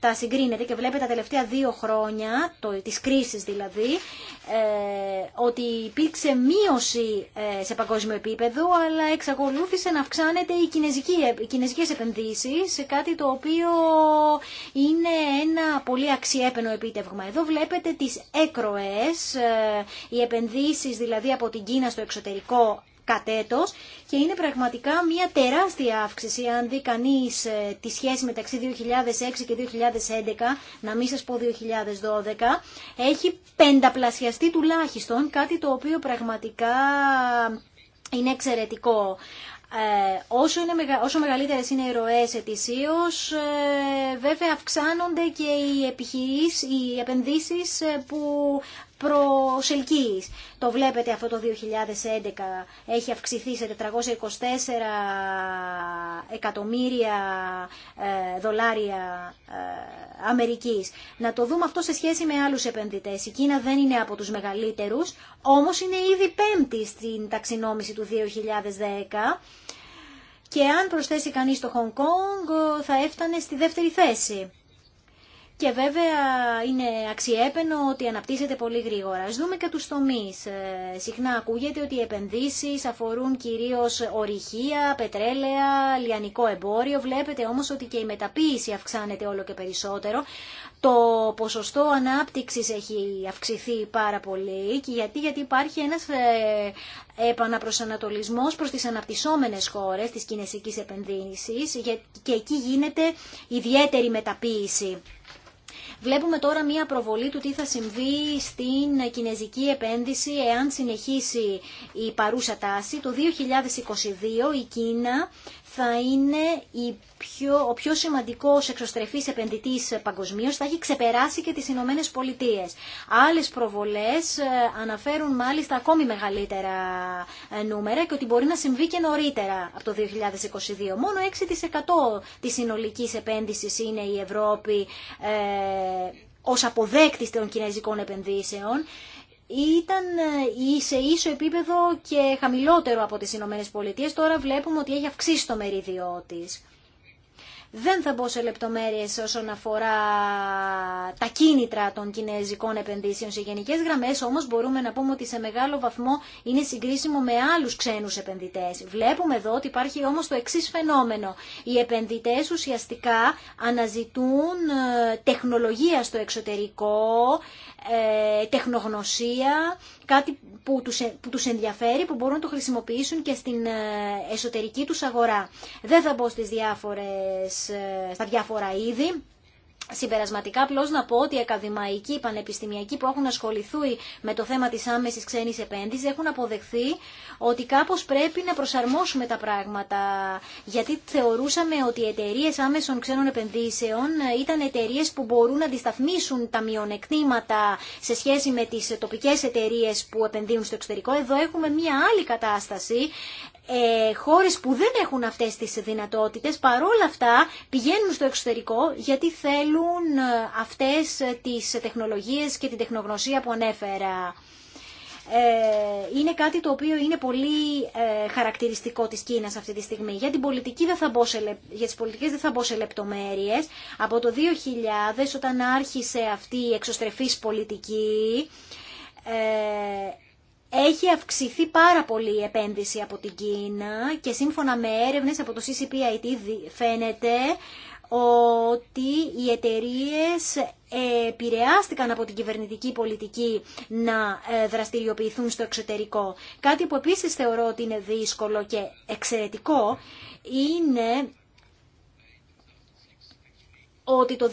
τα συγκρίνεται και βλέπετε τα τελευταία δύο χρόνια, το, της κρίσης δηλαδή, ε, ότι υπήρξε μείωση ε, σε παγκόσμιο επίπεδο, αλλά εξακολούθησε να αυξάνεται η οι κινέζικες επενδύσεις, σε κάτι το οποίο είναι ένα πολύ αξιέπαινο επίτευγμα. Εδώ βλέπετε τις έκροες, ε, οι επενδύσεις δηλαδή από την Κίνα στο εξωτερικό κατ' και είναι πραγματικά μια τεράστια αύξηση. Αν δει κανεί ε, τη σχέση μεταξύ 2006 και 2011, να μην σας πω 2012, έχει πενταπλασιαστεί τουλάχιστον, κάτι το οποίο πραγματικά είναι εξαιρετικό. Ε, όσο, είναι, όσο μεγαλύτερες είναι οι ροές ετησίως, ε, βέβαια αυξάνονται και οι επιχειρήσεις, οι επενδύσεις που προσελκύεις. Το βλέπετε αυτό το 2011 έχει αυξηθεί σε 424 εκατομμύρια ε, δολάρια ε, Αμερικής. Να το δούμε αυτό σε σχέση με άλλους επενδυτές. Η Κίνα δεν είναι από τους μεγαλύτερους, όμως είναι ήδη πέμπτη στην ταξινόμηση του 2010. Και αν προσθέσει κανείς το Χονγκ Κόνγκ θα έφτανε στη δεύτερη θέση. Και βέβαια είναι αξιέπαινο ότι αναπτύσσεται πολύ γρήγορα. Ας δούμε και τους τομείς. Ε, συχνά ακούγεται ότι οι επενδύσεις αφορούν κυρίως ορυχεία, πετρέλαια, λιανικό εμπόριο. Βλέπετε όμως ότι και η μεταποίηση αυξάνεται όλο και περισσότερο. Το ποσοστό ανάπτυξης έχει αυξηθεί πάρα πολύ. Γιατί, γιατί υπάρχει ένας ε, επαναπροσανατολισμός προς τις αναπτυσσόμενες χώρες της κινέσικης επενδύσης και εκεί γίνεται ιδιαίτερη μεταποίηση. Βλέπουμε τώρα μία προβολή του τι θα συμβεί στην κινέζικη επένδυση εάν συνεχίσει η παρούσα τάση. Το 2022 η Κίνα θα είναι η πιο, ο πιο σημαντικός εξωστρεφής επενδυτής παγκοσμίως, θα έχει ξεπεράσει και τις Ηνωμένε Πολιτείε. Άλλες προβολές ε, αναφέρουν μάλιστα ακόμη μεγαλύτερα ε, νούμερα και ότι μπορεί να συμβεί και νωρίτερα από το 2022. Μόνο 6% της συνολικής επένδυσης είναι η Ευρώπη ε, ως αποδέκτης των κινέζικων επενδύσεων ήταν ε, σε ίσο επίπεδο και χαμηλότερο από τις Ηνωμένε Πολιτείες. Τώρα βλέπουμε ότι έχει αυξήσει το μερίδιό της. Δεν θα μπω σε λεπτομέρειες όσον αφορά τα κίνητρα των κινέζικων επενδύσεων σε γενικές γραμμές, όμως μπορούμε να πούμε ότι σε μεγάλο βαθμό είναι συγκρίσιμο με άλλους ξένους επενδυτές. Βλέπουμε εδώ ότι υπάρχει όμως το εξής φαινόμενο. Οι επενδυτές ουσιαστικά αναζητούν ε, τεχνολογία στο εξωτερικό, ε, τεχνογνωσία, κάτι που τους, ε, που τους ενδιαφέρει, που μπορούν να το χρησιμοποιήσουν και στην ε, εσωτερική τους αγορά. Δεν θα μπω στις διάφορες, στα διάφορα είδη. Συμπερασματικά απλώ να πω ότι οι ακαδημαϊκοί, οι πανεπιστημιακοί που έχουν ασχοληθεί με το θέμα τη άμεση ξένη επένδυσης έχουν αποδεχθεί ότι κάπως πρέπει να προσαρμόσουμε τα πράγματα γιατί θεωρούσαμε ότι οι εταιρείε άμεσων ξένων επενδύσεων ε, ήταν εταιρείε που μπορούν να αντισταθμίσουν τα μειονεκτήματα σε σχέση με τι τοπικέ εταιρείε που επενδύουν στο εξωτερικό. Εδώ έχουμε μια άλλη κατάσταση ε, χώρες που δεν έχουν αυτές τις δυνατότητες παρόλα αυτά πηγαίνουν στο εξωτερικό γιατί θέλουν ε, αυτές τις τεχνολογίες και την τεχνογνωσία που ανέφερα. Ε, είναι κάτι το οποίο είναι πολύ ε, χαρακτηριστικό της Κίνας αυτή τη στιγμή. Για, πολιτική δεν θα μπω σε, για τις πολιτικές δεν θα μπω σε Από το 2000 όταν άρχισε αυτή η εξωστρεφής πολιτική έχει αυξηθεί πάρα πολύ η επένδυση από την Κίνα και σύμφωνα με έρευνες από το CCPIT φαίνεται ότι οι εταιρείε επηρεάστηκαν από την κυβερνητική πολιτική να ε, δραστηριοποιηθούν στο εξωτερικό. Κάτι που επίσης θεωρώ ότι είναι δύσκολο και εξαιρετικό είναι ότι το 2006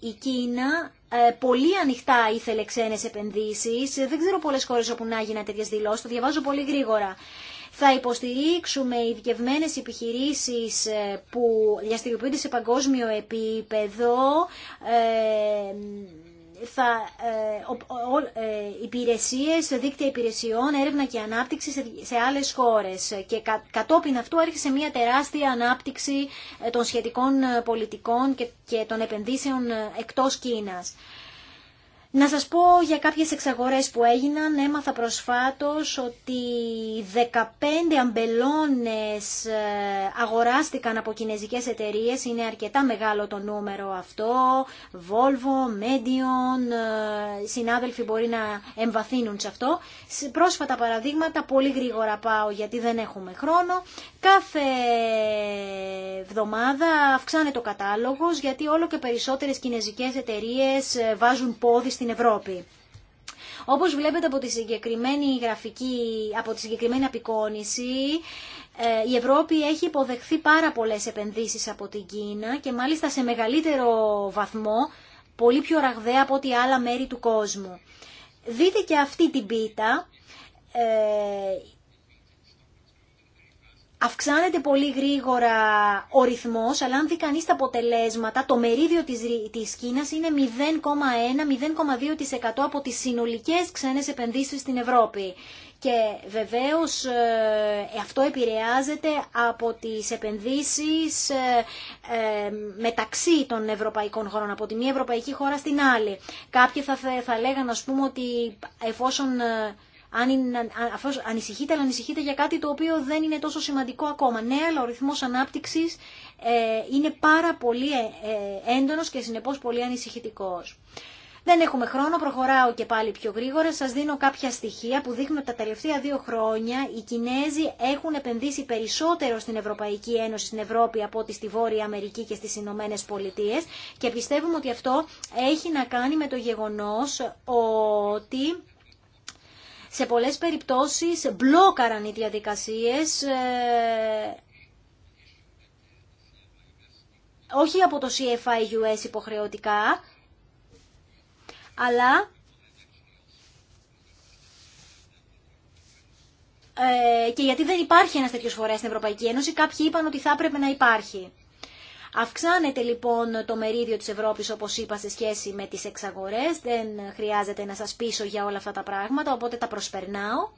η Κίνα ε, πολύ ανοιχτά ήθελε ξένες επενδύσεις. Δεν ξέρω πολλές χώρες όπου να έγιναν τέτοιες δηλώσεις, το διαβάζω πολύ γρήγορα. Θα υποστηρίξουμε ειδικευμένες επιχειρήσεις ε, που διαστηριοποιούνται σε παγκόσμιο επίπεδο, ε, θα, ε, ε, υπηρεσίες, δίκτυα υπηρεσιών, έρευνα και ανάπτυξη σε, άλλες χώρες. Και κατόπιν αυτού άρχισε μια τεράστια ανάπτυξη ε, των σχετικών πολιτικών και, των επενδύσεων εκτός Κίνας. Να σας πω για κάποιες εξαγορές που έγιναν. Έμαθα προσφάτως ότι 15 αμπελώνες ε, αγοράστηκαν από κινέζικες εταιρείες. Είναι αρκετά μεγάλο το νούμερο αυτό. Volvo, Medion, ε, συνάδελφοι μπορεί να εμβαθύνουν σε αυτό. Πρόσφατα παραδείγματα, πολύ γρήγορα πάω γιατί δεν έχουμε χρόνο. Κάθε εβδομάδα αυξάνεται το κατάλογος γιατί όλο και περισσότερες κινέζικες εταιρείες ε, βάζουν πόδι στην Ευρώπη. Όπως βλέπετε από τη συγκεκριμένη γραφική, από τη συγκεκριμένη απεικόνηση, ε, η Ευρώπη έχει υποδεχθεί πάρα πολλές επενδύσεις από την Κίνα και μάλιστα σε μεγαλύτερο βαθμό, πολύ πιο ραγδαία από ό,τι άλλα μέρη του κόσμου. Δείτε και αυτή την πίτα. Ε, αυξάνεται πολύ γρήγορα ο ρυθμός, αλλά αν δει κανείς τα αποτελέσματα, το μερίδιο της, της Κίνας είναι 0,1-0,2% από τις συνολικές ξένες επενδύσεις στην Ευρώπη. Και βεβαίως ε, αυτό επηρεάζεται από τις επενδύσεις ε, ε, μεταξύ των ευρωπαϊκών χωρών, από τη μία ευρωπαϊκή χώρα στην άλλη. Κάποιοι θα, θα λέγανε, ας πούμε, ότι εφόσον αν, είναι, ανησυχείτε, αλλά ανησυχείτε για κάτι το οποίο δεν είναι τόσο σημαντικό ακόμα. Ναι, αλλά ο ρυθμός ανάπτυξης ε, είναι πάρα πολύ ε, έντονος και συνεπώς πολύ ανησυχητικός. Δεν έχουμε χρόνο, προχωράω και πάλι πιο γρήγορα. Σας δίνω κάποια στοιχεία που δείχνουν ότι τα τελευταία δύο χρόνια οι Κινέζοι έχουν επενδύσει περισσότερο στην Ευρωπαϊκή Ένωση, στην Ευρώπη από ότι στη Βόρεια Αμερική και στις Ηνωμένε Πολιτείες και πιστεύουμε ότι αυτό έχει να κάνει με το γεγονός ότι σε πολλές περιπτώσεις μπλόκαραν οι διαδικασίες ε, όχι από το CFIUS υποχρεωτικά, αλλά ε, και γιατί δεν υπάρχει ένας τέτοιος φορέας στην Ευρωπαϊκή Ένωση, κάποιοι είπαν ότι θα έπρεπε να υπάρχει. Αυξάνεται λοιπόν το μερίδιο της Ευρώπης όπως είπα σε σχέση με τις εξαγορές. Δεν χρειάζεται να σας πείσω για όλα αυτά τα πράγματα οπότε τα προσπερνάω.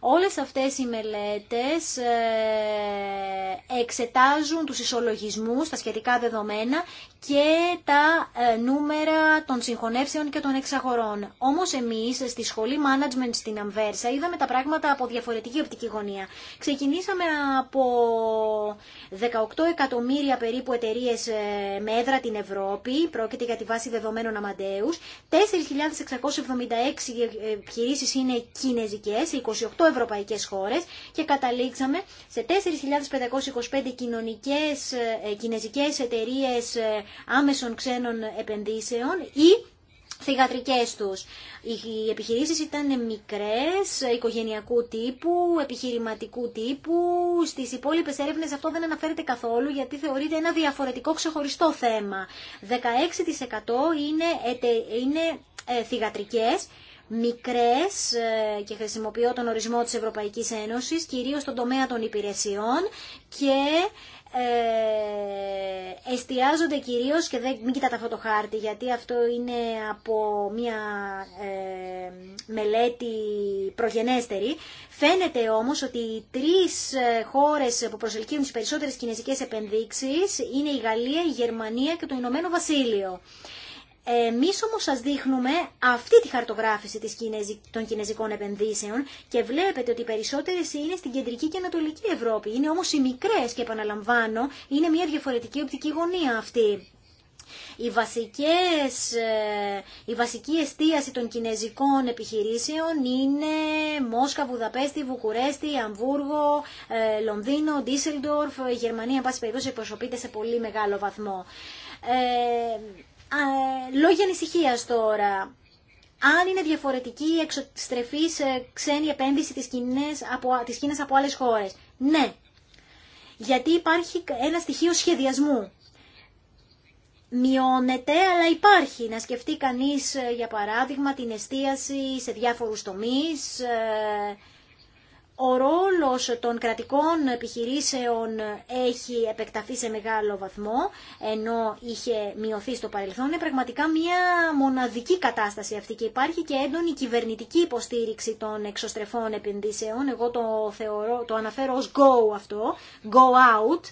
Όλες αυτές οι μελέτες ε, εξετάζουν τους ισολογισμούς, τα σχετικά δεδομένα και τα ε, νούμερα των συγχωνεύσεων και των εξαγορών. Όμως εμείς στη σχολή management στην Αμβέρσα είδαμε τα πράγματα από διαφορετική οπτική γωνία. Ξεκινήσαμε από 18 εκατομμύρια περίπου εταιρείε ε, με έδρα την Ευρώπη, πρόκειται για τη βάση δεδομένων αμαντέους, 4.676 επιχειρήσει είναι κινέζικες, 28 ευρωπαϊκές χώρες και καταλήξαμε σε 4.525 κοινωνικές, ε, κινέζικες εταιρείες άμεσων ξένων επενδύσεων ή θηγατρικές τους. Οι επιχειρήσεις ήταν μικρές, οικογενειακού τύπου, επιχειρηματικού τύπου. Στις υπόλοιπε έρευνε αυτό δεν αναφέρεται καθόλου γιατί θεωρείται ένα διαφορετικό ξεχωριστό θέμα. 16% είναι, είναι ε, θηγατρικές μικρές ε, και χρησιμοποιώ τον ορισμό της Ευρωπαϊκής Ένωσης, κυρίως στον τομέα των υπηρεσιών και ε, εστιάζονται κυρίως και δεν, μην κοιτάτε αυτό το χάρτη γιατί αυτό είναι από μια ε, μελέτη προγενέστερη φαίνεται όμως ότι οι τρεις χώρες που προσελκύουν τις περισσότερες κινέζικες επενδύξεις είναι η Γαλλία, η Γερμανία και το Ηνωμένο Βασίλειο Εμεί όμω σας δείχνουμε αυτή τη χαρτογράφηση των κινέζικων επενδύσεων και βλέπετε ότι οι περισσότερες είναι στην κεντρική και ανατολική Ευρώπη. Είναι όμως οι μικρέ, και επαναλαμβάνω, είναι μια διαφορετική οπτική γωνία αυτή. Οι βασικές, ε, η βασική εστίαση των κινέζικων επιχειρήσεων είναι Μόσχα, Βουδαπέστη, Βουκουρέστη, Αμβούργο, ε, Λονδίνο, Ντίσελντορφ, η Γερμανία, εν πάση περιπτώσει, εκπροσωπείται σε πολύ μεγάλο βαθμό. Ε, ε, λόγια ανησυχία τώρα. Αν είναι διαφορετική η εξωστρεφής ξένη επένδυση της Κίνας, από, της Κίνας από άλλες χώρες. Ναι. Γιατί υπάρχει ένα στοιχείο σχεδιασμού. Μειώνεται, αλλά υπάρχει. Να σκεφτεί κανείς, ε, για παράδειγμα, την εστίαση σε διάφορους τομείς, ε, ο ρόλος των κρατικών επιχειρήσεων έχει επεκταθεί σε μεγάλο βαθμό, ενώ είχε μειωθεί στο παρελθόν. Είναι πραγματικά μια μοναδική κατάσταση αυτή και υπάρχει και έντονη κυβερνητική υποστήριξη των εξωστρεφών επενδύσεων. Εγώ το, θεωρώ, το αναφέρω ως go αυτό, go out,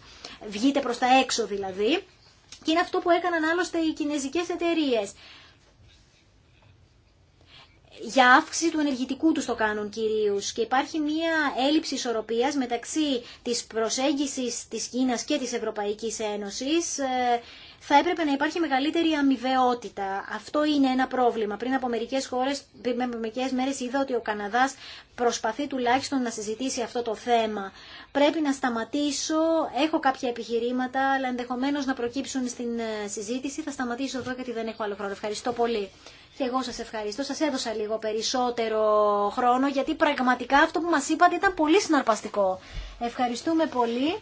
βγείτε προς τα έξω δηλαδή. Και είναι αυτό που έκαναν άλλωστε οι κινέζικες εταιρείες για αύξηση του ενεργητικού του το κάνουν κυρίω. και υπάρχει μια έλλειψη ισορροπία μεταξύ τη προσέγγιση τη Κίνα και της Ευρωπαϊκής Ένωσης ε, θα έπρεπε να υπάρχει μεγαλύτερη αμοιβαιότητα. Αυτό είναι ένα πρόβλημα. Πριν από μερικέ χώρε, μέρε, είδα ότι ο Καναδά προσπαθεί τουλάχιστον να συζητήσει αυτό το θέμα. Πρέπει να σταματήσω. Έχω κάποια επιχειρήματα, αλλά ενδεχομένω να προκύψουν στην ε, συζήτηση. Θα σταματήσω εδώ γιατί δεν έχω άλλο χρόνο. Ευχαριστώ πολύ. Και εγώ σας ευχαριστώ. Σας έδωσα λίγο περισσότερο χρόνο γιατί πραγματικά αυτό που μας είπατε ήταν πολύ συναρπαστικό. Ευχαριστούμε πολύ.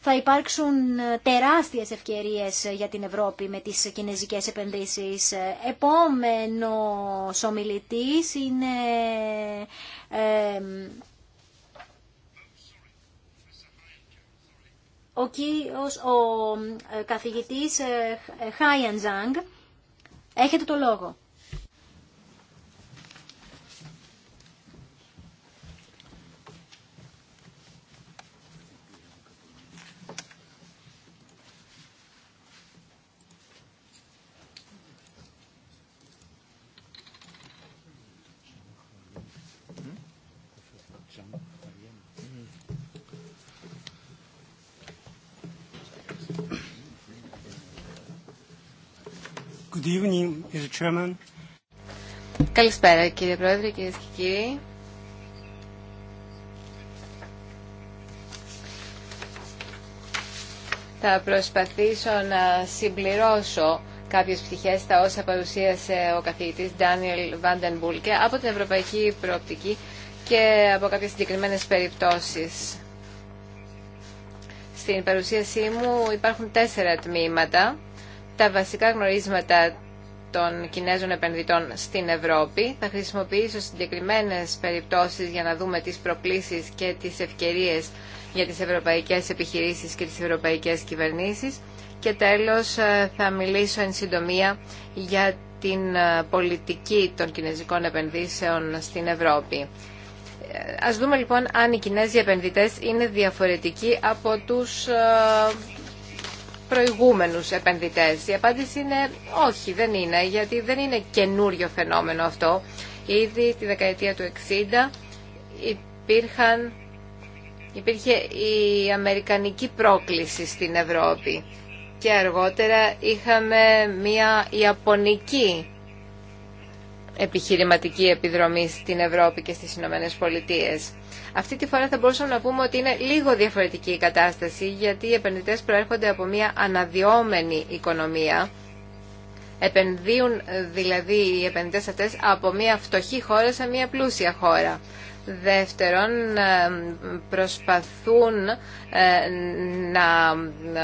Θα υπάρξουν ε, τεράστιες ευκαιρίες ε, για την Ευρώπη με τις κινέζικες επενδύσεις. Ε, επόμενος ομιλητής είναι... ο, κύριος, ο καθηγητής Χάιεν Ζάγκ Έχετε το λόγο. Καλησπέρα κύριε Πρόεδρε, κυρίε και κύριοι. Θα προσπαθήσω να συμπληρώσω κάποιες πτυχές στα όσα παρουσίασε ο καθηγητής Ντάνιελ Βαντενμπούλκε από την Ευρωπαϊκή Προοπτική και από κάποιες συγκεκριμένες περιπτώσεις. Στην παρουσίασή μου υπάρχουν τέσσερα τμήματα τα βασικά γνωρίσματα των Κινέζων επενδυτών στην Ευρώπη. Θα χρησιμοποιήσω συγκεκριμένες περιπτώσεις για να δούμε τις προκλήσεις και τις ευκαιρίες για τις ευρωπαϊκές επιχειρήσεις και τις ευρωπαϊκές κυβερνήσεις. Και τέλος ε, θα μιλήσω εν συντομία για την ε, πολιτική των κινέζικων επενδύσεων στην Ευρώπη. Ε, ας δούμε λοιπόν αν οι Κινέζοι επενδυτές είναι διαφορετικοί από τους προηγούμενους επενδυτές. Η απάντηση είναι όχι, δεν είναι, γιατί δεν είναι καινούριο φαινόμενο αυτό. Ήδη τη δεκαετία του 60 υπήρχαν, υπήρχε η αμερικανική πρόκληση στην Ευρώπη και αργότερα είχαμε μια ιαπωνική επιχειρηματική επιδρομή στην Ευρώπη και στις Ηνωμένε Πολιτείες. Αυτή τη φορά θα μπορούσαμε να πούμε ότι είναι λίγο διαφορετική η κατάσταση γιατί οι επενδυτές προέρχονται από μια αναδυόμενη οικονομία επενδύουν δηλαδή οι επενδυτές αυτές από μια φτωχή χώρα σε μια πλούσια χώρα. Δεύτερον, ε, προσπαθούν ε, να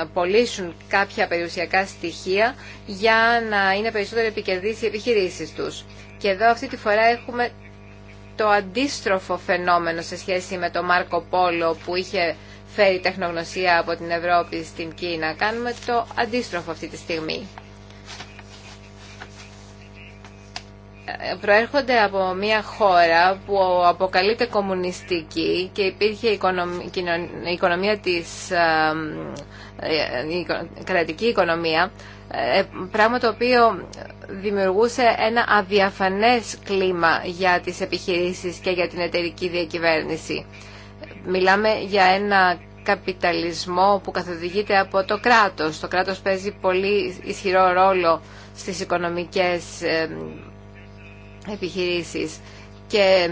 πωλήσουν κάποια περιουσιακά στοιχεία για να είναι περισσότερο επικερδής οι επιχειρήσεις τους. Και εδώ αυτή τη φορά έχουμε το αντίστροφο φαινόμενο σε σχέση με το Μάρκο Πόλο που είχε φέρει τεχνογνωσία από την Ευρώπη στην Κίνα. Κάνουμε το αντίστροφο αυτή τη στιγμή. προέρχονται από μια χώρα που αποκαλείται κομμουνιστική και υπήρχε η οικονομία της ε, ε, η κρατική οικονομία ε, πράγμα το οποίο δημιουργούσε ένα αδιαφανές κλίμα για τις επιχειρήσεις και για την εταιρική διακυβέρνηση. Μιλάμε για ένα καπιταλισμό που καθοδηγείται από το κράτος. Το κράτος παίζει πολύ ισχυρό ρόλο στις οικονομικές επιχειρήσεις και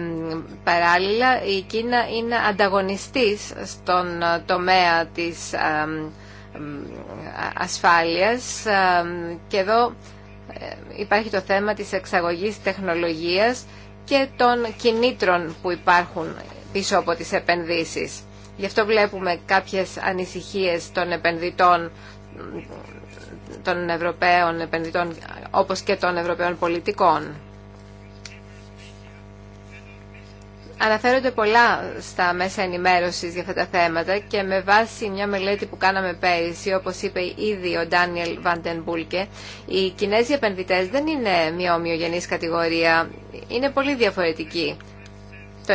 παράλληλα η Κίνα είναι ανταγωνιστής στον τομέα της ε, ασφάλειας ε, και εδώ ε, υπάρχει το θέμα της εξαγωγής τεχνολογίας και των κινήτρων που υπάρχουν πίσω από τις επενδύσεις. Γι' αυτό βλέπουμε κάποιες ανησυχίες των επενδυτών των Ευρωπαίων επενδυτών όπως και των Ευρωπαίων πολιτικών. Αναφέρονται πολλά στα μέσα ενημέρωσης για αυτά τα θέματα και με βάση μια μελέτη που κάναμε πέρυσι, όπως είπε ήδη ο Ντάνιελ Βαντενμπούλκε, οι Κινέζοι επενδυτές δεν είναι μια ομοιογενής κατηγορία, είναι πολύ διαφορετικοί το 95%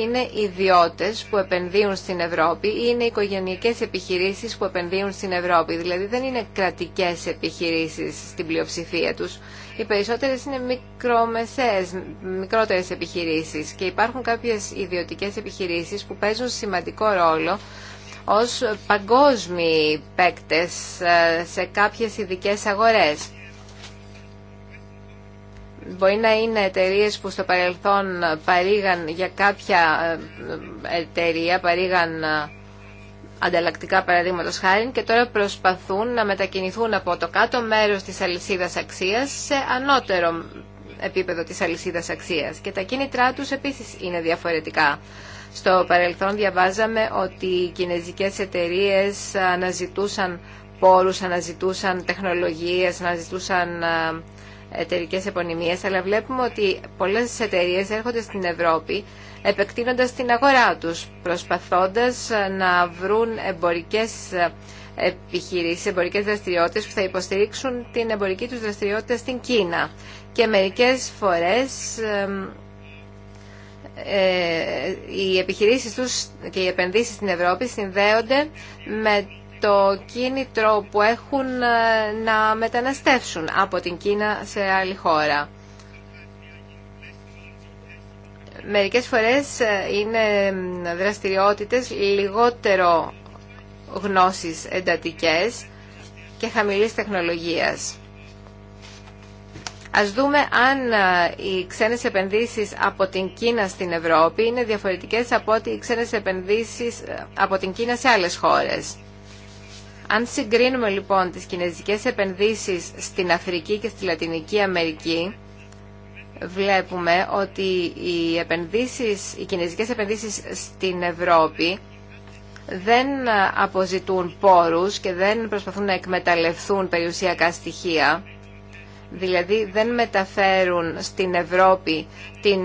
είναι ιδιώτες που επενδύουν στην Ευρώπη ή είναι οικογενειακές επιχειρήσεις που επενδύουν στην Ευρώπη. Δηλαδή δεν είναι κρατικές επιχειρήσεις στην πλειοψηφία τους. Οι περισσότερες είναι μικρομεσαίες, μικρότερες επιχειρήσεις και υπάρχουν κάποιες ιδιωτικές επιχειρήσεις που παίζουν σημαντικό ρόλο ως παγκόσμιοι παίκτες ε, σε κάποιες ειδικές αγορές. Μπορεί να είναι εταιρείε που στο παρελθόν παρήγαν για κάποια ε, εταιρεία, παρήγαν ε, ανταλλακτικά παραδείγματο χάρη και τώρα προσπαθούν να μετακινηθούν από το κάτω μέρος της αλυσίδας αξίας σε ανώτερο επίπεδο της αλυσίδας αξίας και τα κίνητρά τους επίσης είναι διαφορετικά. Στο παρελθόν διαβάζαμε ότι οι κινέζικες εταιρείες αναζητούσαν πόρους, αναζητούσαν τεχνολογίες, αναζητούσαν ε, εταιρικές επωνυμίες, αλλά βλέπουμε ότι πολλές εταιρείες έρχονται στην Ευρώπη επεκτείνοντας την αγορά τους, προσπαθώντας ε, να βρουν εμπορικές ε, επιχειρήσεις, εμπορικές δραστηριότητες που θα υποστηρίξουν την εμπορική τους δραστηριότητα στην Κίνα. Και μερικές φορές ε, οι επιχειρήσεις τους και οι επενδύσεις στην Ευρώπη συνδέονται με το κίνητρο που έχουν ε, να μεταναστεύσουν από την Κίνα σε άλλη χώρα. Μερικές φορές ε, είναι δραστηριότητες λιγότερο γνώσεις εντατικές και χαμηλής τεχνολογίας. Ας δούμε αν ε, οι ξένες επενδύσεις από την Κίνα στην Ευρώπη είναι διαφορετικές από ότι οι ξένες επενδύσεις από την Κίνα σε άλλες χώρες. Αν συγκρίνουμε λοιπόν τις κινέζικες επενδύσεις στην Αφρική και στη Λατινική Αμερική, βλέπουμε ότι οι, επενδύσεις, οι κινέζικες επενδύσεις στην Ευρώπη δεν αποζητούν πόρους και δεν προσπαθούν να εκμεταλλευτούν περιουσιακά στοιχεία δηλαδή δεν μεταφέρουν στην Ευρώπη την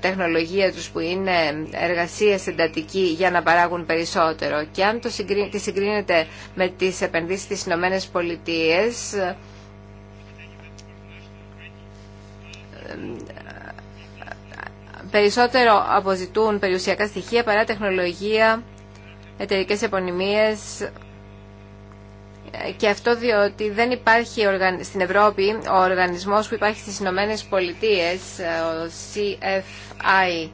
τεχνολογία τους που είναι εργασία συντατική για να παράγουν περισσότερο και αν το τη συγκρίνεται με τις επενδύσεις στις Ηνωμένες Πολιτείες ε, περισσότερο αποζητούν περιουσιακά στοιχεία παρά τεχνολογία, εταιρικές επωνυμίες και αυτό διότι δεν υπάρχει στην Ευρώπη ο οργανισμός που υπάρχει στις Ηνωμένε Πολιτείε, ο CFI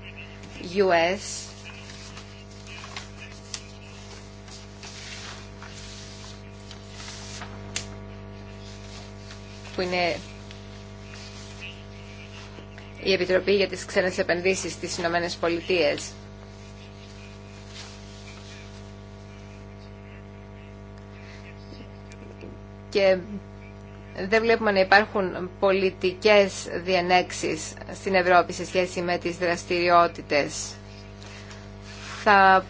US, που είναι η Επιτροπή για τις Ξένες Επενδύσεις στις Ηνωμένε Πολιτείες. και δεν βλέπουμε να υπάρχουν πολιτικές διενέξεις στην Ευρώπη σε σχέση με τις δραστηριότητες. Θα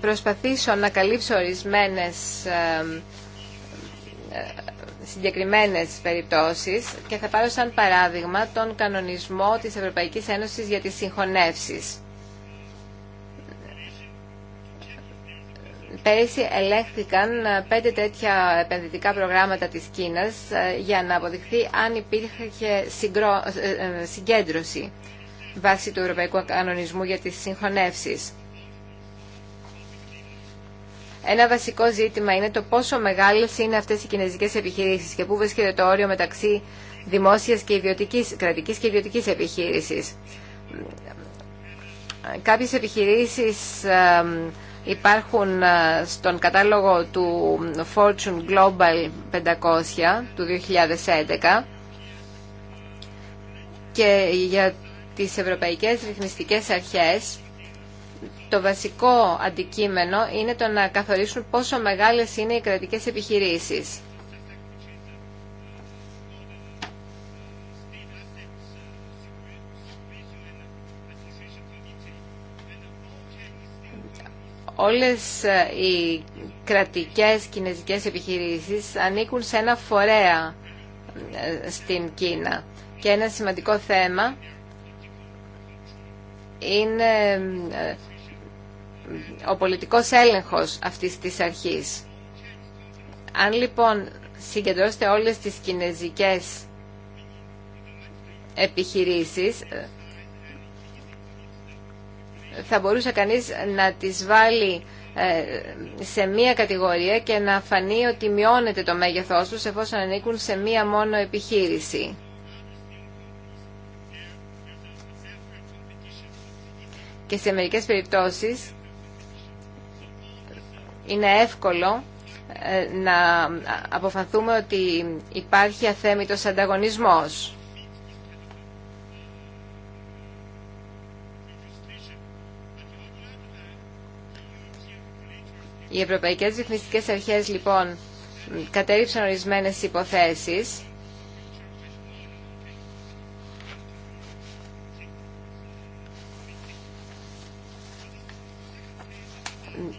προσπαθήσω να καλύψω ορισμένες ε, συγκεκριμένες περιπτώσεις και θα πάρω σαν παράδειγμα τον κανονισμό της Ευρωπαϊκής Ένωσης για τις συγχωνεύσεις. Πέρυσι ελέγχθηκαν ε, πέντε τέτοια επενδυτικά προγράμματα της Κίνας ε, για να αποδειχθεί αν υπήρχε συγκρό... Ε, συγκέντρωση βάσει του Ευρωπαϊκού Κανονισμού για τις συγχωνεύσεις. Ένα βασικό ζήτημα είναι το πόσο μεγάλες είναι αυτές οι κινέζικες επιχειρήσεις και πού βρίσκεται το όριο μεταξύ δημόσιας και ιδιωτικής, κρατικής και ιδιωτικής επιχείρησης. Κάποιες επιχειρήσεις υπάρχουν ε, στον κατάλογο του Fortune Global 500 του 2011 και για τις ευρωπαϊκές ρυθμιστικές αρχές το βασικό αντικείμενο είναι το να καθορίσουν πόσο μεγάλες είναι οι κρατικές επιχειρήσεις. Όλες ε, οι κρατικές κινέζικες επιχειρήσεις ανήκουν σε ένα φορέα ε, στην Κίνα. Και ένα σημαντικό θέμα είναι ε, ο πολιτικός έλεγχος αυτής της αρχής. Αν λοιπόν συγκεντρώσετε όλες τις κινέζικες επιχειρήσεις, θα μπορούσε κανείς να τις βάλει ε, σε μία κατηγορία και να φανεί ότι μειώνεται το μέγεθός τους εφόσον ανήκουν σε μία μόνο επιχείρηση. Και σε μερικές περιπτώσεις είναι εύκολο ε, να αποφανθούμε ότι υπάρχει αθέμητος ανταγωνισμός. Οι ευρωπαϊκές ρυθμιστικές αρχές λοιπόν κατέριψαν ορισμένες υποθέσεις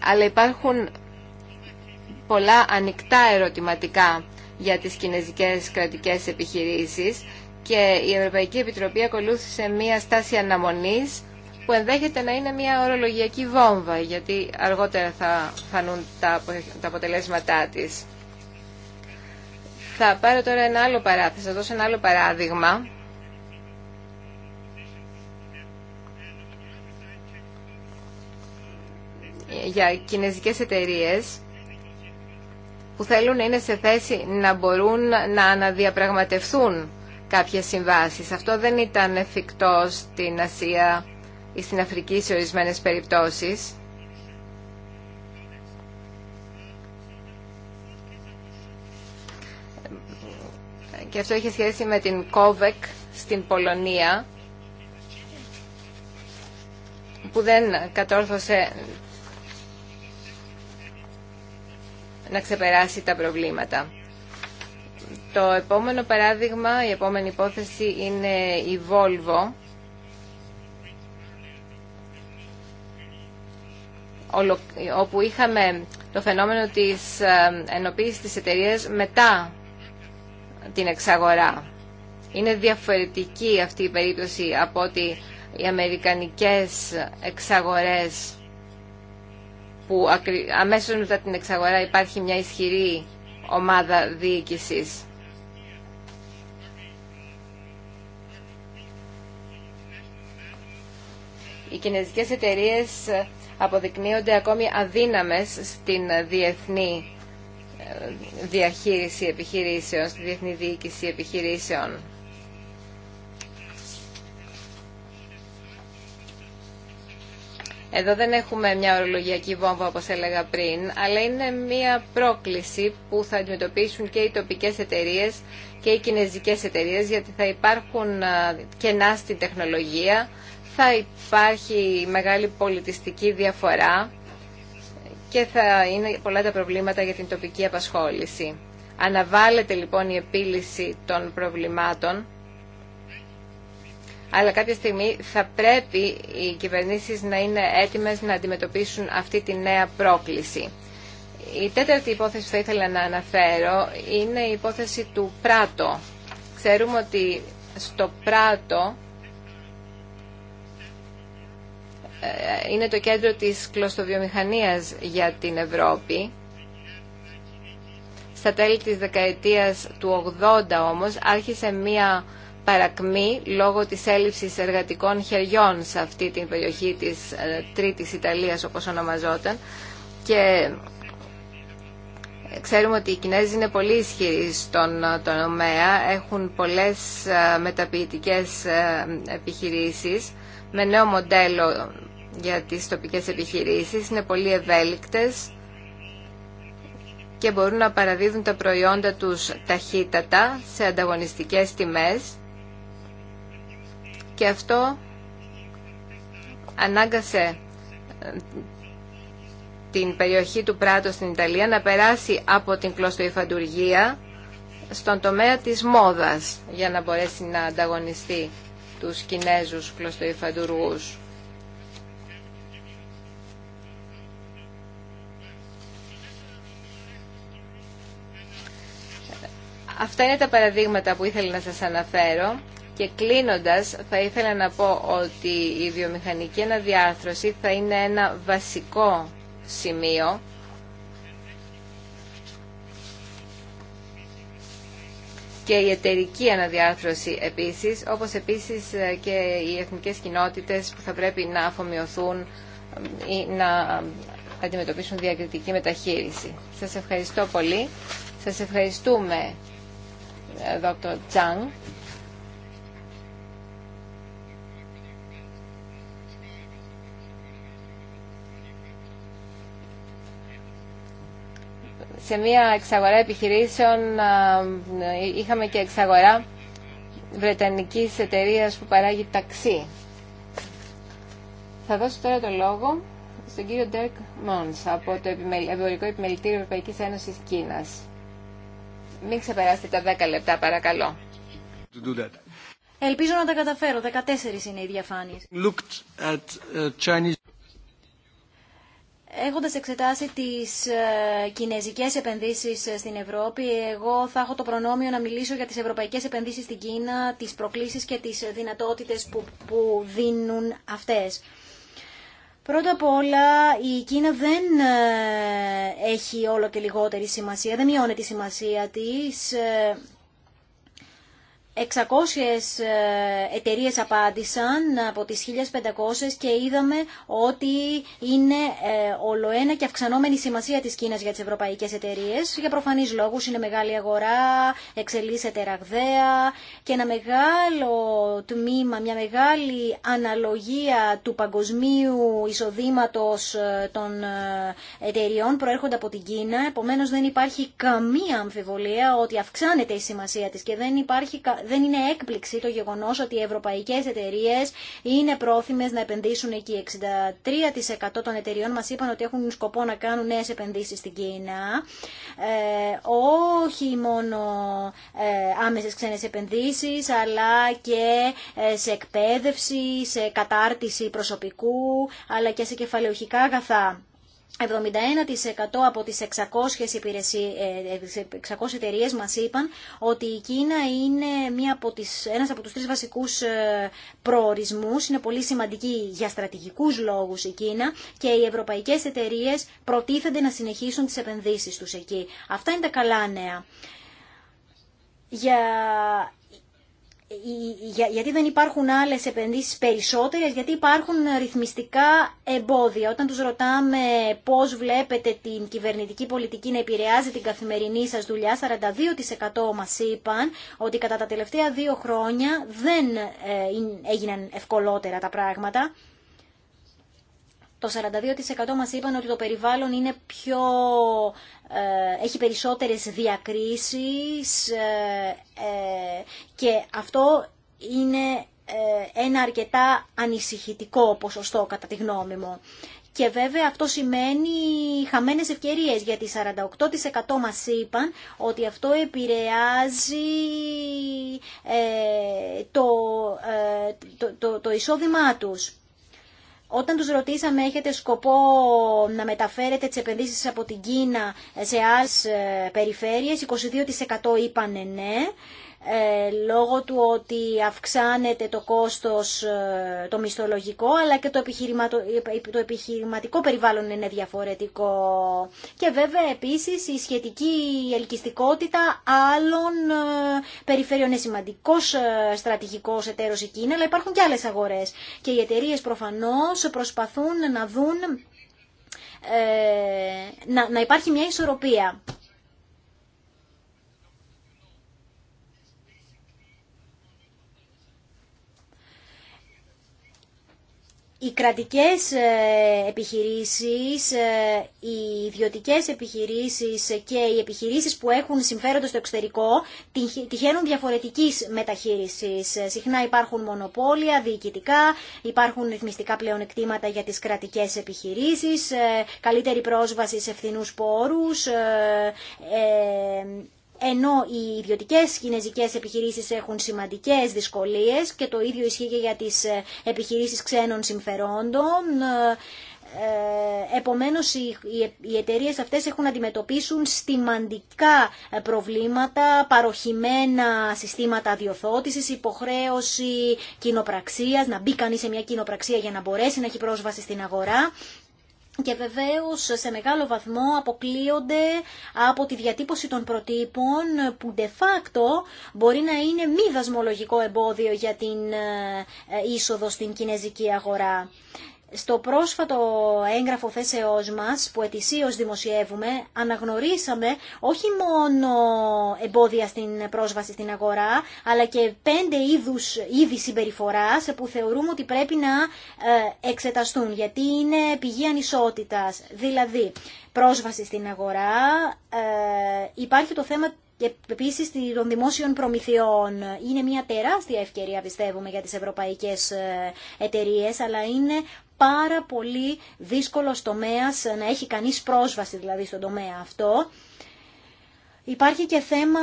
αλλά υπάρχουν πολλά ανοιχτά ερωτηματικά για τις κινέζικες κρατικές επιχειρήσεις και η Ευρωπαϊκή Επιτροπή ακολούθησε μία στάση αναμονής που ενδέχεται να είναι μια ορολογιακή βόμβα, γιατί αργότερα θα φανούν τα αποτελέσματά της. Θα πάρω τώρα ένα άλλο παράδειγμα, θα δώσω ένα άλλο παράδειγμα. για κινέζικες εταιρείες που θέλουν να είναι σε θέση να μπορούν να αναδιαπραγματευτούν κάποιες συμβάσεις. Αυτό δεν ήταν εφικτό στην Ασία στην Αφρική σε ορισμένες περιπτώσεις. Και αυτό είχε σχέση με την Κόβεκ στην Πολωνία που δεν κατόρθωσε να ξεπεράσει τα προβλήματα. Το επόμενο παράδειγμα, η επόμενη υπόθεση είναι η Volvo όπου είχαμε το φαινόμενο της ενοποίησης της εταιρείας μετά την εξαγορά. Είναι διαφορετική αυτή η περίπτωση από ότι οι αμερικανικές εξαγορές που αμέσως μετά την εξαγορά υπάρχει μια ισχυρή ομάδα διοίκησης. Οι κινέζικες εταιρείες αποδεικνύονται ακόμη αδύναμες στην διεθνή ε, διαχείριση επιχειρήσεων, στη διεθνή διοίκηση επιχειρήσεων. Εδώ δεν έχουμε μια ορολογιακή βόμβα όπως έλεγα πριν, αλλά είναι μια πρόκληση που θα αντιμετωπίσουν και οι τοπικές εταιρείες και οι κινέζικες εταιρείες, γιατί θα υπάρχουν ε, κενά στην τεχνολογία, θα υπάρχει μεγάλη πολιτιστική διαφορά και θα είναι πολλά τα προβλήματα για την τοπική απασχόληση. Αναβάλλεται λοιπόν η επίλυση των προβλημάτων, αλλά κάποια στιγμή θα πρέπει οι κυβερνήσεις να είναι έτοιμες να αντιμετωπίσουν αυτή τη νέα πρόκληση. Η τέταρτη υπόθεση που θα ήθελα να αναφέρω είναι η υπόθεση του Πράτο. Ξέρουμε ότι στο Πράτο είναι το κέντρο της κλωστοβιομηχανίας για την Ευρώπη. Στα τέλη της δεκαετίας του 80 όμως άρχισε μία παρακμή λόγω της έλλειψης εργατικών χεριών σε αυτή την περιοχή της ε, Τρίτης Ιταλίας όπως ονομαζόταν και ξέρουμε ότι οι Κινέζοι είναι πολύ ισχυροί στον ε, τομέα, έχουν πολλές ε, μεταποιητικές επιχειρήσεις με νέο μοντέλο για τις τοπικές επιχειρήσεις είναι πολύ ευέλικτες και μπορούν να παραδίδουν τα προϊόντα τους ταχύτατα σε ανταγωνιστικές τιμές και αυτό ανάγκασε ε, την περιοχή του Πράτο στην Ιταλία να περάσει από την κλωστοϊφαντουργία στον τομέα της μόδας για να μπορέσει να ανταγωνιστεί τους Κινέζους κλωστοϊφαντουργούς. Αυτά είναι τα παραδείγματα που ήθελα να σας αναφέρω και κλείνοντας θα ήθελα να πω ότι η βιομηχανική αναδιάρθρωση θα είναι ένα βασικό σημείο και η εταιρική αναδιάρθρωση επίσης, όπως επίσης και οι εθνικές κοινότητες που θα πρέπει να αφομοιωθούν ή να αντιμετωπίσουν διακριτική μεταχείριση. Σας ευχαριστώ πολύ. Σας ευχαριστούμε ε, Σε μια εξαγορά επιχειρήσεων ε, είχαμε και εξαγορά Βρετανικής εταιρείας που παράγει ταξί. Θα δώσω τώρα το λόγο στον κύριο Ντέρκ Μόνς από το Ευρωπαϊκό Επιμελητήριο Ευρωπαϊκής Ένωσης Κίνας. Μην ξεπεράσετε τα 10 λεπτά παρακαλώ. Ελπίζω να τα καταφέρω. 14 είναι οι διαφάνειες. Uh, Έχοντα εξετάσει τις ε, κινέζικες επενδύσεις ε, στην Ευρώπη, εγώ θα έχω το προνόμιο να μιλήσω για τις ευρωπαϊκές επενδύσεις στην Κίνα, τις προκλήσεις και τις ε, δυνατότητες που, που δίνουν αυτές. Πρώτα απ' όλα η Κίνα δεν ε, έχει όλο και λιγότερη σημασία, δεν μειώνει τη σημασία της ε, 600 ε, εταιρείε απάντησαν από τις 1500 και είδαμε ότι είναι ε, ολοένα και αυξανόμενη σημασία της Κίνας για τις ευρωπαϊκές εταιρείε. Για προφανείς λόγους είναι μεγάλη αγορά, εξελίσσεται ραγδαία και ένα μεγάλο τμήμα, μια μεγάλη αναλογία του παγκοσμίου εισοδήματος ε, των εταιριών προέρχονται από την Κίνα. Επομένως δεν υπάρχει καμία αμφιβολία ότι αυξάνεται η σημασία της και δεν υπάρχει δεν είναι έκπληξη το γεγονός ότι οι ευρωπαϊκές εταιρείε είναι πρόθυμες να επενδύσουν εκεί. 63% των εταιρεών μα είπαν ότι έχουν σκοπό να κάνουν νέε επενδύσει στην Κίνα. Ε, όχι μόνο ε, άμεσες ξένες επενδύσεις, αλλά και ε, σε εκπαίδευση, σε κατάρτιση προσωπικού, αλλά και σε κεφαλαιοχικά αγαθά. 71% από τις 600, υπηρεσί, 600 εταιρείε μας είπαν ότι η Κίνα είναι μία από τις, ένας από τους τρεις βασικούς ε, προορισμούς. Είναι πολύ σημαντική για στρατηγικούς λόγους η Κίνα και οι ευρωπαϊκές εταιρείε προτίθενται να συνεχίσουν τις επενδύσεις τους εκεί. Αυτά είναι τα καλά νέα. Για γιατί δεν υπάρχουν άλλες επενδύσεις περισσότερες, γιατί υπάρχουν ρυθμιστικά εμπόδια. Όταν τους ρωτάμε πώς βλέπετε την κυβερνητική πολιτική να επηρεάζει την καθημερινή σας δουλειά, 42% μας είπαν ότι κατά τα τελευταία δύο χρόνια δεν ε, ε, έγιναν ευκολότερα τα πράγματα. Το 42% μας είπαν ότι το περιβάλλον είναι πιο, ε, έχει περισσότερες διακρίσεις ε, ε, και αυτό είναι ένα αρκετά ανησυχητικό ποσοστό κατά τη γνώμη μου. Και βέβαια αυτό σημαίνει χαμένες ευκαιρίες, γιατί 48% μας είπαν ότι αυτό επηρεάζει το, το, το, το εισόδημά τους. Όταν τους ρωτήσαμε έχετε σκοπό να μεταφέρετε τις επενδύσεις από την Κίνα σε άλλες ε, περιφέρειες, 22% είπαν ναι. Ε, λόγω του ότι αυξάνεται το κόστος ε, το μισθολογικό αλλά και το, το επιχειρηματικό περιβάλλον είναι διαφορετικό και βέβαια επίσης η σχετική ελκυστικότητα άλλων ε, περιφερειών είναι σημαντικός στρατηγικός εταίρος η αλλά υπάρχουν και άλλες αγορές και οι εταιρείε προφανώς προσπαθούν να δουν να, να υπάρχει μια ισορροπία. οι κρατικές ε, επιχειρήσεις, ε, οι ιδιωτικές επιχειρήσεις και οι επιχειρήσεις που έχουν συμφέροντος στο εξωτερικό τυχαίνουν διαφορετικής μεταχείρισης. Συχνά υπάρχουν μονοπόλια, διοικητικά, υπάρχουν ρυθμιστικά πλεονεκτήματα για τις κρατικές επιχειρήσεις, ε, καλύτερη πρόσβαση σε φθηνούς πόρους, ενώ οι ιδιωτικέ κινεζικέ επιχειρήσεις έχουν σημαντικές δυσκολίες και το ίδιο ισχύει και για τις ε, επιχειρήσεις ξένων συμφερόντων. Ε, ε, επομένως οι εταιρείες αυτές έχουν να αντιμετωπίσουν σημαντικά προβλήματα, παροχημένα συστήματα διοθότησης, υποχρέωση κοινοπραξίας, να μπει κανείς σε μια κοινοπραξία για να μπορέσει να έχει πρόσβαση στην αγορά και βεβαίως σε μεγάλο βαθμό αποκλείονται από τη διατύπωση των προτύπων που de facto μπορεί να είναι μη δασμολογικό εμπόδιο για την ε, ε, είσοδο στην κινέζικη αγορά. Στο πρόσφατο έγγραφο θέσεώς μας που ετησίως δημοσιεύουμε αναγνωρίσαμε όχι μόνο εμπόδια στην πρόσβαση στην αγορά αλλά και πέντε είδους, είδη συμπεριφοράς που θεωρούμε ότι πρέπει να ε, εξεταστούν γιατί είναι πηγή ανισότητας. Δηλαδή πρόσβαση στην αγορά, ε, υπάρχει το θέμα και επίσης των δημόσιων προμηθειών. Είναι μια τεράστια ευκαιρία πιστεύουμε για τις ευρωπαϊκές ε, εταιρείε, αλλά είναι πάρα πολύ δύσκολο τομέα να έχει κανεί πρόσβαση δηλαδή στον τομέα αυτό. Υπάρχει και θέμα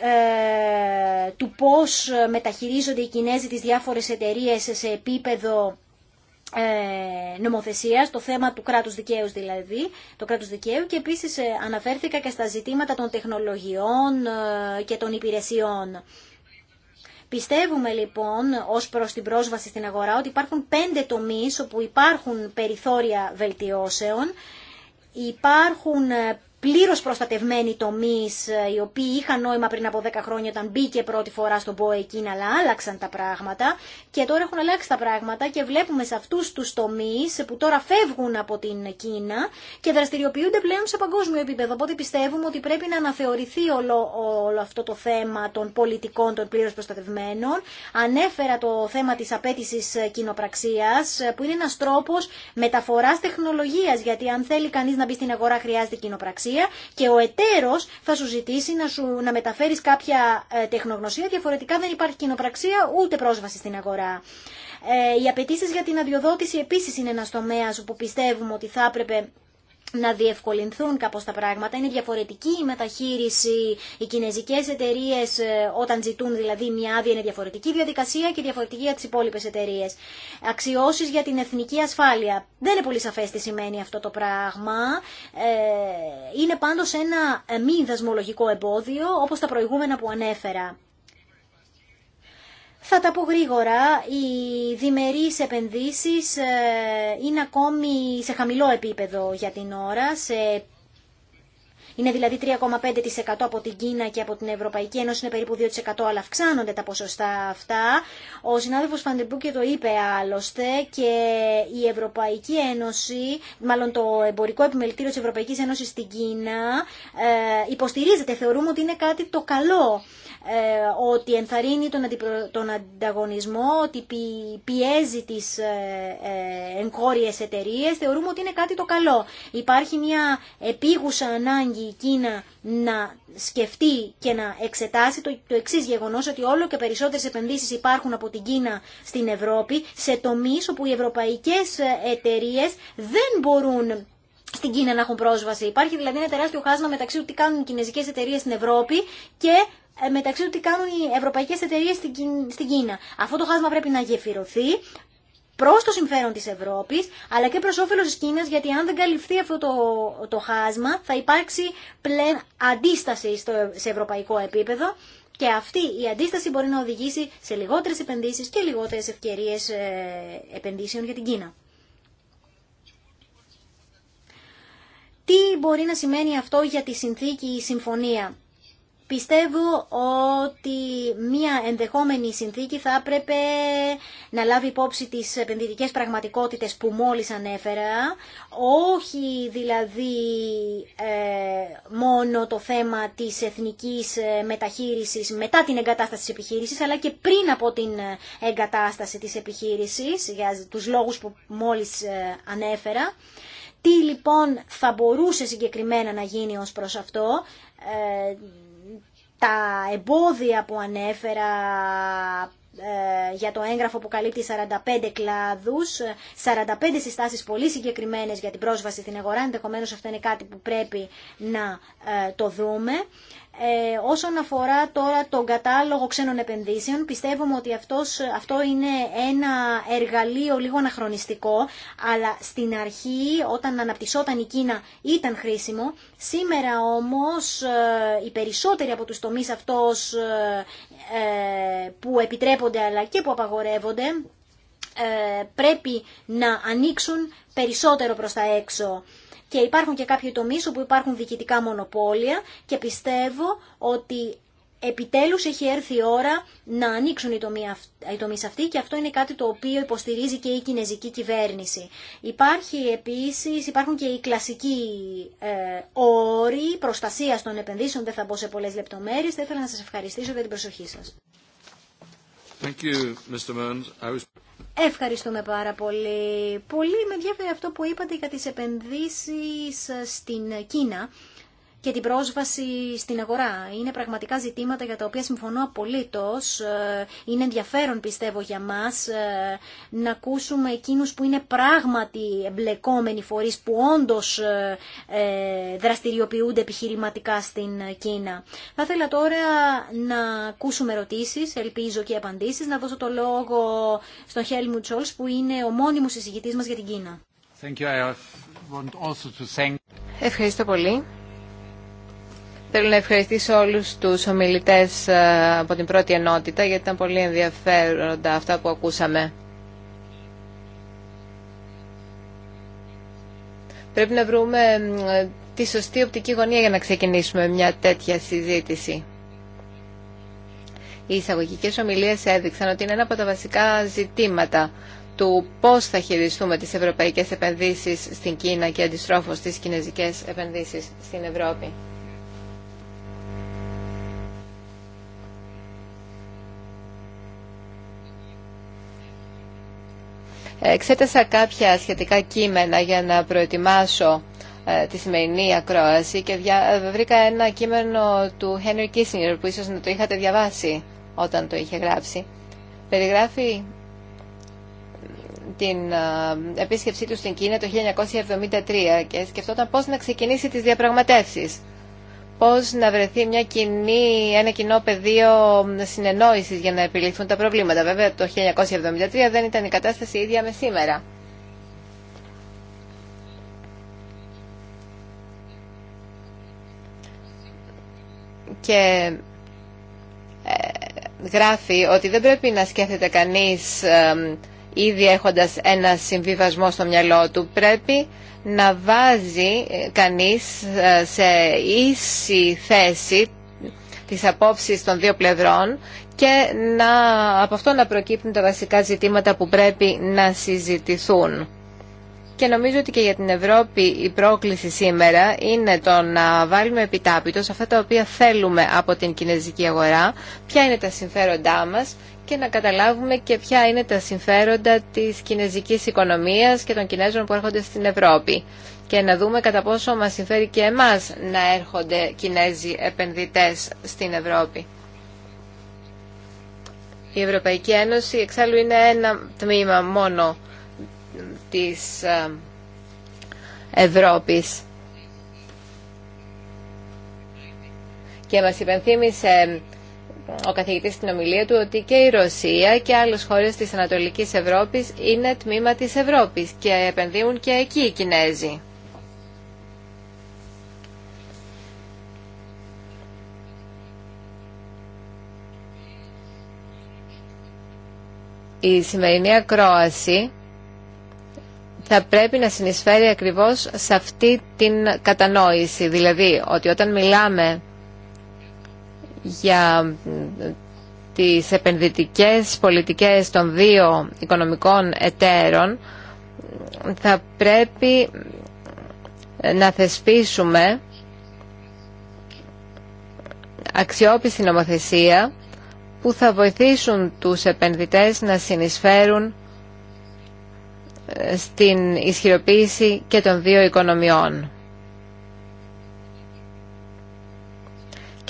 ε, του πώς μεταχειρίζονται οι Κινέζοι τις διάφορες εταιρείες σε επίπεδο ε, νομοθεσίας, το θέμα του κράτους δικαίου δηλαδή, το κράτος δικαίου και επίσης ε, αναφέρθηκα και στα ζητήματα των τεχνολογιών ε, και των υπηρεσιών. Πιστεύουμε λοιπόν ως προς την πρόσβαση στην αγορά ότι υπάρχουν πέντε τομείς όπου υπάρχουν περιθώρια βελτιώσεων, υπάρχουν πλήρως προστατευμένοι τομείς ε, οι οποίοι είχαν νόημα πριν από 10 χρόνια όταν μπήκε πρώτη φορά στον ΠΟΕ εκείνα αλλά άλλαξαν τα πράγματα και τώρα έχουν αλλάξει τα πράγματα και βλέπουμε σε αυτούς τους τομείς που τώρα φεύγουν από την Κίνα και δραστηριοποιούνται πλέον σε παγκόσμιο επίπεδο οπότε πιστεύουμε ότι πρέπει να αναθεωρηθεί όλο, όλο αυτό το θέμα των πολιτικών των πλήρως προστατευμένων ανέφερα το θέμα της απέτηση κοινοπραξίας ε, που είναι ένας τρόπος μεταφοράς τεχνολογίας γιατί αν θέλει κανείς να μπει στην αγορά χρειάζεται κοινοπραξία και ο εταίρο θα σου ζητήσει να, σου, να μεταφέρεις κάποια ε, τεχνογνωσία, διαφορετικά δεν υπάρχει κοινοπραξία ούτε πρόσβαση στην αγορά. Ε, οι απαιτήσει για την αδειοδότηση επίσης είναι ένας τομέας που πιστεύουμε ότι θα έπρεπε να διευκολυνθούν κάπως τα πράγματα. Είναι διαφορετική η μεταχείριση. Οι κινέζικες εταιρείε ε, όταν ζητούν δηλαδή μια άδεια είναι διαφορετική διαδικασία και διαφορετική για τι υπόλοιπε εταιρείε. Αξιώσεις για την εθνική ασφάλεια. Δεν είναι πολύ σαφέ τι σημαίνει αυτό το πράγμα. Ε, είναι πάντως ένα μη δασμολογικό εμπόδιο όπω τα προηγούμενα που ανέφερα. Θα τα πω γρήγορα, οι διμερείς επενδύσεις ε, είναι ακόμη σε χαμηλό επίπεδο για την ώρα, σε είναι δηλαδή 3,5% από την Κίνα και από την Ευρωπαϊκή Ένωση είναι περίπου 2% αλλά αυξάνονται τα ποσοστά αυτά. Ο συνάδελφος Φαντεμπούκε το είπε άλλωστε και η Ευρωπαϊκή Ένωση, μάλλον το εμπορικό επιμελητήριο τη Ευρωπαϊκή Ένωση στην Κίνα ε, υποστηρίζεται, θεωρούμε ότι είναι κάτι το καλό ε, ότι ενθαρρύνει τον ανταγωνισμό, ότι πιέζει τις ε, εγχώριε εταιρείε, θεωρούμε ότι είναι κάτι το καλό. Υπάρχει μια επίγουσα ανάγκη η Κίνα να σκεφτεί και να εξετάσει το, το εξή γεγονό, ότι όλο και περισσότερε επενδύσει υπάρχουν από την Κίνα στην Ευρώπη, σε τομεί όπου οι ευρωπαϊκέ ε, εταιρείε δεν μπορούν στην Κίνα να έχουν πρόσβαση. Υπάρχει δηλαδή ένα τεράστιο χάσμα μεταξύ του τι κάνουν οι κινεζικέ εταιρείε στην Ευρώπη και ε, μεταξύ του τι κάνουν οι ευρωπαϊκέ εταιρείε στην Κίνα. Αυτό το χάσμα πρέπει να γεφυρωθεί προς το συμφέρον της Ευρώπης, αλλά και προς όφελος της Κίνας, γιατί αν δεν καλυφθεί αυτό το, το χάσμα, θα υπάρξει πλέον αντίσταση στο, σε ευρωπαϊκό επίπεδο, και αυτή η αντίσταση μπορεί να οδηγήσει σε λιγότερες επενδύσεις και λιγότερες ευκαιρίες ε, επενδύσεων για την Κίνα. Τι μπορεί να σημαίνει αυτό για τη συνθήκη ή συμφωνία. Πιστεύω ότι μία ενδεχόμενη συνθήκη θα έπρεπε να λάβει υπόψη τις επενδυτικές πραγματικότητες που μόλις ανέφερα, όχι δηλαδή ε, μόνο το θέμα της εθνικής ε, μεταχείρισης μετά την εγκατάσταση της επιχείρησης, αλλά και πριν από την ε, εγκατάσταση της επιχείρησης, για τους λόγους που μόλις ανέφερα. Τι λοιπόν θα μπορούσε συγκεκριμένα να γίνει ως προς αυτό, ε, τα εμπόδια που ανέφερα ε, για το έγγραφο που καλύπτει 45 κλάδους, 45 συστάσεις πολύ συγκεκριμένες για την πρόσβαση στην αγορά, ενδεχομένως αυτό είναι κάτι που πρέπει να ε, το δούμε. Ε, όσον αφορά τώρα τον κατάλογο ξένων επενδύσεων, πιστεύουμε ότι αυτός, αυτό είναι ένα εργαλείο λίγο αναχρονιστικό, αλλά στην αρχή όταν αναπτυσσόταν η Κίνα ήταν χρήσιμο. Σήμερα όμως ε, οι περισσότεροι από τους τομείς αυτός ε, ε, που επιτρέπονται αλλά και που απαγορεύονται, πρέπει να ανοίξουν περισσότερο προς τα έξω και υπάρχουν και κάποιοι τομείς όπου υπάρχουν διοικητικά μονοπόλια και πιστεύω ότι επιτέλους έχει έρθει η ώρα να ανοίξουν οι τομείς αυτοί και αυτό είναι κάτι το οποίο υποστηρίζει και η κινέζικη κυβέρνηση. Υπάρχει επίσης, υπάρχουν και οι κλασικοί ε, όροι προστασίας των επενδύσεων, δεν θα μπω σε πολλές λεπτομέρειες, θα ήθελα να σας ευχαριστήσω για την προσοχή σας. Thank you, Mr. I was... Ευχαριστούμε πάρα πολύ. Πολύ με ενδιαφέρει αυτό που είπατε για τις επενδύσεις στην Κίνα και την πρόσβαση στην αγορά. Είναι πραγματικά ζητήματα για τα οποία συμφωνώ απολύτως. Ε, είναι ενδιαφέρον πιστεύω για μας ε, να ακούσουμε εκείνους που είναι πράγματι εμπλεκόμενοι φορείς που όντως ε, δραστηριοποιούνται επιχειρηματικά στην Κίνα. Θα ήθελα τώρα να ακούσουμε ερωτήσεις, ελπίζω και απαντήσεις, να δώσω το λόγο στον Χέλμου Τσόλς που είναι ο μόνιμος εισηγητής μας για την Κίνα. Ευχαριστώ πολύ. Θέλω να ευχαριστήσω όλους τους ομιλητές ε, από την πρώτη ενότητα γιατί ήταν πολύ ενδιαφέροντα αυτά που ακούσαμε. Πρέπει να βρούμε ε, τη σωστή οπτική γωνία για να ξεκινήσουμε μια τέτοια συζήτηση. Οι εισαγωγικέ ομιλίες έδειξαν ότι είναι ένα από τα βασικά ζητήματα του πώς θα χειριστούμε τις ευρωπαϊκές επενδύσεις στην Κίνα και αντιστρόφως τις κινέζικες επενδύσεις στην Ευρώπη. Εξέτασα κάποια σχετικά κείμενα για να προετοιμάσω ε, τη σημερινή ακρόαση και ε, βρήκα ένα κείμενο του Henry Kissinger που ίσως να το είχατε διαβάσει όταν το είχε γράψει. Περιγράφει την ε, επίσκεψή του στην Κίνα το 1973 και σκεφτόταν πώς να ξεκινήσει τις διαπραγματεύσεις πώς να βρεθεί μια κοινή, ένα κοινό πεδίο συνεννόησης για να επιληθούν τα προβλήματα. Βέβαια το 1973 δεν ήταν η κατάσταση ίδια με σήμερα. Και ε, γράφει ότι δεν πρέπει να σκέφτεται κανείς ε, ήδη έχοντας ένα συμβιβασμό στο μυαλό του. Πρέπει να βάζει ε, κανείς ε, σε ίση θέση τις απόψεις των δύο πλευρών και να, από αυτό να προκύπτουν τα βασικά ζητήματα που πρέπει να συζητηθούν. Και νομίζω ότι και για την Ευρώπη η πρόκληση σήμερα είναι το να βάλουμε επιτάπητο σε αυτά τα οποία θέλουμε από την κινέζικη αγορά, ποια είναι τα συμφέροντά μας και να καταλάβουμε και ποια είναι τα συμφέροντα της κινέζικης οικονομίας και των Κινέζων που έρχονται στην Ευρώπη και να δούμε κατά πόσο μας συμφέρει και εμάς να έρχονται Κινέζοι επενδυτές στην Ευρώπη. Η Ευρωπαϊκή Ένωση εξάλλου είναι ένα τμήμα μόνο της ε, Ευρώπης. Και μας υπενθύμισε ο καθηγητής στην ομιλία του ότι και η Ρωσία και άλλες χώρες της Ανατολικής Ευρώπης είναι τμήμα της Ευρώπης και επενδύουν και εκεί οι Κινέζοι. Η σημερινή ακρόαση θα πρέπει να συνεισφέρει ακριβώς σε αυτή την κατανόηση. Δηλαδή ότι όταν μιλάμε για ε, τις επενδυτικές πολιτικές των δύο οικονομικών εταίρων θα πρέπει να θεσπίσουμε αξιόπιστη νομοθεσία που θα βοηθήσουν τους επενδυτές να συνεισφέρουν ε, στην ισχυροποίηση και των δύο οικονομιών.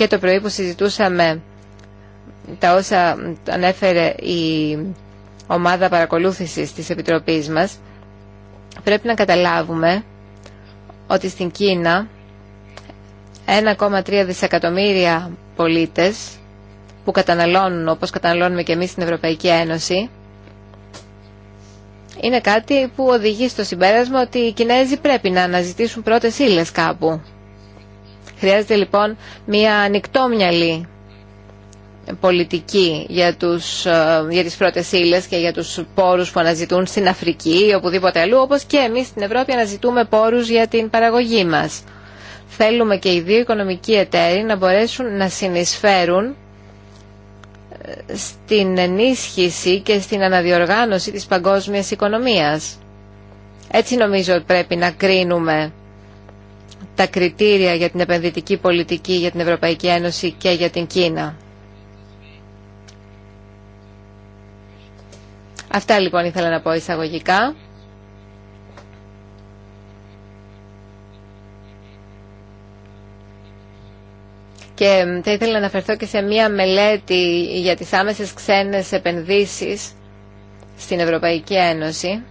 και το πρωί που συζητούσαμε τα όσα ανέφερε η ομάδα παρακολούθησης της Επιτροπής μας, πρέπει να καταλάβουμε ότι στην Κίνα 1,3 δισεκατομμύρια πολίτες που καταναλώνουν όπως καταναλώνουμε και εμείς στην Ευρωπαϊκή Ένωση είναι κάτι που οδηγεί στο συμπέρασμα ότι οι Κινέζοι πρέπει να αναζητήσουν πρώτες ύλες κάπου. Χρειάζεται λοιπόν μια ανοιχτόμυαλη πολιτική για, τους, ε, για τις πρώτες ύλες και για τους πόρους που αναζητούν στην Αφρική ή οπουδήποτε αλλού, όπως και εμείς στην Ευρώπη αναζητούμε πόρους για την παραγωγή μας. Θέλουμε και οι δύο οικονομικοί εταίροι να μπορέσουν να συνεισφέρουν ε, στην ενίσχυση και στην αναδιοργάνωση της παγκόσμιας οικονομίας. Έτσι νομίζω πρέπει να κρίνουμε τα κριτήρια για την επενδυτική πολιτική για την Ευρωπαϊκή Ένωση και για την Κίνα. Αυτά λοιπόν ήθελα να πω εισαγωγικά. Και θα ήθελα να αναφερθώ και σε μία μελέτη για τις άμεσες ξένες επενδύσεις στην Ευρωπαϊκή Ένωση.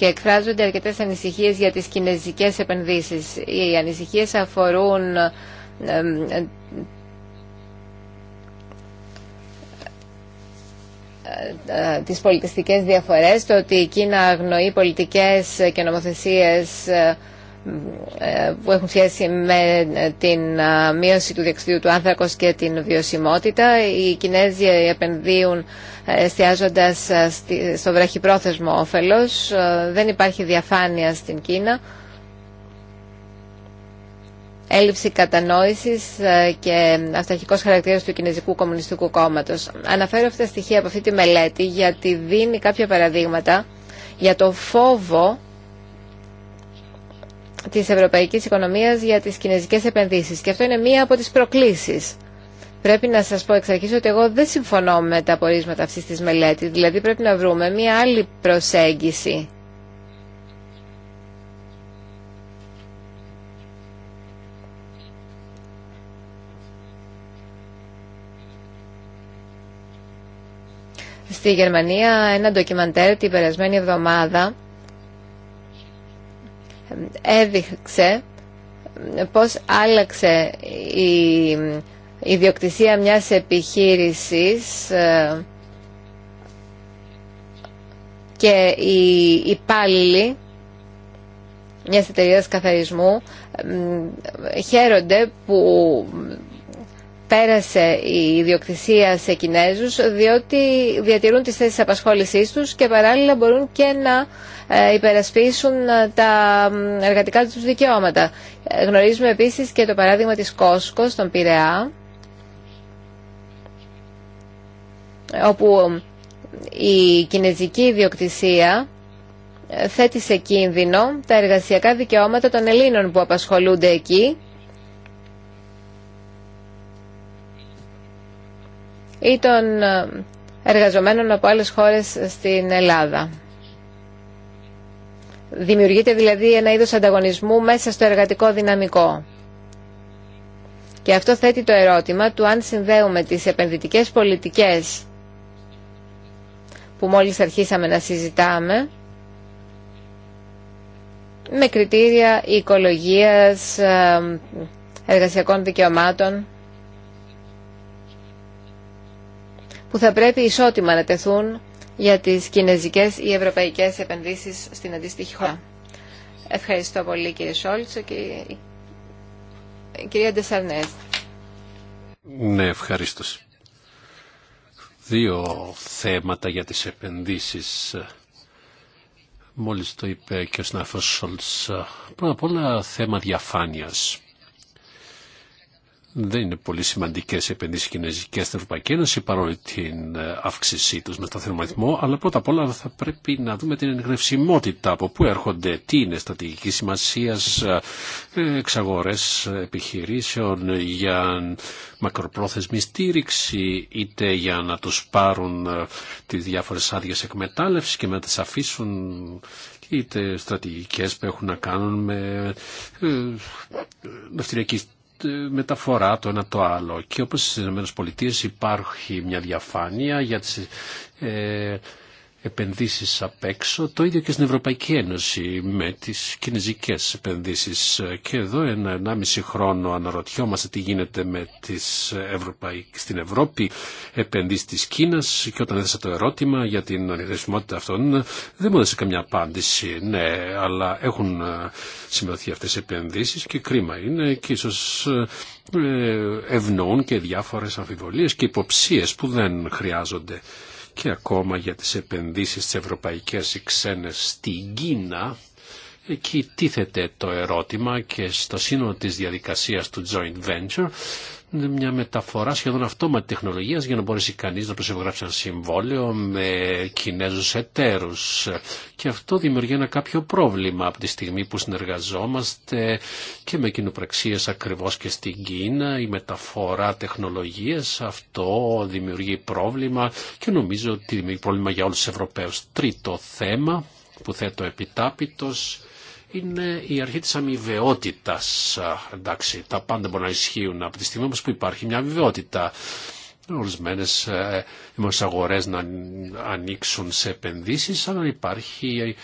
και εκφράζονται αρκετές ανησυχίες για τις κινέζικες επενδύσεις. Οι ανησυχίες αφορούν ε, ε, τις πολιτιστικές διαφορές, το ότι η Κίνα αγνοεί πολιτικές και νομοθεσίες ε, που έχουν σχέση με ε, την ε, μείωση του διεξιδίου του άνθρακος και την βιωσιμότητα. Οι Κινέζοι επενδύουν ε, εστιάζοντας στο βραχυπρόθεσμο όφελος. Δεν υπάρχει διαφάνεια στην Κίνα. Έλλειψη κατανόησης και αυταρχικός χαρακτήρας του Κινέζικου Κομμουνιστικού Κόμματος. Αναφέρω αυτά τα στοιχεία από αυτή τη μελέτη γιατί δίνει κάποια παραδείγματα για το φόβο της ευρωπαϊκής οικονομίας για τις κινέζικες επενδύσεις. Και αυτό είναι μία από τις προκλήσεις. Πρέπει να σας πω εξ ότι εγώ δεν συμφωνώ με τα απορίσματα αυτής της μελέτης. Δηλαδή πρέπει να βρούμε μία άλλη προσέγγιση. Στη Γερμανία ένα ντοκιμαντέρ την περασμένη εβδομάδα έδειξε πώς άλλαξε η ιδιοκτησία μιας επιχείρησης ε, και οι υπάλληλοι μιας εταιρείας καθαρισμού ε, χαίρονται που πέρασε η ιδιοκτησία σε Κινέζους διότι διατηρούν τις θέσεις απασχόλησής τους και παράλληλα μπορούν και να ε, υπερασπίσουν ε, τα εργατικά τους δικαιώματα. Ε, γνωρίζουμε επίσης και το παράδειγμα της Κόσκο στον Πειραιά όπου η κινέζικη ιδιοκτησία θέτει σε κίνδυνο τα εργασιακά δικαιώματα των Ελλήνων που απασχολούνται εκεί ή των ε, εργαζομένων από άλλες χώρες στην Ελλάδα. Δημιουργείται δηλαδή ένα είδος ανταγωνισμού μέσα στο εργατικό δυναμικό. Και αυτό θέτει το ερώτημα του αν συνδέουμε τις επενδυτικές πολιτικές που μόλις αρχίσαμε να συζητάμε με κριτήρια οικολογίας, ε, εργασιακών δικαιωμάτων που θα πρέπει ισότιμα να τεθούν για τις κινέζικες ή ευρωπαϊκές επενδύσεις στην αντίστοιχη χώρα. Ευχαριστώ πολύ κύριε Σόλτσο και κυρία Ντεσσαρνέζ. Ναι, ευχαριστώ. Δύο θέματα για τις επενδύσεις. Μόλις το είπε και ο Σναφος Σόλτς. Πρώτα απ' όλα θέμα διαφάνειας δεν είναι πολύ σημαντικέ οι επενδύσει κινέζικε στην Ευρωπαϊκή Ένωση παρόλη την ε, αύξησή του με σταθερομαριθμό. Αλλά πρώτα απ' όλα θα πρέπει να δούμε την εγγνευσιμότητα από πού έρχονται, τι είναι στρατηγική σημασία, ε, εξαγορέ επιχειρήσεων για μακροπρόθεσμη στήριξη, είτε για να του πάρουν ε, τι διάφορε άδειε εκμετάλλευση και να τι αφήσουν είτε στρατηγικές που έχουν να κάνουν με ναυτιλιακή μεταφορά το ένα το άλλο. Και όπως στις ΗΠΑ υπάρχει μια διαφάνεια για τις ε, επενδύσεις απ' έξω, το ίδιο και στην Ευρωπαϊκή Ένωση με τις κινέζικες επενδύσεις. Και εδώ ένα μισή χρόνο αναρωτιόμαστε τι γίνεται με τις στην Ευρώπη επενδύσεις της Κίνας και όταν έθεσα το ερώτημα για την αριθμότητα αυτών δεν μου έδωσε καμιά απάντηση. Ναι, αλλά έχουν ε, σημειωθεί αυτές οι επενδύσεις και κρίμα είναι και ίσως ε, ευνοούν και διάφορες αμφιβολίες και υποψίες που δεν χρειάζονται και ακόμα για τις επενδύσεις της ευρωπαϊκές ξένες στην Κίνα. Εκεί τίθεται το ερώτημα και στο σύνολο της διαδικασίας του joint venture είναι μια μεταφορά σχεδόν αυτόματη τεχνολογίας για να μπορέσει κανείς να προσεγγράψει ένα συμβόλαιο με Κινέζους εταίρους. Και αυτό δημιουργεί ένα κάποιο πρόβλημα από τη στιγμή που συνεργαζόμαστε και με κοινοπραξίες ακριβώς και στην Κίνα. Η μεταφορά τεχνολογίας αυτό δημιουργεί πρόβλημα και νομίζω ότι δημιουργεί πρόβλημα για όλους τους Ευρωπαίους. Τρίτο θέμα που θέτω επιτάπητος είναι η αρχή της αμοιβαιότητας. Εντάξει, τα πάντα μπορούν να ισχύουν από τη στιγμή όμως που υπάρχει μια αμοιβαιότητα. Ορισμένε ε, δημοσιαγορέ να ανοίξουν σε επενδύσει, αλλά υπάρχει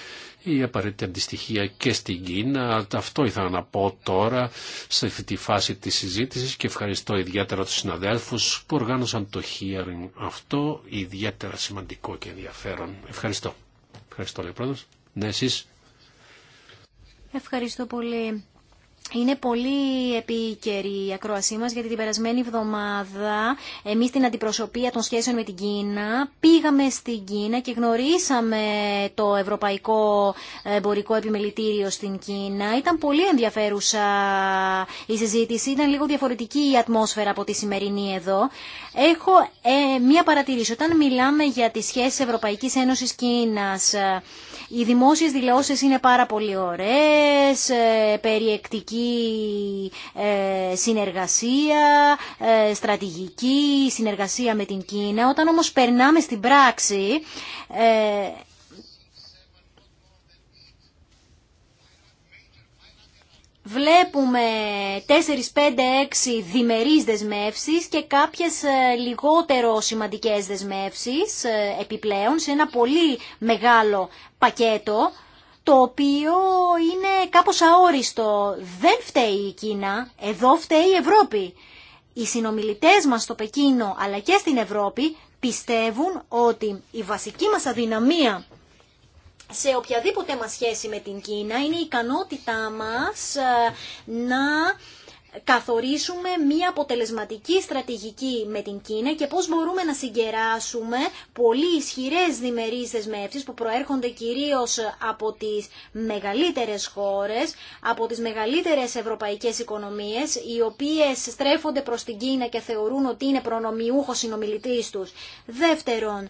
η απαραίτητη αντιστοιχία και στην Κίνα. Αυτό ήθελα να πω τώρα σε αυτή τη φάση τη συζήτηση και ευχαριστώ ιδιαίτερα του συναδέλφους που οργάνωσαν το hearing αυτό ιδιαίτερα σημαντικό και ενδιαφέρον. Ευχαριστώ. Ευχαριστώ λέει ο Ναι εσείς. Ευχαριστώ πολύ. Είναι πολύ επίκαιρη η ακρόασή μας γιατί την περασμένη εβδομάδα εμείς στην αντιπροσωπεία των σχέσεων με την Κίνα πήγαμε στην Κίνα και γνωρίσαμε το Ευρωπαϊκό Εμπορικό Επιμελητήριο στην Κίνα. Ήταν πολύ ενδιαφέρουσα η συζήτηση, ήταν λίγο διαφορετική η ατμόσφαιρα από τη σημερινή εδώ. Έχω ε, μία παρατηρήση. Όταν μιλάμε για τις σχέσεις Ευρωπαϊκής Ένωσης Κίνας οι δημόσιες δηλώσεις είναι πάρα πολύ ωραίες, ε, περιεκτική ε, συνεργασία, ε, στρατηγική συνεργασία με την Κίνα. Όταν όμως περνάμε στην πράξη βλέπουμε 4, 5, 6 διμερείς δεσμεύσεις και κάποιες ε, λιγότερο σημαντικές δεσμεύσεις ε, επιπλέον σε ένα πολύ μεγάλο πακέτο το οποίο είναι κάπως αόριστο. Δεν φταίει η Κίνα, εδώ φταίει η Ευρώπη. Οι συνομιλητές μας στο Πεκίνο αλλά και στην Ευρώπη πιστεύουν ότι η βασική μας αδυναμία σε οποιαδήποτε μας σχέση με την Κίνα είναι η ικανότητά μας ε, να καθορίσουμε μία αποτελεσματική στρατηγική με την Κίνα και πώς μπορούμε να συγκεράσουμε πολύ ισχυρές διμερείς δεσμεύσεις που προέρχονται κυρίως από τις μεγαλύτερες χώρες, από τις μεγαλύτερες ευρωπαϊκές οικονομίες, οι οποίες στρέφονται προς την Κίνα και θεωρούν ότι είναι προνομιούχος συνομιλητής τους. Δεύτερον,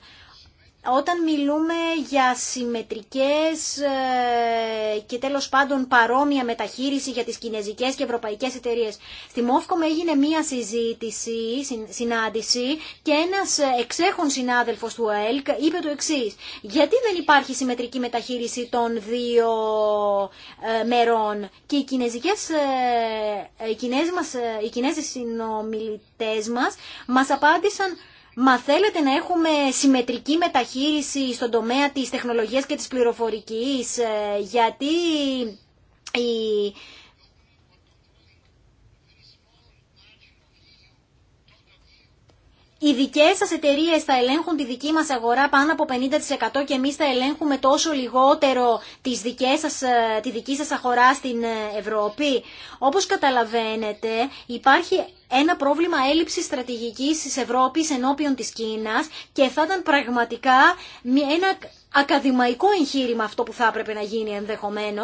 όταν μιλούμε για συμμετρικές ε, και τέλος πάντων παρόμοια μεταχείριση για τις κινέζικες και ευρωπαϊκές εταιρείες. Στη Μόφκομ έγινε μία συζήτηση, συνάντηση και ένας εξέχων συνάδελφος του ΕΛΚ είπε το εξής. Γιατί δεν υπάρχει συμμετρική μεταχείριση των δύο ε, μερών και οι, κινέζικες, ε, οι, Κινέζοι μας, οι συνομιλητές μας μας απάντησαν Μα θέλετε να έχουμε συμμετρική μεταχείριση στον τομέα της τεχνολογίας και της πληροφορικής, ε, γιατί η οι δικέ σας εταιρείε θα ελέγχουν τη δική μας αγορά πάνω από 50% και εμεί θα ελέγχουμε τόσο λιγότερο τις δικές σας, ε, τη δική σας αγορά στην ε, Ευρώπη. Όπως καταλαβαίνετε υπάρχει ένα πρόβλημα έλλειψη στρατηγικής τη Ευρώπη ενώπιον της Κίνα και θα ήταν πραγματικά ένα ακαδημαϊκό εγχείρημα αυτό που θα έπρεπε να γίνει ενδεχομένω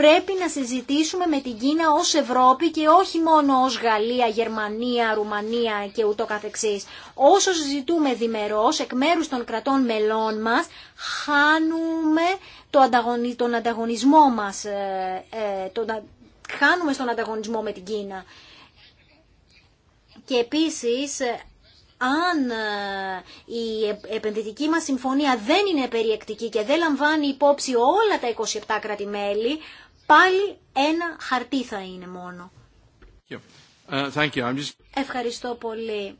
πρέπει να συζητήσουμε με την Κίνα ως Ευρώπη και όχι μόνο ως Γαλλία, Γερμανία, Ρουμανία και ούτω καθεξής. Όσο συζητούμε διμερώς εκ μέρους των κρατών μελών μας, χάνουμε το ανταγωνι... τον ανταγωνισμό μας, ε, ε, τον... χάνουμε στον ανταγωνισμό με την Κίνα. Και επίσης αν ε, η επενδυτική μας συμφωνία δεν είναι περιεκτική και δεν λαμβάνει υπόψη όλα τα 27 κράτη-μέλη, πάλι ένα χαρτί θα είναι μόνο. Uh, Ευχαριστώ πολύ.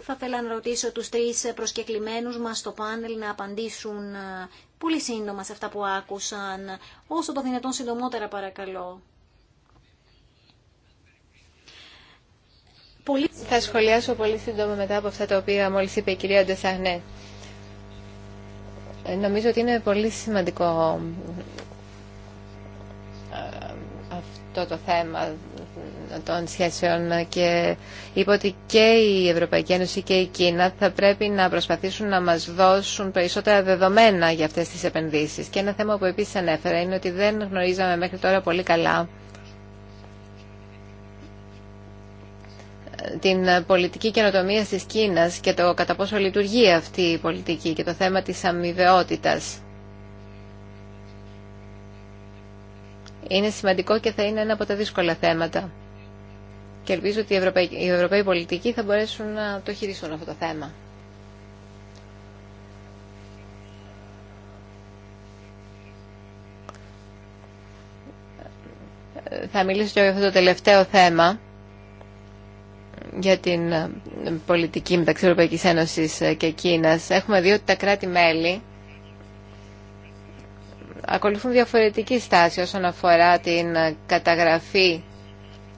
Θα ήθελα να ρωτήσω τους τρεις προσκεκλημένους μας στο πάνελ να απαντήσουν uh, πολύ σύντομα σε αυτά που άκουσαν. Όσο το δυνατόν συντομότερα παρακαλώ. Θα σχολιάσω πολύ σύντομα μετά από αυτά τα οποία μόλις είπε η κυρία Ντεσαγνέ. Ε, νομίζω ότι είναι πολύ σημαντικό το, το θέμα των σχέσεων και είπε ότι και η Ευρωπαϊκή Ένωση και η Κίνα θα πρέπει να προσπαθήσουν να μας δώσουν περισσότερα δεδομένα για αυτές τις επενδύσεις. Και ένα θέμα που επίσης ανέφερα είναι ότι δεν γνωρίζαμε μέχρι τώρα πολύ καλά την πολιτική καινοτομία της Κίνας και το κατά πόσο λειτουργεί αυτή η πολιτική και το θέμα της αμοιβαιότητας. είναι σημαντικό και θα είναι ένα από τα δύσκολα θέματα. Και ελπίζω ότι οι ευρωπαίοι, οι πολιτικοί θα μπορέσουν να το χειρίσουν αυτό το θέμα. Θα μιλήσω και για αυτό το τελευταίο θέμα για την ε, πολιτική μεταξύ Ευρωπαϊκής Ένωσης ε, και Κίνας. Έχουμε δει ότι τα κράτη-μέλη ακολουθούν διαφορετική στάση όσον αφορά την καταγραφή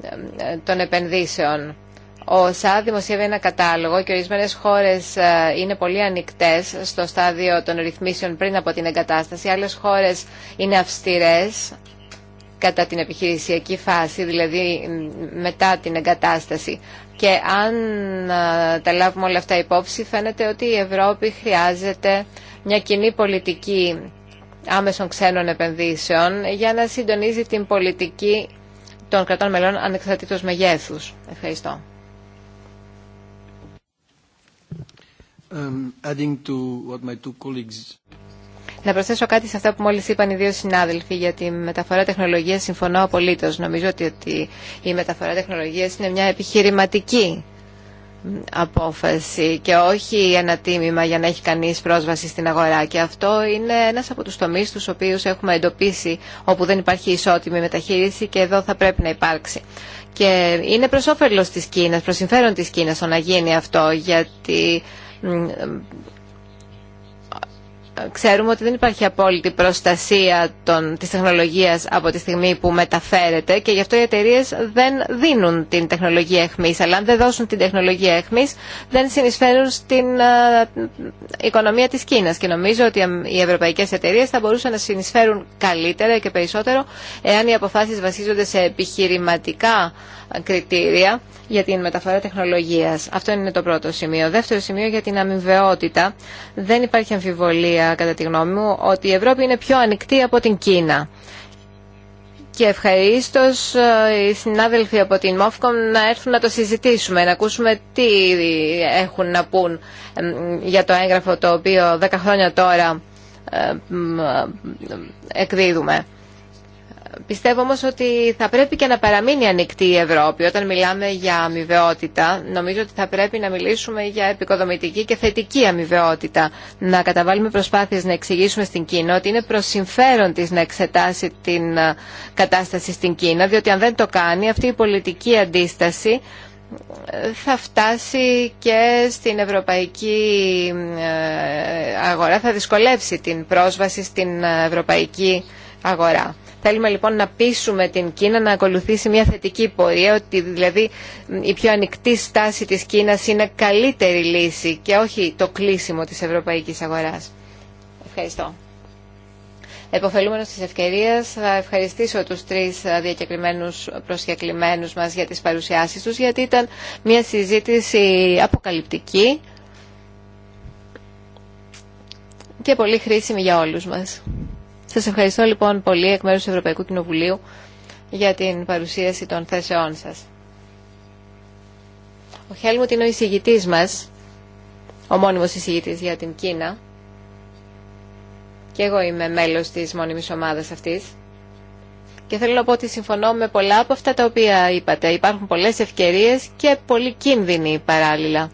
ε, των επενδύσεων. Ο ΣΑ δημοσιεύει ένα κατάλογο και ορισμένε χώρε ε, είναι πολύ ανοιχτέ στο στάδιο των ρυθμίσεων πριν από την εγκατάσταση. Άλλε χώρε είναι αυστηρέ κατά την επιχειρησιακή φάση, δηλαδή μετά την εγκατάσταση. Και αν ε, τα λάβουμε όλα αυτά υπόψη, φαίνεται ότι η Ευρώπη χρειάζεται μια κοινή πολιτική άμεσων ξένων επενδύσεων για να συντονίζει την πολιτική των κρατών μελών ανεξαρτήτως μεγέθους. Ευχαριστώ. Um, να προσθέσω κάτι σε αυτά που μόλις είπαν οι δύο συνάδελφοι για τη μεταφορά τεχνολογίας. Συμφωνώ απολύτως. Νομίζω ότι, ότι η μεταφορά τεχνολογίας είναι μια επιχειρηματική απόφαση και όχι ένα τίμημα για να έχει κανείς πρόσβαση στην αγορά και αυτό είναι ένας από τους τομείς τους οποίους έχουμε εντοπίσει όπου δεν υπάρχει ισότιμη μεταχείριση και εδώ θα πρέπει να υπάρξει. Και είναι προς όφελος της Κίνας, προς συμφέρον της Κίνας το να γίνει αυτό γιατί Ξέρουμε ότι δεν υπάρχει απόλυτη προστασία των, της τεχνολογίας από τη στιγμή που μεταφέρεται και γι' αυτό οι εταιρείε δεν δίνουν την τεχνολογία εχμής. Αλλά αν δεν δώσουν την τεχνολογία εχμής δεν συνεισφέρουν στην ε, οικονομία της Κίνας. Και νομίζω ότι οι ευρωπαϊκές εταιρείε θα μπορούσαν να συνεισφέρουν καλύτερα και περισσότερο εάν οι αποφάσεις βασίζονται σε επιχειρηματικά κριτήρια για την μεταφορά τεχνολογίας. Αυτό είναι το πρώτο σημείο. Δεύτερο σημείο για την αμοιβαιότητα. Δεν υπάρχει αμφιβολία κατά τη γνώμη μου ότι η Ευρώπη είναι πιο ανοιχτή από την Κίνα. Και ευχαρίστω ε, οι συνάδελφοι από την Μόφκομ να έρθουν να το συζητήσουμε, να ακούσουμε τι έχουν να πούν για το έγγραφο το οποίο δέκα χρόνια τώρα ε, ε, εκδίδουμε. Πιστεύω όμως ότι θα πρέπει και να παραμείνει ανοιχτή η Ευρώπη. Όταν μιλάμε για αμοιβαιότητα, νομίζω ότι θα πρέπει να μιλήσουμε για επικοδομητική και θετική αμοιβαιότητα. Να καταβάλουμε προσπάθειες να εξηγήσουμε στην Κίνα ότι είναι προς συμφέρον της να εξετάσει την ε, κατάσταση στην Κίνα, διότι αν δεν το κάνει αυτή η πολιτική αντίσταση ε, θα φτάσει και στην ευρωπαϊκή ε, αγορά, θα δυσκολεύσει την πρόσβαση στην ευρωπαϊκή αγορά. Θέλουμε λοιπόν να πείσουμε την Κίνα να ακολουθήσει μια θετική πορεία, ότι δηλαδή η πιο ανοιχτή στάση της Κίνας είναι καλύτερη λύση και όχι το κλείσιμο της ευρωπαϊκής αγοράς. Ευχαριστώ. Εποφελούμενος της ευκαιρίας, θα ευχαριστήσω τους τρεις διακεκριμένους προσκεκλημένους μας για τις παρουσιάσεις τους, γιατί ήταν μια συζήτηση αποκαλυπτική και πολύ χρήσιμη για όλους μας. Σας ευχαριστώ λοιπόν πολύ εκ μέρους του Ευρωπαϊκού Κοινοβουλίου για την παρουσίαση των θέσεών σας. Ο Χέλμουτ είναι ο εισηγητής μας, ο μόνιμος εισηγητής για την Κίνα και εγώ είμαι μέλος της μόνιμης ομάδας αυτής. Και θέλω να πω ότι συμφωνώ με πολλά από αυτά τα οποία είπατε. Υπάρχουν πολλές ευκαιρίες και πολύ κίνδυνοι παράλληλα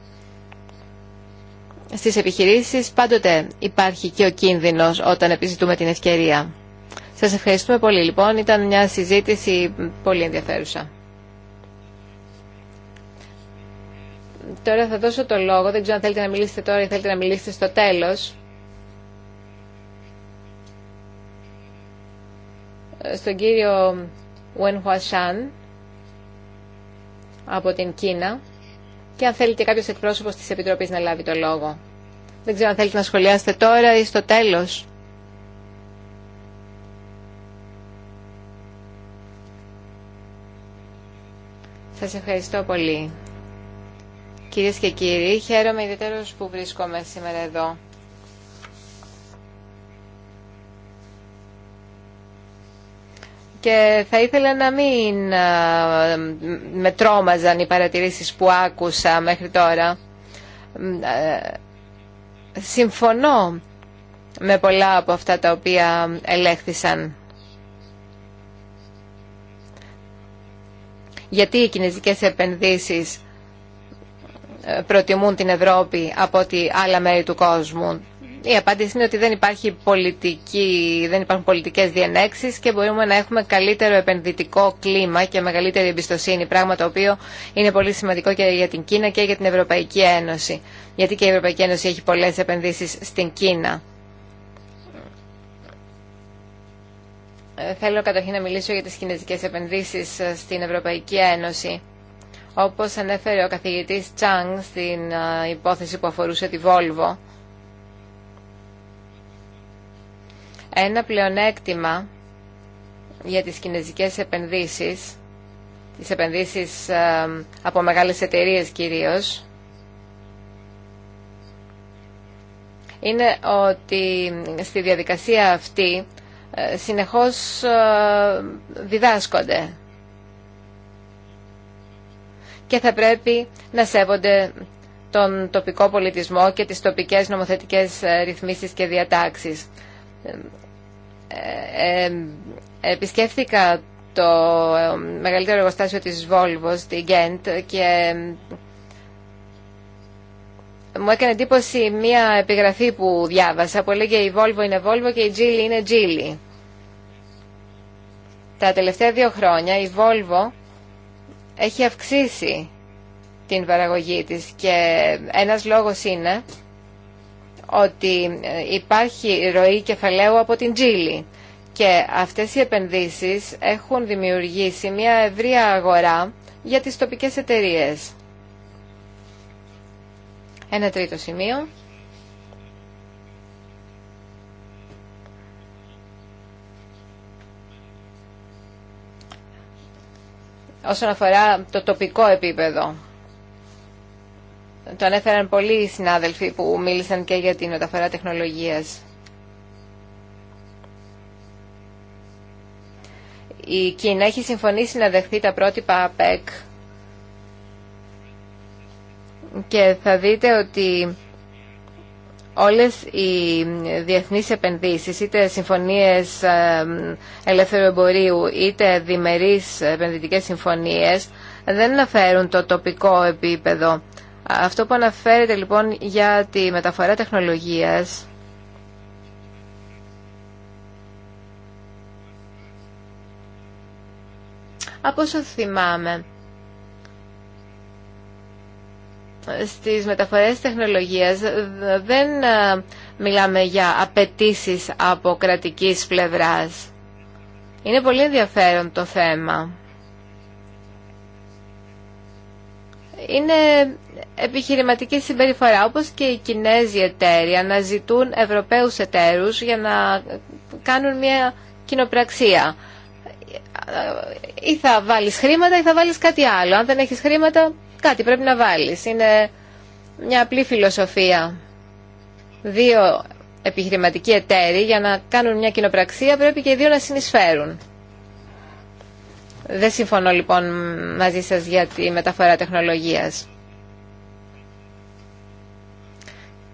στις επιχειρήσεις πάντοτε υπάρχει και ο κίνδυνος όταν επιζητούμε την ευκαιρία. Σας ευχαριστούμε πολύ λοιπόν. Ήταν μια συζήτηση πολύ ενδιαφέρουσα. Τώρα θα δώσω το λόγο. Δεν ξέρω αν θέλετε να μιλήσετε τώρα ή θέλετε να μιλήσετε στο τέλος. Στον κύριο Wen Huashan από την Κίνα και αν και κάποιος εκπρόσωπος της Επιτροπής να λάβει το λόγο. Δεν ξέρω αν θέλετε να σχολιάσετε τώρα ή στο τέλος. Σας ευχαριστώ πολύ. Κυρίες και κύριοι, χαίρομαι ιδιαίτερως που βρίσκομαι σήμερα εδώ. και θα ήθελα να μην με τρόμαζαν οι παρατηρήσεις που άκουσα μέχρι τώρα. Συμφωνώ με πολλά από αυτά τα οποία ελέγχθησαν. Γιατί οι κινέζικες επενδύσεις ε, προτιμούν την Ευρώπη από ότι άλλα μέρη του κόσμου. Η απάντηση είναι ότι δεν, υπάρχει πολιτική, δεν υπάρχουν πολιτικές διενέξει και μπορούμε να έχουμε καλύτερο επενδυτικό κλίμα και μεγαλύτερη εμπιστοσύνη, πράγμα το οποίο είναι πολύ σημαντικό και για την Κίνα και για την Ευρωπαϊκή Ένωση, γιατί και η Ευρωπαϊκή Ένωση έχει πολλές επενδύσεις στην Κίνα. Ε, θέλω καταρχήν να μιλήσω για τις κινέζικες επενδύσεις ε, στην Ευρωπαϊκή Ένωση. Όπως ανέφερε ο καθηγητής Τσάνγκ στην ε, υπόθεση που αφορούσε τη Βόλβο, Ένα πλεονέκτημα για τις κινέζικες επενδύσεις, τις επενδύσεις ε, από μεγάλες εταιρείες κυρίως, είναι ότι στη διαδικασία αυτή ε, συνεχώς ε, διδάσκονται και θα πρέπει να σέβονται τον τοπικό πολιτισμό και τις τοπικές νομοθετικές ρυθμίσεις και διατάξεις. Ε, ε, επισκέφθηκα το ε, μεγαλύτερο εργοστάσιο της Volvo στη Γκέντ και μου έκανε εντύπωση μία επιγραφή που διάβασα που έλεγε η Volvo είναι Volvo και η Geely είναι Geely. Τα τελευταία δύο χρόνια η Volvo έχει αυξήσει την παραγωγή της και ένας λόγος είναι ότι ε, υπάρχει ροή κεφαλαίου από την Τζίλη και αυτές οι επενδύσεις έχουν δημιουργήσει μια ευρεία αγορά για τις τοπικές εταιρείες. Ένα τρίτο σημείο. Όσον αφορά το τοπικό επίπεδο. Το ανέφεραν πολλοί συνάδελφοι που μίλησαν και για την μεταφορά τεχνολογίας. Η Κίνα έχει συμφωνήσει να δεχθεί τα πρότυπα ΑΠΕΚ και θα δείτε ότι όλες οι διεθνείς επενδύσεις, είτε συμφωνίες ε, ελεύθερου εμπορίου, είτε διμερείς επενδυτικές συμφωνίες, δεν αναφέρουν το τοπικό επίπεδο. Αυτό που αναφέρεται λοιπόν για τη μεταφορά τεχνολογίας από όσο θυμάμαι στις μεταφορές τεχνολογίας δεν ε, μιλάμε για απαιτήσει από κρατικής πλευράς. Είναι πολύ ενδιαφέρον το θέμα. Είναι επιχειρηματική συμπεριφορά, όπως και οι Κινέζοι να ζητούν Ευρωπαίους εταίρους για να κάνουν μια κοινοπραξία. Ή θα βάλεις χρήματα ή θα βάλεις κάτι άλλο. Αν δεν έχεις χρήματα, κάτι πρέπει να βάλεις. Είναι μια απλή φιλοσοφία. Δύο επιχειρηματικοί εταίροι για να κάνουν μια κοινοπραξία πρέπει και οι δύο να συνεισφέρουν. Δεν συμφωνώ λοιπόν μαζί σας για τη μεταφορά τεχνολογίας.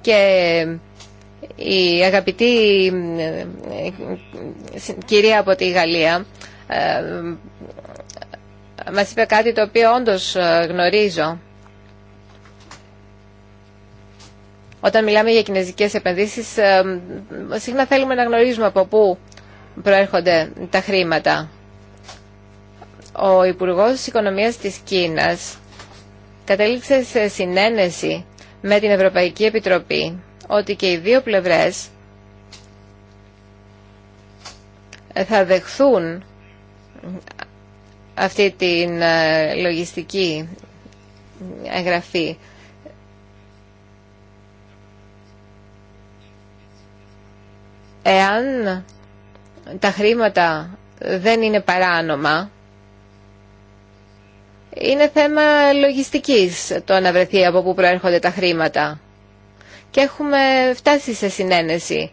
και η αγαπητή ε, κυρία από τη Γαλλία ε, μας είπε κάτι το οποίο όντως ε, γνωρίζω. Όταν μιλάμε για κινέζικες επενδύσεις, συχνά θέλουμε να γνωρίζουμε από πού προέρχονται τα χρήματα. Ο Υπουργός Οικονομίας της Κίνας κατέληξε σε συνένεση με την Ευρωπαϊκή Επιτροπή ότι και οι δύο πλευρές θα δεχθούν αυτή την ε, λογιστική εγγραφή εάν τα χρήματα δεν είναι παράνομα είναι θέμα λογιστικής το να βρεθεί από πού προέρχονται τα χρήματα. Και έχουμε φτάσει σε συνένεση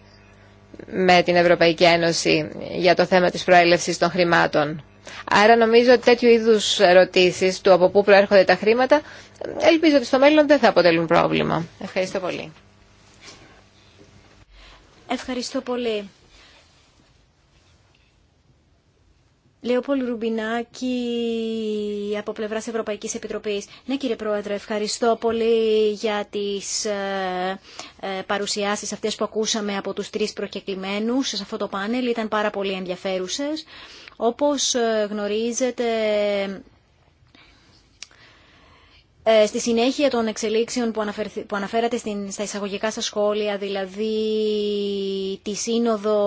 με την Ευρωπαϊκή Ένωση για το θέμα της προέλευσης των χρημάτων. Άρα νομίζω ότι τέτοιου είδους ερωτήσεις του από πού προέρχονται τα χρήματα ελπίζω ότι στο μέλλον δεν θα αποτελούν πρόβλημα. Ευχαριστώ πολύ. Ευχαριστώ πολύ. Λεοπόλ Ρουμπινάκη από πλευράς Ευρωπαϊκής Επιτροπής. Ναι κύριε Πρόεδρε, ευχαριστώ πολύ για τις ε, ε, παρουσιάσεις αυτές που ακούσαμε από τους τρεις προκεκλημένους σε αυτό το πάνελ. Ήταν πάρα πολύ ενδιαφέρουσες. Όπως ε, γνωρίζετε ε, στη συνέχεια των εξελίξεων που, που αναφέρατε στην, στα εισαγωγικά σας σχόλια, δηλαδή τη σύνοδο,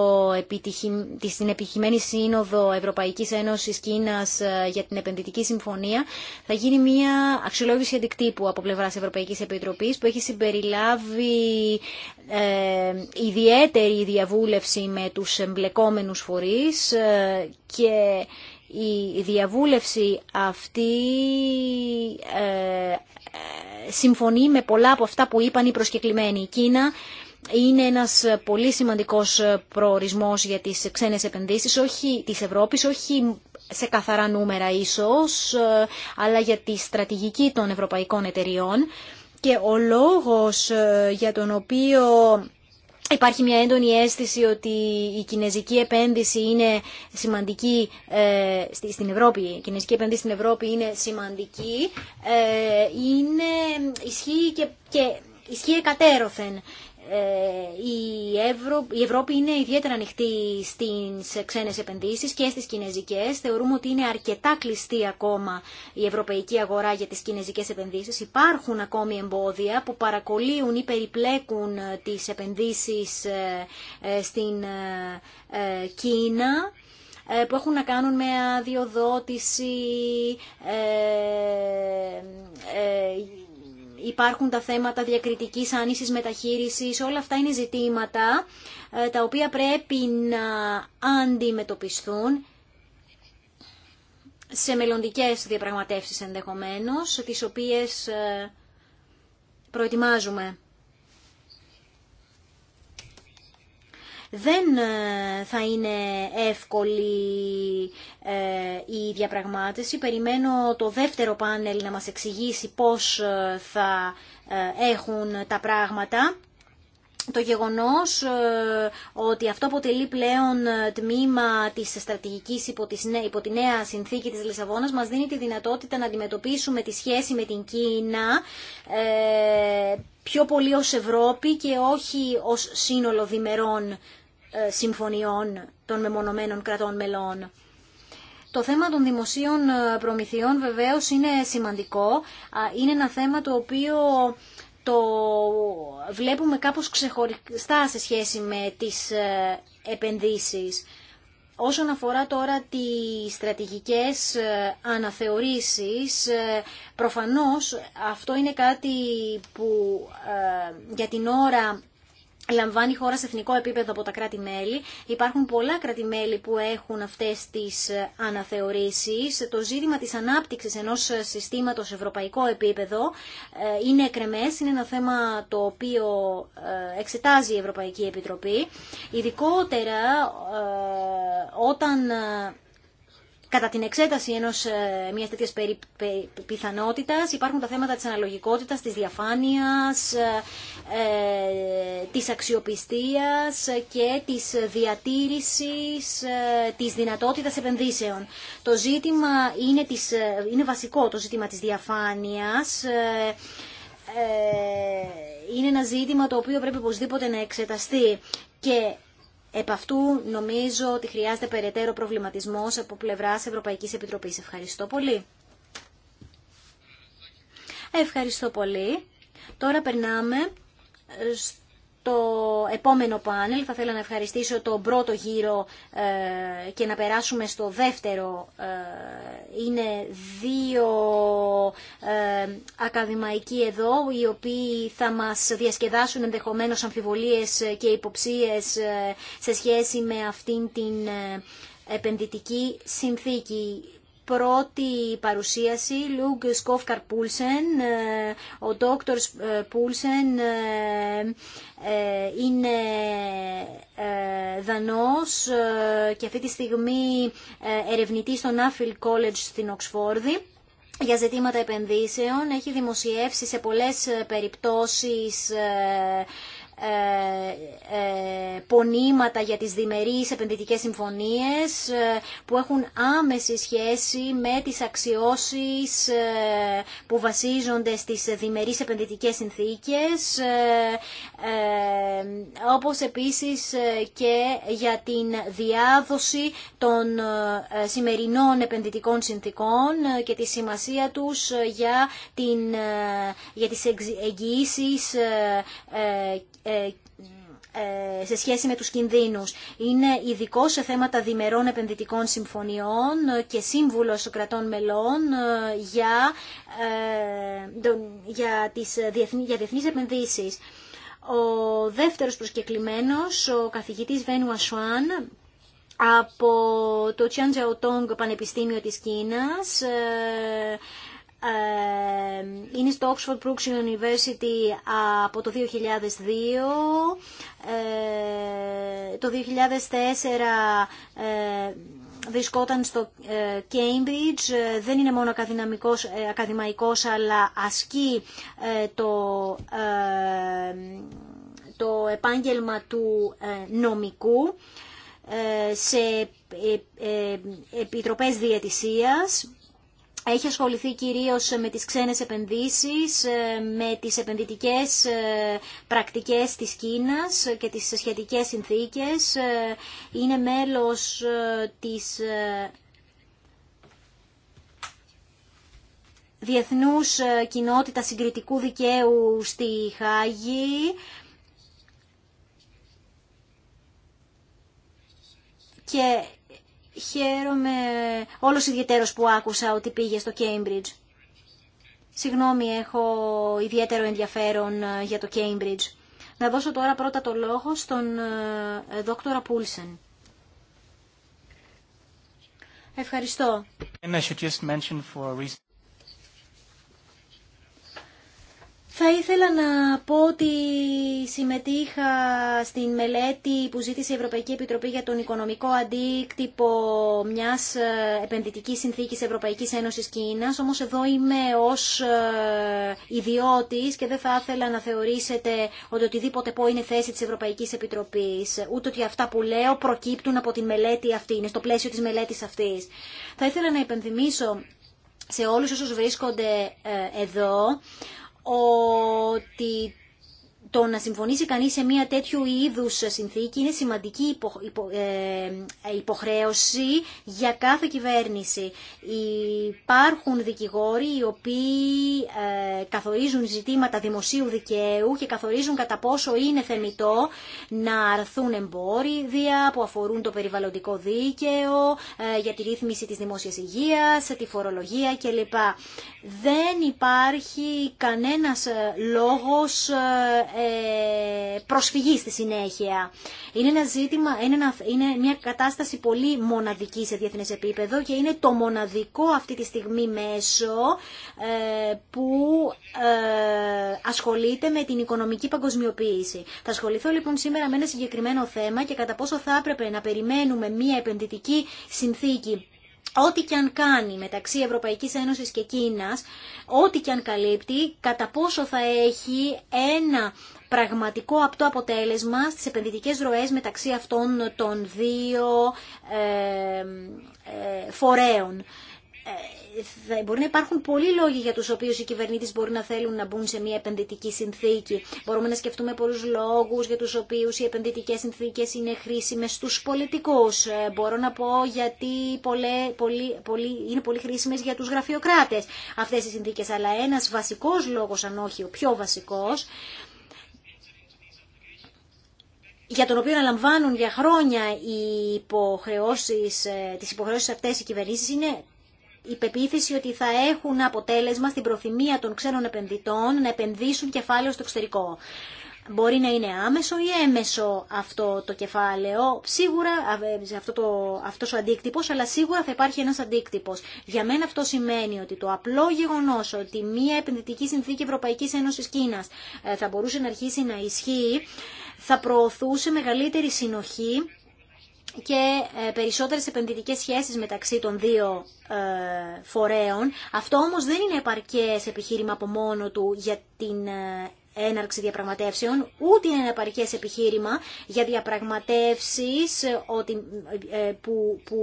την επιχειμένη σύνοδο Ευρωπαϊκής Ένωσης Κίνας ε, για την επενδυτική συμφωνία, θα γίνει μια αξιολόγηση αντικτύπου από πλευράς Ευρωπαϊκής Επιτροπής που έχει συμπεριλάβει ε, ιδιαίτερη διαβούλευση με τους εμπλεκόμενους φορείς και η διαβούλευση αυτή ε, συμφωνεί με πολλά από αυτά που είπαν οι προσκεκλημένοι. Η Κίνα είναι ένας πολύ σημαντικός προορισμός για τις ξένες επενδύσεις όχι, της Ευρώπης, όχι σε καθαρά νούμερα ίσως, ε, αλλά για τη στρατηγική των ευρωπαϊκών εταιριών. Και ο λόγος ε, για τον οποίο Υπάρχει μια έντονη αίσθηση ότι η κινέζικη επένδυση είναι σημαντική ε, στην Ευρώπη. Η κινέζικη επένδυση στην Ευρώπη είναι σημαντική. Ε, είναι ισχύει και, και ισχύει εκατέρωθεν. Ε, η, Ευρώπη είναι ιδιαίτερα ανοιχτή στις ξένες επενδύσεις και στις κινέζικες. Θεωρούμε ότι είναι αρκετά κλειστή ακόμα η ευρωπαϊκή αγορά για τις κινέζικες επενδύσεις. Υπάρχουν ακόμη εμπόδια που παρακολύουν ή περιπλέκουν τις επενδύσεις ε, ε, στην Κίνα που έχουν να κάνουν με αδειοδότηση, υπάρχουν τα θέματα διακριτικής άνησης μεταχείρισης, όλα αυτά είναι ζητήματα ε, τα οποία πρέπει να αντιμετωπιστούν σε μελλοντικές διαπραγματεύσεις ενδεχομένως, τις οποίες ε, προετοιμάζουμε. δεν ε, θα είναι εύκολη ε, η διαπραγμάτευση. Περιμένω το δεύτερο πάνελ να μας εξηγήσει πώς ε, θα έχουν τα πράγματα το γεγονός ότι αυτό αποτελεί πλέον τμήμα της στρατηγικής υπό, υπό τη νέα συνθήκη της Λισαβόνας μας δίνει τη δυνατότητα να αντιμετωπίσουμε τη σχέση με την Κίνα πιο πολύ ως Ευρώπη και όχι ως σύνολο διμερών ε, συμφωνιών των μεμονωμένων κρατών μελών. Το θέμα των δημοσίων ε, προμηθειών βεβαίως είναι σημαντικό. Είναι ένα θέμα το οποίο το βλέπουμε κάπως ξεχωριστά σε σχέση με τις ε, επενδύσεις. Όσον αφορά τώρα τις στρατηγικές αναθεωρήσεις, προφανώς αυτό είναι κάτι που για την ώρα λαμβάνει χώρα σε εθνικό επίπεδο από τα κράτη-μέλη. Υπάρχουν πολλά κράτη-μέλη που έχουν αυτές τις ε, αναθεωρήσεις. Το ζήτημα της ανάπτυξης ενός ε, συστήματος σε ευρωπαϊκό επίπεδο ε, είναι εκρεμές, είναι ένα θέμα το οποίο εξετάζει η Ευρωπαϊκή Επιτροπή. Ειδικότερα όταν κατά την εξέταση ενός, ε, μιας τέτοιας περι, πιθανότητας υπάρχουν τα θέματα της αναλογικότητας, της διαφάνειας, ε, ε, της αξιοπιστίας και της διατήρησης της δυνατότητας επενδύσεων. Το ζήτημα είναι, της, είναι βασικό το ζήτημα της διαφάνειας είναι ένα ζήτημα το οποίο πρέπει οπωσδήποτε να εξεταστεί και Επ' αυτού νομίζω ότι χρειάζεται περαιτέρω προβληματισμός από πλευράς Ευρωπαϊκής Επιτροπής. Ευχαριστώ πολύ. Ευχαριστώ πολύ. Τώρα περνάμε το επόμενο πάνελ. Θα θέλω να ευχαριστήσω τον πρώτο γύρο ε, και να περάσουμε στο δεύτερο. Ε, είναι δύο ε, ακαδημαϊκοί εδώ, οι οποίοι θα μας διασκεδάσουν ενδεχομένως αμφιβολίες και υποψίες σε σχέση με αυτήν την επενδυτική συνθήκη πρώτη παρουσίαση Λουγ Σκόφκαρ Πούλσεν. Ο Δόκτωρ Πούλσεν ε, είναι ε, δανός ε, και αυτή τη στιγμή ερευνητής στο Νάφιλ College στην Οξφόρδη για ζητήματα επενδύσεων. Έχει δημοσιεύσει σε πολλές περιπτώσεις ε, ε, πονήματα για τις διμερείς επενδυτικές συμφωνίες ε, που έχουν άμεση σχέση με τις αξιώσεις που βασίζονται στις διμερείς επενδυτικές συνθήκες όπως επίσης και για την διάδοση των σημερινών επενδυτικών συνθήκων και τη σημασία τους για, την, για τις εγγυήσεις ε, ε, σε σχέση με τους κινδύνους. Είναι ειδικό σε θέματα διμερών επενδυτικών συμφωνιών και σύμβουλος κρατών μελών ε, για, για, τις, για διεθνείς επενδύσεις. Ο δεύτερος προσκεκλημένος, ο καθηγητής Βένου Ασουάν, από το Τσιάντζαοτόγκ Πανεπιστήμιο της Κίνας, είναι στο Oxford Brooks University από το 2002. Ε, το 2004 ε, βρισκόταν στο ε, Cambridge. Δεν είναι μόνο ακαδημαϊκός, αλλά ασκεί το το επάγγελμα του νομικού σε επιτροπές διαιτησίας έχει ασχοληθεί κυρίως με τις ξένες επενδύσεις, ε, με τις επενδυτικές ε, πρακτικές της Κίνας και τις σχετικές συνθήκες. Ε, είναι μέλος της Διεθνούς Κοινότητας Συγκριτικού Δικαίου στη Χάγη και χαίρομαι όλος ιδιαίτερος που άκουσα ότι πήγε στο Cambridge. Συγγνώμη, έχω ιδιαίτερο ενδιαφέρον ε, για το Cambridge. Να δώσω τώρα πρώτα το λόγο στον ε, δόκτωρα Πούλσεν. Ευχαριστώ. Θα ήθελα να πω ότι συμμετείχα στην μελέτη που ζήτησε η Ευρωπαϊκή Επιτροπή για τον οικονομικό αντίκτυπο μιας ε, επενδυτικής συνθήκης Ευρωπαϊκής Ένωσης Κίνας, όμως εδώ είμαι ως ε, ιδιώτης και δεν θα ήθελα να θεωρήσετε ότι οτιδήποτε πω είναι θέση της Ευρωπαϊκής Επιτροπής, ούτε ότι αυτά που λέω προκύπτουν από τη μελέτη αυτή, είναι στο πλαίσιο της μελέτης αυτής. Θα ήθελα να υπενθυμίσω σε όλους όσους βρίσκονται ε, εδώ ότι το να συμφωνήσει κανεί σε μια τέτοιου είδου συνθήκη είναι σημαντική ε, υποχρέωση για κάθε κυβέρνηση. Υπάρχουν δικηγόροι οι οποίοι ε, καθορίζουν ζητήματα δημοσίου δικαίου και καθορίζουν κατά πόσο είναι θεμητό να αρθούν εμπόριδια που αφορούν το περιβαλλοντικό δίκαιο, ε, για τη ρύθμιση της δημόσιας υγείας, τη φορολογία κλπ. Δεν υπάρχει κανένας λόγος ε, προσφυγή στη συνέχεια. Είναι ένα ζήτημα, είναι, ένα, είναι μια κατάσταση πολύ μοναδική σε διεθνές επίπεδο και είναι το μοναδικό αυτή τη στιγμή μέσο ε, που ε, ασχολείται με την οικονομική παγκοσμιοποίηση. Θα ασχοληθώ λοιπόν σήμερα με ένα συγκεκριμένο θέμα και κατά πόσο θα έπρεπε να περιμένουμε μια επενδυτική συνθήκη Ό,τι και αν κάνει μεταξύ Ευρωπαϊκής Ένωσης και Κίνας, ό,τι και αν καλύπτει, κατά πόσο θα έχει ένα πραγματικό αυτό αποτέλεσμα στις επενδυτικές ροές μεταξύ αυτών των δύο ε, ε, φορέων. Ε, μπορεί να υπάρχουν πολλοί λόγοι για τους οποίους οι κυβερνήτες μπορεί να θέλουν να μπουν σε μια επενδυτική συνθήκη. Μπορούμε να σκεφτούμε πολλούς λόγους για τους οποίους οι επενδυτικές συνθήκες είναι χρήσιμες στους πολιτικούς. Ε, μπορώ να πω γιατί πολλέ, είναι πολύ χρήσιμες για τους γραφειοκράτες αυτές οι συνθήκες. Αλλά ένας βασικός λόγος, αν όχι ο πιο βασικός, για τον οποίο αναλαμβάνουν για χρόνια οι υποχρεώσει ε, τις υποχρεώσεις αυτές οι κυβερνήσεις είναι η πεποίθηση ότι θα έχουν αποτέλεσμα στην προθυμία των ξένων επενδυτών να επενδύσουν κεφάλαιο στο εξωτερικό. Μπορεί να είναι άμεσο ή έμεσο αυτό το κεφάλαιο, σίγουρα ε, αυτό το, αυτός ο αντίκτυπος, αλλά σίγουρα θα υπάρχει ένας αντίκτυπος. Για μένα αυτό σημαίνει ότι το απλό γεγονός ότι μια επενδυτική συνθήκη Ευρωπαϊκής Ένωσης Κίνας ε, θα μπορούσε να αρχίσει να ισχύει, θα προωθούσε μεγαλύτερη συνοχή και ε, περισσότερες επενδυτικές σχέσεις μεταξύ των δύο ε, φορέων. Αυτό όμως δεν είναι επαρκές επιχείρημα από μόνο του για την ε, έναρξη διαπραγματεύσεων, ούτε είναι επαρκές επιχείρημα για διαπραγματεύσεις που, που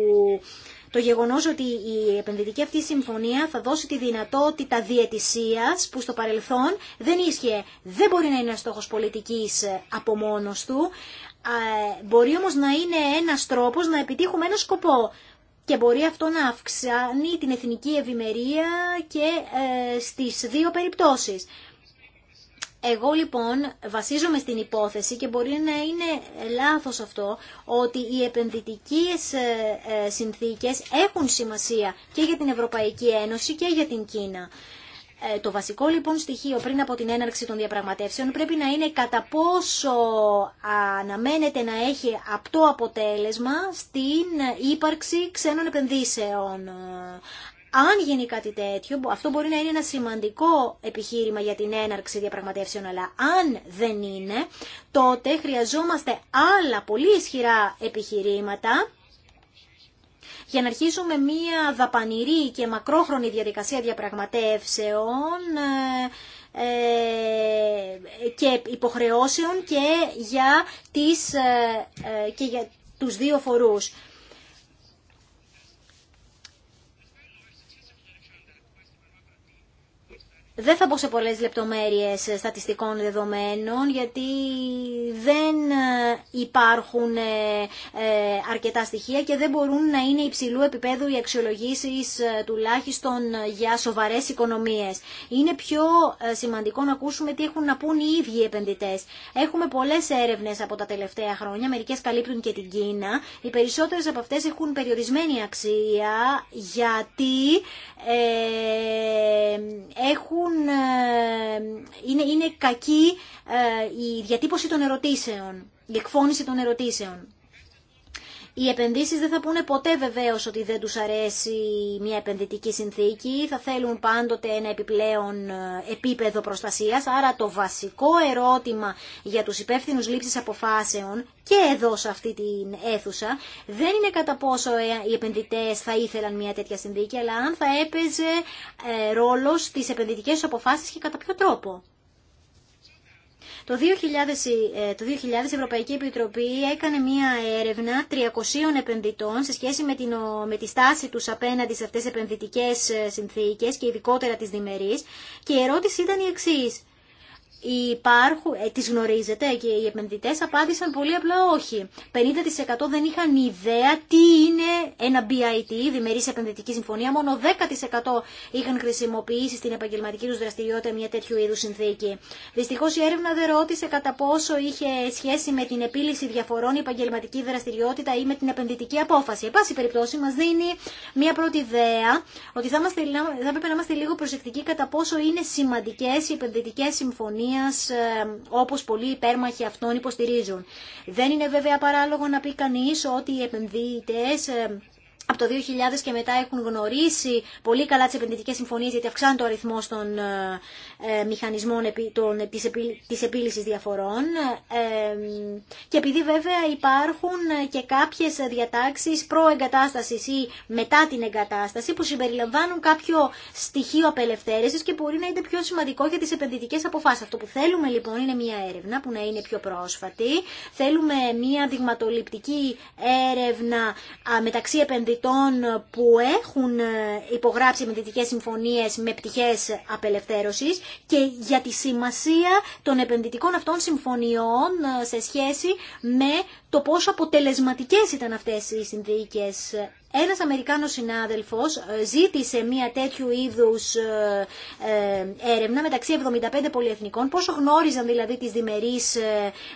το γεγονός ότι η επενδυτική αυτή συμφωνία θα δώσει τη δυνατότητα διαιτησίας που στο παρελθόν δεν ίσχυε. Δεν μπορεί να είναι στόχος πολιτικής από μόνος του μπορεί όμως να είναι ένας τρόπος να επιτύχουμε ένα σκοπό και μπορεί αυτό να αυξάνει την εθνική ευημερία και ε, στις δύο περιπτώσεις. Εγώ λοιπόν βασίζομαι στην υπόθεση και μπορεί να είναι λάθος αυτό ότι οι επενδυτικές ε, ε, συνθήκες έχουν σημασία και για την Ευρωπαϊκή Ένωση και για την Κίνα. Ε, το βασικό λοιπόν στοιχείο πριν από την έναρξη των διαπραγματεύσεων πρέπει να είναι κατά πόσο αναμένεται να έχει αυτό αποτέλεσμα στην ύπαρξη ξένων επενδύσεων. Αν γίνει κάτι τέτοιο, αυτό μπορεί να είναι ένα σημαντικό επιχείρημα για την έναρξη διαπραγματεύσεων, αλλά αν δεν είναι, τότε χρειαζόμαστε άλλα πολύ ισχυρά επιχειρήματα για να αρχίσουμε μία δαπανηρή και μακρόχρονη διαδικασία διαπραγματεύσεων ε, ε, και υποχρεώσεων και για, τις, ε, και για τους δύο φορούς. Δεν θα μπω σε πολλές λεπτομέρειες στατιστικών δεδομένων γιατί δεν ε, υπάρχουν ε, ε, αρκετά στοιχεία και δεν μπορούν να είναι υψηλού επίπεδου οι αξιολογήσεις τουλάχιστον για σοβαρές οικονομίες. Είναι πιο σημαντικό να ακούσουμε τι έχουν να πούν οι ίδιοι επενδυτές. Έχουμε πολλές έρευνες από τα τελευταία χρόνια, μερικές καλύπτουν και την Κίνα. Οι περισσότερες από αυτές έχουν περιορισμένη αξία γιατί έχουν ε, είναι, είναι κακή ε, η διατύπωση των ερωτήσεων, η εκφώνηση των ερωτήσεων. Οι επενδύσει δεν θα πούνε ποτέ βεβαίω ότι δεν του αρέσει μια επενδυτική συνθήκη, θα θέλουν πάντοτε ένα επιπλέον ε, επίπεδο προστασίας, άρα το βασικό ερώτημα για τους υπεύθυνου λήψη αποφάσεων και εδώ σε αυτή την αίθουσα δεν είναι κατά πόσο ε, οι επενδυτές θα ήθελαν μια τέτοια συνθήκη, αλλά αν θα έπαιζε ε, ρόλο στις επενδυτικές αποφάσει και κατά ποιο τρόπο. Το 2000, ε, το 2000 η Ευρωπαϊκή Επιτροπή έκανε μία έρευνα 300 επενδυτών σε σχέση με, την, με τη στάση τους απέναντι σε αυτές τις επενδυτικές ε, συνθήκες και ειδικότερα τις διμερείς και η ερώτηση ήταν η εξής υπάρχουν, ε, τις γνωρίζετε και οι επενδυτές απάντησαν πολύ απλά όχι. 50% δεν είχαν ιδέα τι είναι ένα BIT, διμερής επενδυτική συμφωνία, μόνο 10% είχαν χρησιμοποιήσει στην επαγγελματική τους δραστηριότητα μια τέτοιου είδους συνθήκη. Δυστυχώς η έρευνα δεν ρώτησε κατά πόσο είχε σχέση με την επίλυση διαφορών η επαγγελματική δραστηριότητα ή με την επενδυτική απόφαση. Εν πάση περιπτώσει μας δίνει μια πρώτη ιδέα ότι θα, είμαστε, θα πρέπει να είμαστε λίγο προσεκτικοί κατά πόσο είναι σημαντικές οι επενδυτικές συμφωνίες κοινωνία ε, όπως πολλοί υπέρμαχοι αυτών υποστηρίζουν. Δεν είναι βέβαια παράλογο να πει κανεί ότι οι επενδύτες ε, από το 2000 και μετά έχουν γνωρίσει πολύ καλά τις επενδυτικές συμφωνίες γιατί αυξάνει το αριθμό των ε, ε, μηχανισμών επί, των, της, επί, επίλυσης διαφορών ε, και επειδή βέβαια υπάρχουν και κάποιες διατάξεις προεγκατάστασης ή μετά την εγκατάσταση που συμπεριλαμβάνουν κάποιο στοιχείο απελευθέρωσης και μπορεί να είναι πιο σημαντικό για τις επενδυτικές αποφάσεις. Αυτό που θέλουμε λοιπόν είναι μια έρευνα που να είναι πιο πρόσφατη. Θέλουμε μια δειγματοληπτική έρευνα μεταξύ επενδυτικών που έχουν ε, υπογράψει επενδυτικές συμφωνίες με πτυχές απελευθέρωσης και για τη σημασία των επενδυτικών αυτών συμφωνιών ε, σε σχέση με το πόσο αποτελεσματικές ήταν αυτές οι συνθήκες. Ένας Αμερικάνος συνάδελφος ε, ζήτησε μία τέτοιου είδους έρευνα μεταξύ 75 πολυεθνικών, πόσο γνώριζαν δηλαδή τις διμερείς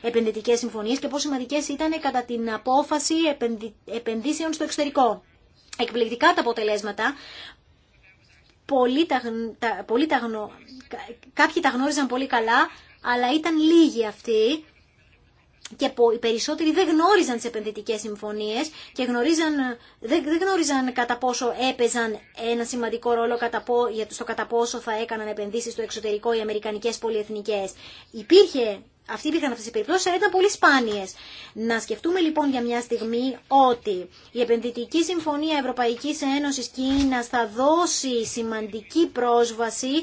επενδυτικές συμφωνίες και πόσο σημαντικές ήταν κατά την απόφαση επενδύσεων στο εξωτερικό εκπληκτικά τα αποτελέσματα. τα, κάποιοι τα γνώριζαν πολύ καλά, αλλά ήταν λίγοι αυτοί και οι περισσότεροι δεν γνώριζαν τις επενδυτικές συμφωνίες και γνωρίζαν, δεν, δεν γνώριζαν κατά πόσο έπαιζαν ένα σημαντικό ρόλο κατά στο κατά πόσο θα έκαναν επενδύσεις στο εξωτερικό οι αμερικανικές πολυεθνικές. Υπήρχε αυτοί υπήρχαν αυτές οι περιπτώσεις, ήταν πολύ σπάνιε. Να σκεφτούμε λοιπόν για μια στιγμή ότι η επενδυτική συμφωνία Ευρωπαϊκής Ένωσης Κίνα θα δώσει σημαντική πρόσβαση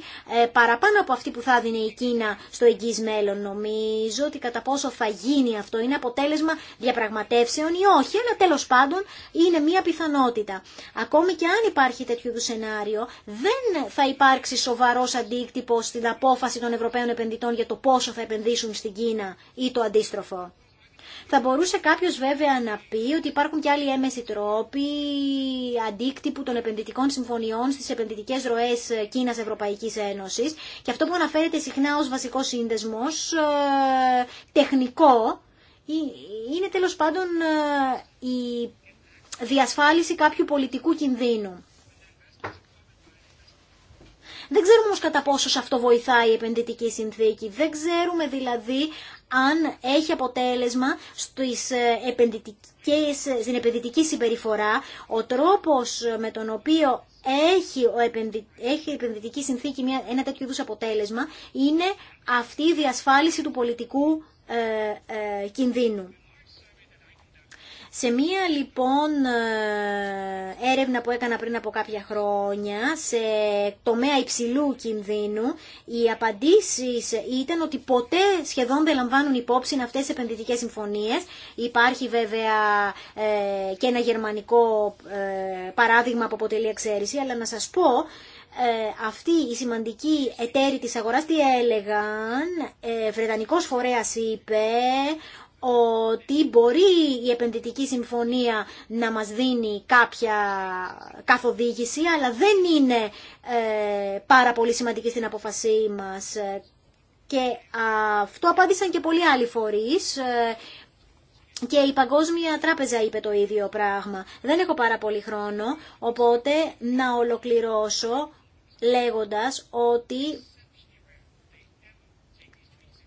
ε, παραπάνω από αυτή που θα δίνει η Κίνα στο εγγύ μέλλον. Νομίζω ότι κατά πόσο θα γίνει αυτό είναι αποτέλεσμα διαπραγματεύσεων ή όχι, αλλά τέλο πάντων είναι μια πιθανότητα. Ακόμη και αν υπάρχει τέτοιου είδου σενάριο, δεν θα υπάρξει σοβαρό αντίκτυπο στην απόφαση των Ευρωπαίων επενδυτών για το πόσο θα επενδύσουν στη Κίνα ή το αντίστροφο. Θα μπορούσε κάποιος βέβαια να πει ότι υπάρχουν και άλλοι έμεση τρόποι αντίκτυπου των επενδυτικών συμφωνιών στις επενδυτικές ροές Κίνας-Ευρωπαϊκής Ένωσης και αυτό που αναφέρεται συχνά ως βασικό σύνδεσμος, ε, τεχνικό, είναι τέλος πάντων ε, η διασφάλιση κάποιου πολιτικού κινδύνου. Δεν ξέρουμε όμως κατά πόσο σε αυτό βοηθάει η επενδυτική συνθήκη. Δεν ξέρουμε δηλαδή αν έχει αποτέλεσμα στις ε, στην επενδυτική συμπεριφορά ο τρόπος με τον οποίο έχει, ο η επενδυτική συνθήκη μια, ένα τέτοιο είδους αποτέλεσμα είναι αυτή η διασφάλιση του πολιτικού ε, ε, κινδύνου. Σε μία λοιπόν ε, έρευνα που έκανα πριν από κάποια χρόνια σε τομέα υψηλού κινδύνου, οι απαντήσεις ήταν ότι ποτέ σχεδόν δεν λαμβάνουν υπόψη αυτές τις επενδυτικές συμφωνίες. Υπάρχει βέβαια ε, και ένα γερμανικό ε, παράδειγμα που αποτελεί εξαίρεση, αλλά να σας πω αυτή η σημαντική σημαντικοί εταίροι της αγοράς τι έλεγαν, ε, Βρετανικός φορέας είπε ότι μπορεί η επενδυτική συμφωνία να μας δίνει κάποια καθοδήγηση, αλλά δεν είναι ε, πάρα πολύ σημαντική στην αποφασή μας. Και αυτό απάντησαν και πολλοί άλλοι φορείς. Ε, και η Παγκόσμια Τράπεζα είπε το ίδιο πράγμα. Δεν έχω πάρα πολύ χρόνο, οπότε να ολοκληρώσω λέγοντας ότι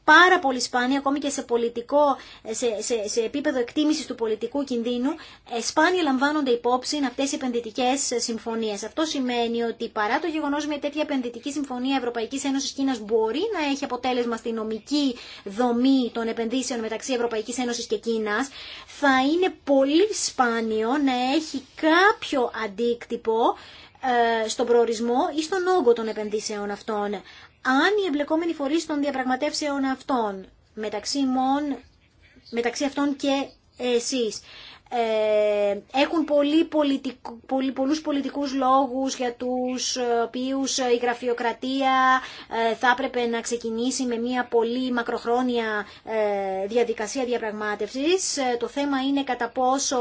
πάρα πολύ σπάνια, ακόμη και σε, πολιτικό, σε, σε, σε επίπεδο εκτίμηση του πολιτικού κινδύνου, ε, σπάνια λαμβάνονται υπόψη αυτέ οι επενδυτικέ συμφωνίε. Αυτό σημαίνει ότι παρά το γεγονό μια τέτοια επενδυτική συμφωνία Ευρωπαϊκή Ένωση Κίνα μπορεί να έχει αποτέλεσμα στη νομική δομή των επενδύσεων μεταξύ Ευρωπαϊκή Ένωση και Κίνα. θα είναι πολύ σπάνιο να έχει κάποιο αντίκτυπο ε, στον προορισμό ή στον όγκο των επενδύσεων αυτών αν οι εμπλεκόμενοι φορεί των διαπραγματεύσεων αυτών μεταξύ, μον, μεταξύ αυτών και εσείς ε, έχουν πολύ πολιτικο, πολύ, πολλούς πολιτικούς λόγους για τους ε, οποίους ε, η γραφειοκρατία θα έπρεπε να ξεκινήσει με μια πολύ μακροχρόνια διαδικασία διαπραγμάτευσης. Το θέμα είναι κατά πόσο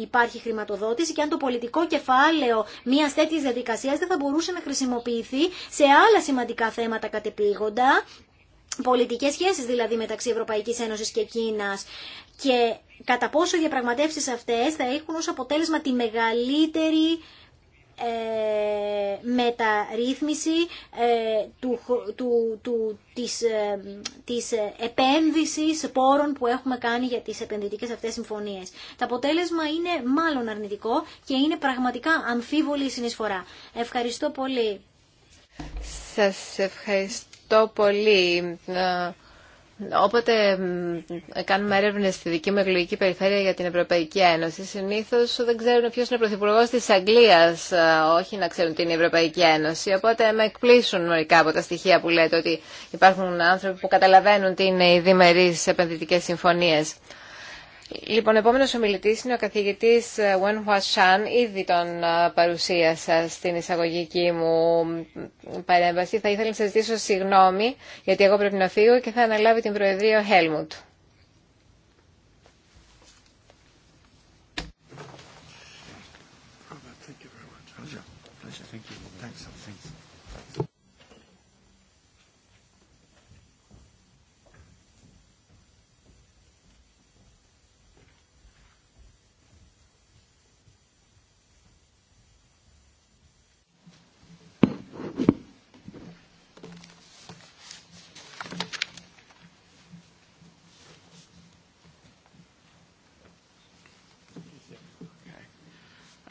υπάρχει χρηματοδότηση και αν το πολιτικό κεφάλαιο μια τέτοια διαδικασίας δεν θα μπορούσε να χρησιμοποιηθεί σε άλλα σημαντικά θέματα κατεπήγοντα πολιτικές σχέσεις δηλαδή μεταξύ Ευρωπαϊκής Ένωσης και Κίνας και κατά πόσο οι διαπραγματεύσεις αυτές θα έχουν ως αποτέλεσμα τη μεγαλύτερη ε, μεταρρύθμιση ε, του, του, του, της, ε, της επένδυσης πόρων που έχουμε κάνει για τις επενδυτικές αυτές συμφωνίες. Το αποτέλεσμα είναι μάλλον αρνητικό και είναι πραγματικά αμφίβολη η συνεισφορά. Ευχαριστώ πολύ. Σας ευχαριστώ Ευχαριστώ πολύ. Ε, όποτε κάνουμε έρευνε στη δική μου εκλογική περιφέρεια για την Ευρωπαϊκή Ένωση, συνήθω δεν ξέρουν ποιο είναι ο Πρωθυπουργό τη Αγγλία, ε, όχι να ξέρουν τι είναι η Ευρωπαϊκή Ένωση. Οπότε με εκπλήσουν μερικά από τα στοιχεία που λέτε ότι υπάρχουν άνθρωποι που καταλαβαίνουν τι είναι οι διμερεί επενδυτικέ συμφωνίε. Λοιπόν, επόμενος ομιλητής είναι ο καθηγητής ε, Wen Hua Shan. Ήδη τον ε, παρουσίασα στην εισαγωγική μου παρέμβαση. Θα ήθελα να σας ζητήσω συγγνώμη, γιατί εγώ πρέπει να φύγω και θα αναλάβει την Προεδρία ο Χέλμουντ.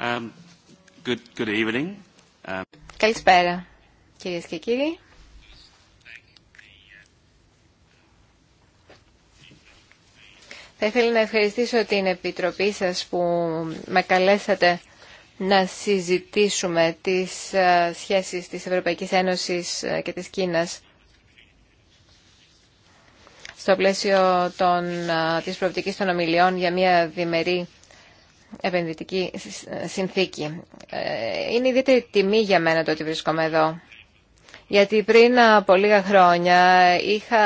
Um, um, Καλησπέρα, κυρίες και κύριοι. Θα ήθελα να ευχαριστήσω την Επιτροπή σας που με καλέσατε να συζητήσουμε τις ε, σχέσεις της Ευρωπαϊκής Ένωσης ε, και της Κίνας στο πλαίσιο των, ε, της προοπτικής των ομιλιών για μια διμερή επενδυτική συνθήκη. Ε, είναι ιδιαίτερη τιμή για μένα το ότι βρίσκομαι εδώ. Γιατί πριν από λίγα χρόνια είχα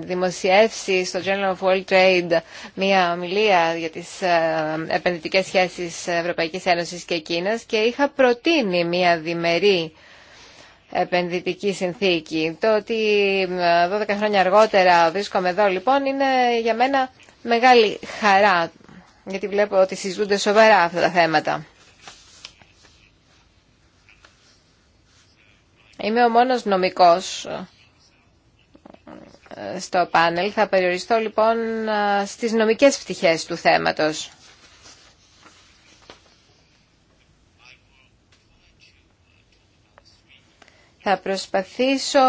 δημοσιεύσει στο Journal of World Trade μία ομιλία για τις ε, επενδυτικές σχέσεις Ευρωπαϊκής Ένωσης και Κίνας και είχα προτείνει μία διμερή επενδυτική συνθήκη. Το ότι 12 ε, χρόνια αργότερα βρίσκομαι εδώ λοιπόν είναι για μένα μεγάλη χαρά γιατί βλέπω ότι συζητούνται σοβαρά αυτά τα θέματα. Είμαι ο μόνος νομικός ε, στο πάνελ. Θα περιοριστώ λοιπόν ε, στις νομικές πτυχές του θέματος. Θα προσπαθήσω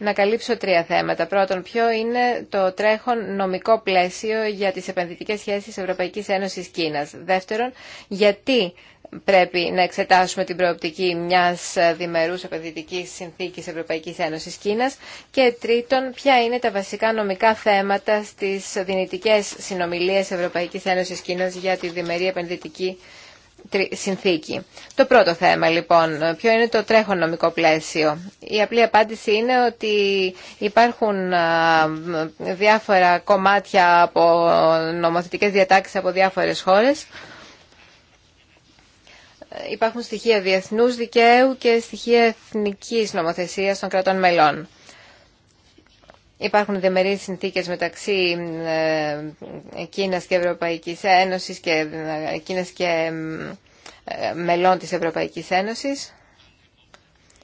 να καλύψω τρία θέματα. Πρώτον, ποιο είναι το τρέχον νομικό πλαίσιο για τις επενδυτικές σχέσεις Ευρωπαϊκής Ένωσης Κίνας. Δεύτερον, γιατί πρέπει να εξετάσουμε την προοπτική μιας διμερούς επενδυτικής συνθήκης Ευρωπαϊκής Ένωσης Κίνας και τρίτον, ποια είναι τα βασικά νομικά θέματα στις δυνητικές συνομιλίες Ευρωπαϊκής Ένωσης Κίνας για τη διμερή επενδυτική συνθήκη. Το πρώτο θέμα λοιπόν, ποιο είναι το τρέχον νομικό πλαίσιο. Η απλή απάντηση είναι ότι υπάρχουν διάφορα κομμάτια από νομοθετικές διατάξεις από διάφορες χώρες. Υπάρχουν στοιχεία διεθνούς δικαίου και στοιχεία εθνικής νομοθεσίας των κρατών μελών. Υπάρχουν διαμερείς συνθήκες μεταξύ ε, Κίνας και Ευρωπαϊκής Ένωσης και ε, Κίνας και ε, μελών της Ευρωπαϊκής Ένωσης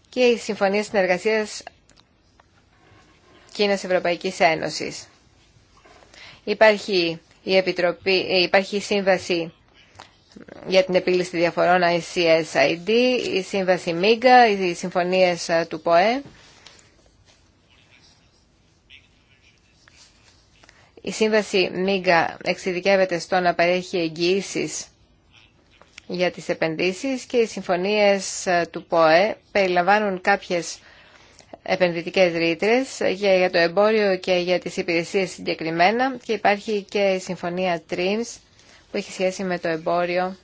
και η Συμφωνία Συνεργασίας Κίνας Ευρωπαϊκής Ένωσης. Υπάρχει η, Επιτροπή, υπάρχει Σύμβαση για την επίλυση διαφορών ICSID, η Σύμβαση MIGA, οι συμφωνίες του ΠΟΕ Η σύμβαση ΜΙΓΑ εξειδικεύεται στο να παρέχει εγγυήσει για τις επενδύσεις και οι συμφωνίες ε, του ΠΟΕ περιλαμβάνουν κάποιες επενδυτικές ρήτρες για το εμπόριο και για τις υπηρεσίες συγκεκριμένα και υπάρχει και η συμφωνία TRIMS που έχει σχέση με το εμπόριο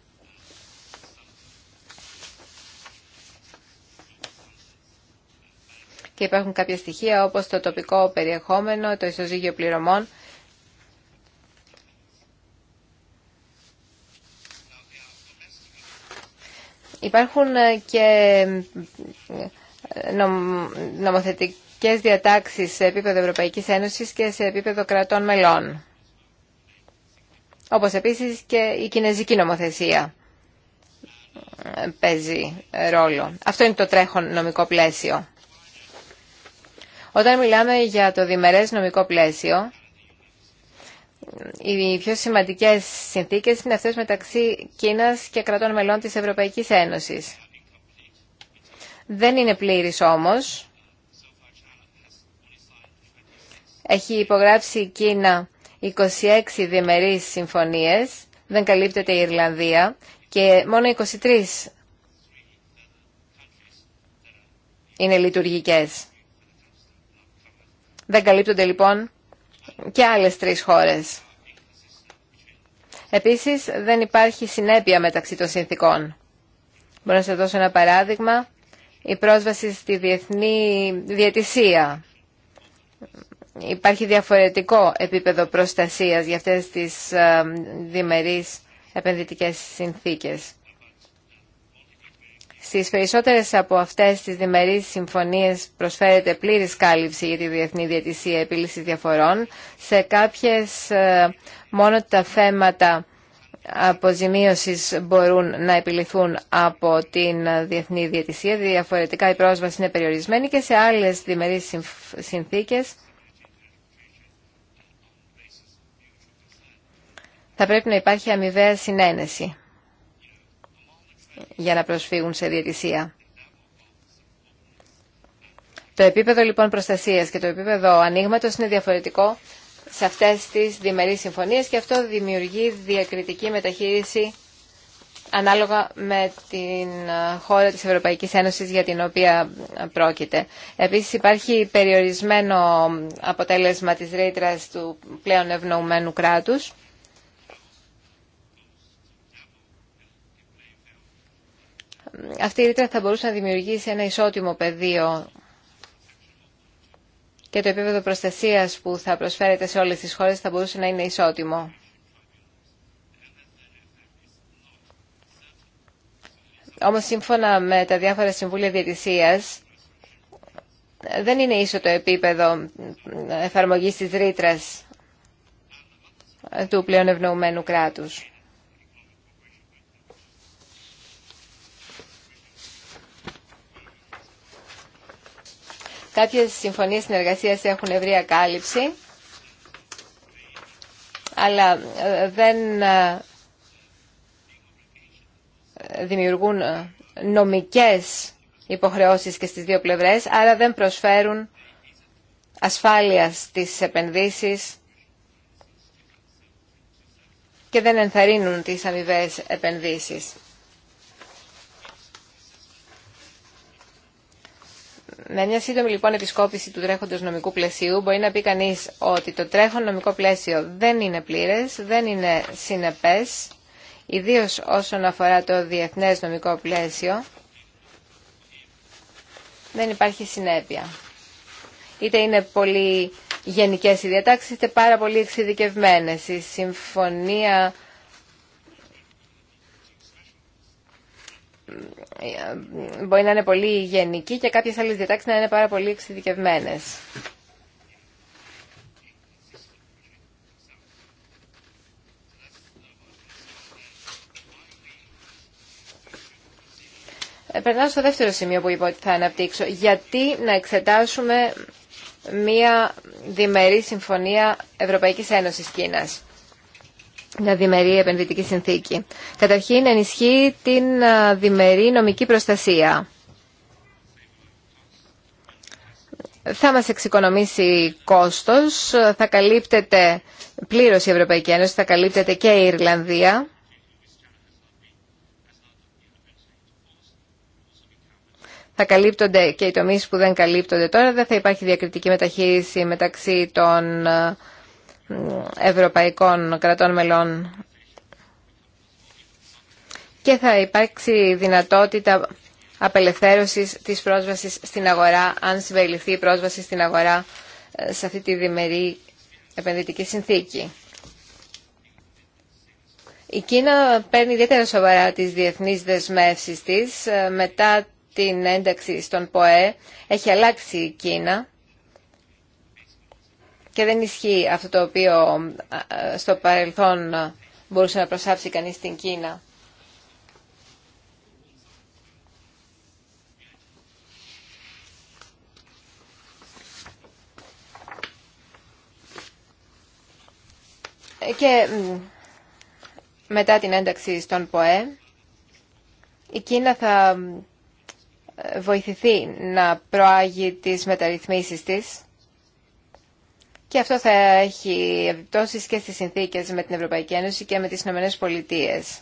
και υπάρχουν κάποια στοιχεία όπως το τοπικό περιεχόμενο, το ισοζύγιο πληρωμών Υπάρχουν ε, και ε, νομοθετικές διατάξεις σε επίπεδο Ευρωπαϊκής Ένωσης και σε επίπεδο κρατών μελών. Όπως επίσης και η κινέζικη νομοθεσία ε, παίζει ρόλο. Αυτό είναι το τρέχον νομικό πλαίσιο. Όταν μιλάμε για το διμερές νομικό πλαίσιο, οι πιο σημαντικές συνθήκες είναι αυτές μεταξύ Κίνας και κρατών μελών της Ευρωπαϊκής Ένωσης. Δεν είναι πλήρης όμως. Έχει υπογράψει η Κίνα 26 διμερείς συμφωνίες, δεν καλύπτεται η Ιρλανδία και μόνο 23 είναι λειτουργικές. Δεν καλύπτονται λοιπόν και άλλες τρεις χώρες. Επίσης, δεν υπάρχει συνέπεια μεταξύ των συνθήκων. Μπορώ να σας δώσω ένα παράδειγμα. Η πρόσβαση στη διεθνή διαιτησία. Υπάρχει διαφορετικό επίπεδο προστασίας για αυτές τις ε, διμερείς επενδυτικές συνθήκες. Στις περισσότερες από αυτές τις διμερείς συμφωνίες προσφέρεται πλήρης κάλυψη για τη διεθνή διατησία επίλυση διαφορών. Σε κάποιες ε, μόνο τα θέματα αποζημίωσης μπορούν να επιληθούν από την διεθνή διατησία. Διαφορετικά η πρόσβαση είναι περιορισμένη και σε άλλες διμερείς συνθήκες θα πρέπει να υπάρχει αμοιβαία συνένεση για να προσφύγουν σε διαιτησία. Το επίπεδο λοιπόν προστασίας και το επίπεδο ανοίγματο είναι διαφορετικό σε αυτές τις διμερείς συμφωνίες και αυτό δημιουργεί διακριτική μεταχείριση ανάλογα με την χώρα της Ευρωπαϊκής Ένωσης για την οποία πρόκειται. Επίσης υπάρχει περιορισμένο αποτέλεσμα της ρήτρας του πλέον ευνοουμένου κράτους αυτή η ρήτρα θα μπορούσε να δημιουργήσει ένα ισότιμο πεδίο και το επίπεδο προστασίας που θα προσφέρεται σε όλες τις χώρες θα μπορούσε να είναι ισότιμο. Όμως σύμφωνα με τα διάφορα συμβούλια διατησίας, δεν είναι ίσο το επίπεδο εφαρμογής της ρήτρα του πλέον ευνοουμένου κράτους. Κάποιες συμφωνίες συνεργασίας έχουν ευρία κάλυψη, αλλά ε, δεν ε, δημιουργούν ε, νομικές υποχρεώσεις και στις δύο πλευρές, άρα δεν προσφέρουν ασφάλεια στις επενδύσεις και δεν ενθαρρύνουν τις αμοιβέ επενδύσεις. Με μια σύντομη λοιπόν επισκόπηση του τρέχοντος νομικού πλαισίου μπορεί να πει κανείς ότι το τρέχον νομικό πλαίσιο δεν είναι πλήρες, δεν είναι συνεπές, ιδίως όσον αφορά το διεθνές νομικό πλαίσιο, δεν υπάρχει συνέπεια. Είτε είναι πολύ γενικές οι διατάξεις, είτε πάρα πολύ εξειδικευμένες. Η συμφωνία Ε, μπορεί να είναι πολύ γενική και κάποιες άλλες διατάξεις να είναι πάρα πολύ εξειδικευμένες. Ε, περνάω στο δεύτερο σημείο που είπα ότι θα αναπτύξω. Γιατί να εξετάσουμε μία διμερή συμφωνία Ευρωπαϊκής Ένωσης Κίνας μια διμερή επενδυτική συνθήκη. Καταρχήν ενισχύει την διμερή νομική προστασία. Θα μας εξοικονομήσει κόστος, θα καλύπτεται πλήρως η Ευρωπαϊκή Ένωση, θα καλύπτεται και η Ιρλανδία. θα καλύπτονται και οι τομείς που δεν καλύπτονται τώρα, δεν θα υπάρχει διακριτική μεταχείριση μεταξύ των ευρωπαϊκών κρατών μελών και θα υπάρξει δυνατότητα απελευθέρωσης της πρόσβασης στην αγορά αν συμπεριληφθεί η πρόσβαση στην αγορά ε, σε αυτή τη διμερή επενδυτική συνθήκη. Η Κίνα παίρνει ιδιαίτερα σοβαρά τις διεθνείς δεσμεύσεις της ε, μετά την ένταξη στον ΠΟΕ. Έχει αλλάξει η Κίνα και δεν ισχύει αυτό το οποίο στο παρελθόν μπορούσε να προσάψει κανείς στην Κίνα. Και μετά την ένταξη στον ΠΟΕ, η Κίνα θα βοηθηθεί να προάγει τις μεταρρυθμίσεις της και αυτό θα έχει επιπτώσει και στις συνθήκες με την Ευρωπαϊκή Ένωση και με τις Ηνωμένες Πολιτείες.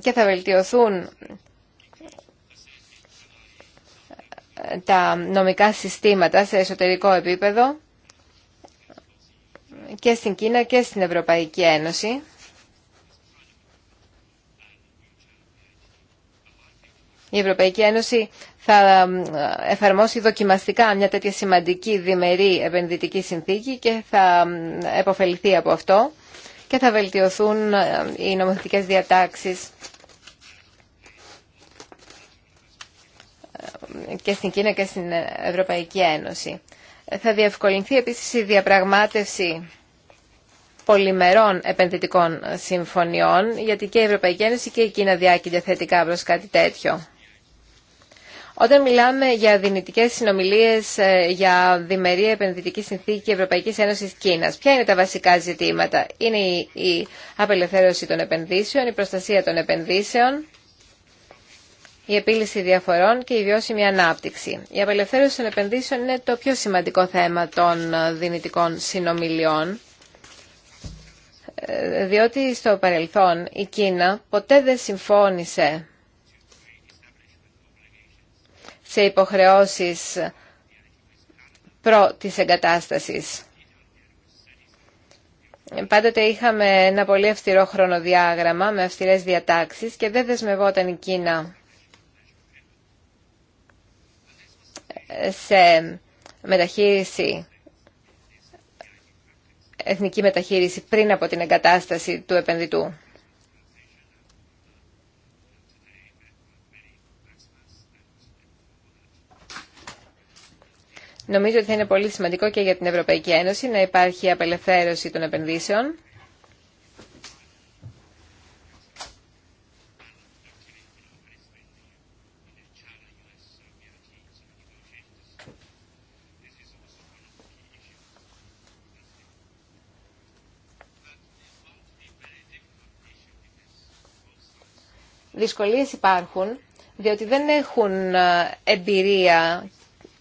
Και θα βελτιωθούν τα νομικά συστήματα σε εσωτερικό επίπεδο και στην Κίνα και στην Ευρωπαϊκή Ένωση. η Ευρωπαϊκή Ένωση θα εφαρμόσει δοκιμαστικά μια τέτοια σημαντική διμερή επενδυτική συνθήκη και θα επωφεληθεί από αυτό και θα βελτιωθούν ε, οι νομοθετικές διατάξεις ε, και στην Κίνα και στην Ευρωπαϊκή Ένωση. Θα διευκολυνθεί επίσης η διαπραγμάτευση πολυμερών επενδυτικών συμφωνιών, γιατί και η Ευρωπαϊκή Ένωση και η Κίνα διάκυνται θετικά προς κάτι τέτοιο. Όταν μιλάμε για δυνητικέ συνομιλίε ε, για διμερή επενδυτική συνθήκη Ευρωπαϊκή Ένωση Κίνα, ποια είναι τα βασικά ζητήματα. Είναι η απελευθέρωση των επενδύσεων, η προστασία των επενδύσεων, η επίλυση διαφορών και η βιώσιμη ανάπτυξη. Η απελευθέρωση των επενδύσεων είναι το πιο σημαντικό θέμα των δυνητικών συνομιλιών ε, διότι στο παρελθόν η Κίνα ποτέ δεν συμφώνησε σε υποχρεώσεις προ της εγκατάστασης. Πάντοτε είχαμε ένα πολύ αυστηρό χρονοδιάγραμμα με αυστηρές διατάξεις και δεν δεσμευόταν η Κίνα σε μεταχείριση εθνική μεταχείριση πριν από την εγκατάσταση του επενδυτού. Νομίζω ότι θα είναι πολύ σημαντικό και για την Ευρωπαϊκή Ένωση να υπάρχει απελευθέρωση των επενδύσεων. Δυσκολίες υπάρχουν, διότι δεν έχουν ε, εμπειρία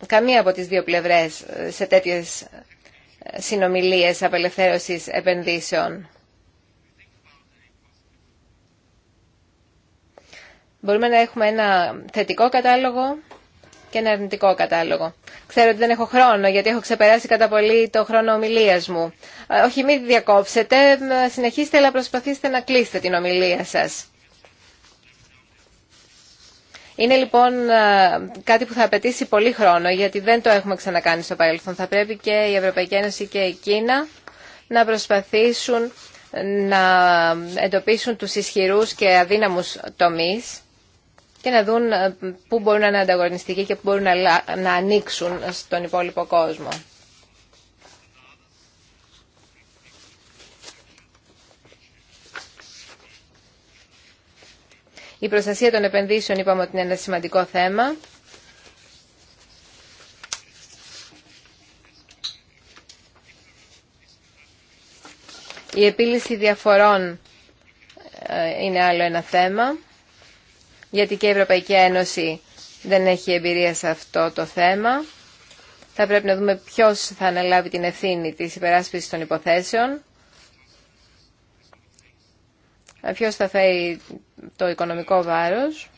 καμία από τις δύο πλευρές ε, σε τέτοιες ε, συνομιλίες απελευθέρωσης επενδύσεων. Μπορούμε να έχουμε ένα θετικό κατάλογο και ένα αρνητικό κατάλογο. Ξέρω ότι δεν έχω χρόνο, γιατί έχω ξεπεράσει κατά πολύ το χρόνο ομιλία μου. Ε, όχι, μην διακόψετε, συνεχίστε, αλλά προσπαθήστε να κλείσετε την ομιλία σας. Είναι λοιπόν ε, κάτι που θα απαιτήσει πολύ χρόνο γιατί δεν το έχουμε ξανακάνει στο παρελθόν. Θα πρέπει και η Ευρωπαϊκή Ένωση και η Κίνα να προσπαθήσουν να εντοπίσουν τους ισχυρούς και αδύναμους τομείς και να δουν ε, πού μπορούν να είναι ανταγωνιστικοί και πού μπορούν να ανοίξουν στον υπόλοιπο κόσμο. Η προστασία των επενδύσεων είπαμε ότι είναι ένα σημαντικό θέμα. Η επίλυση διαφορών ε, είναι άλλο ένα θέμα, γιατί και η Ευρωπαϊκή Ένωση δεν έχει εμπειρία σε αυτό το θέμα. Θα πρέπει να δούμε ποιος θα αναλάβει την ευθύνη της υπεράσπισης των υποθέσεων ποιος θα φέρει το οικονομικό βάρος.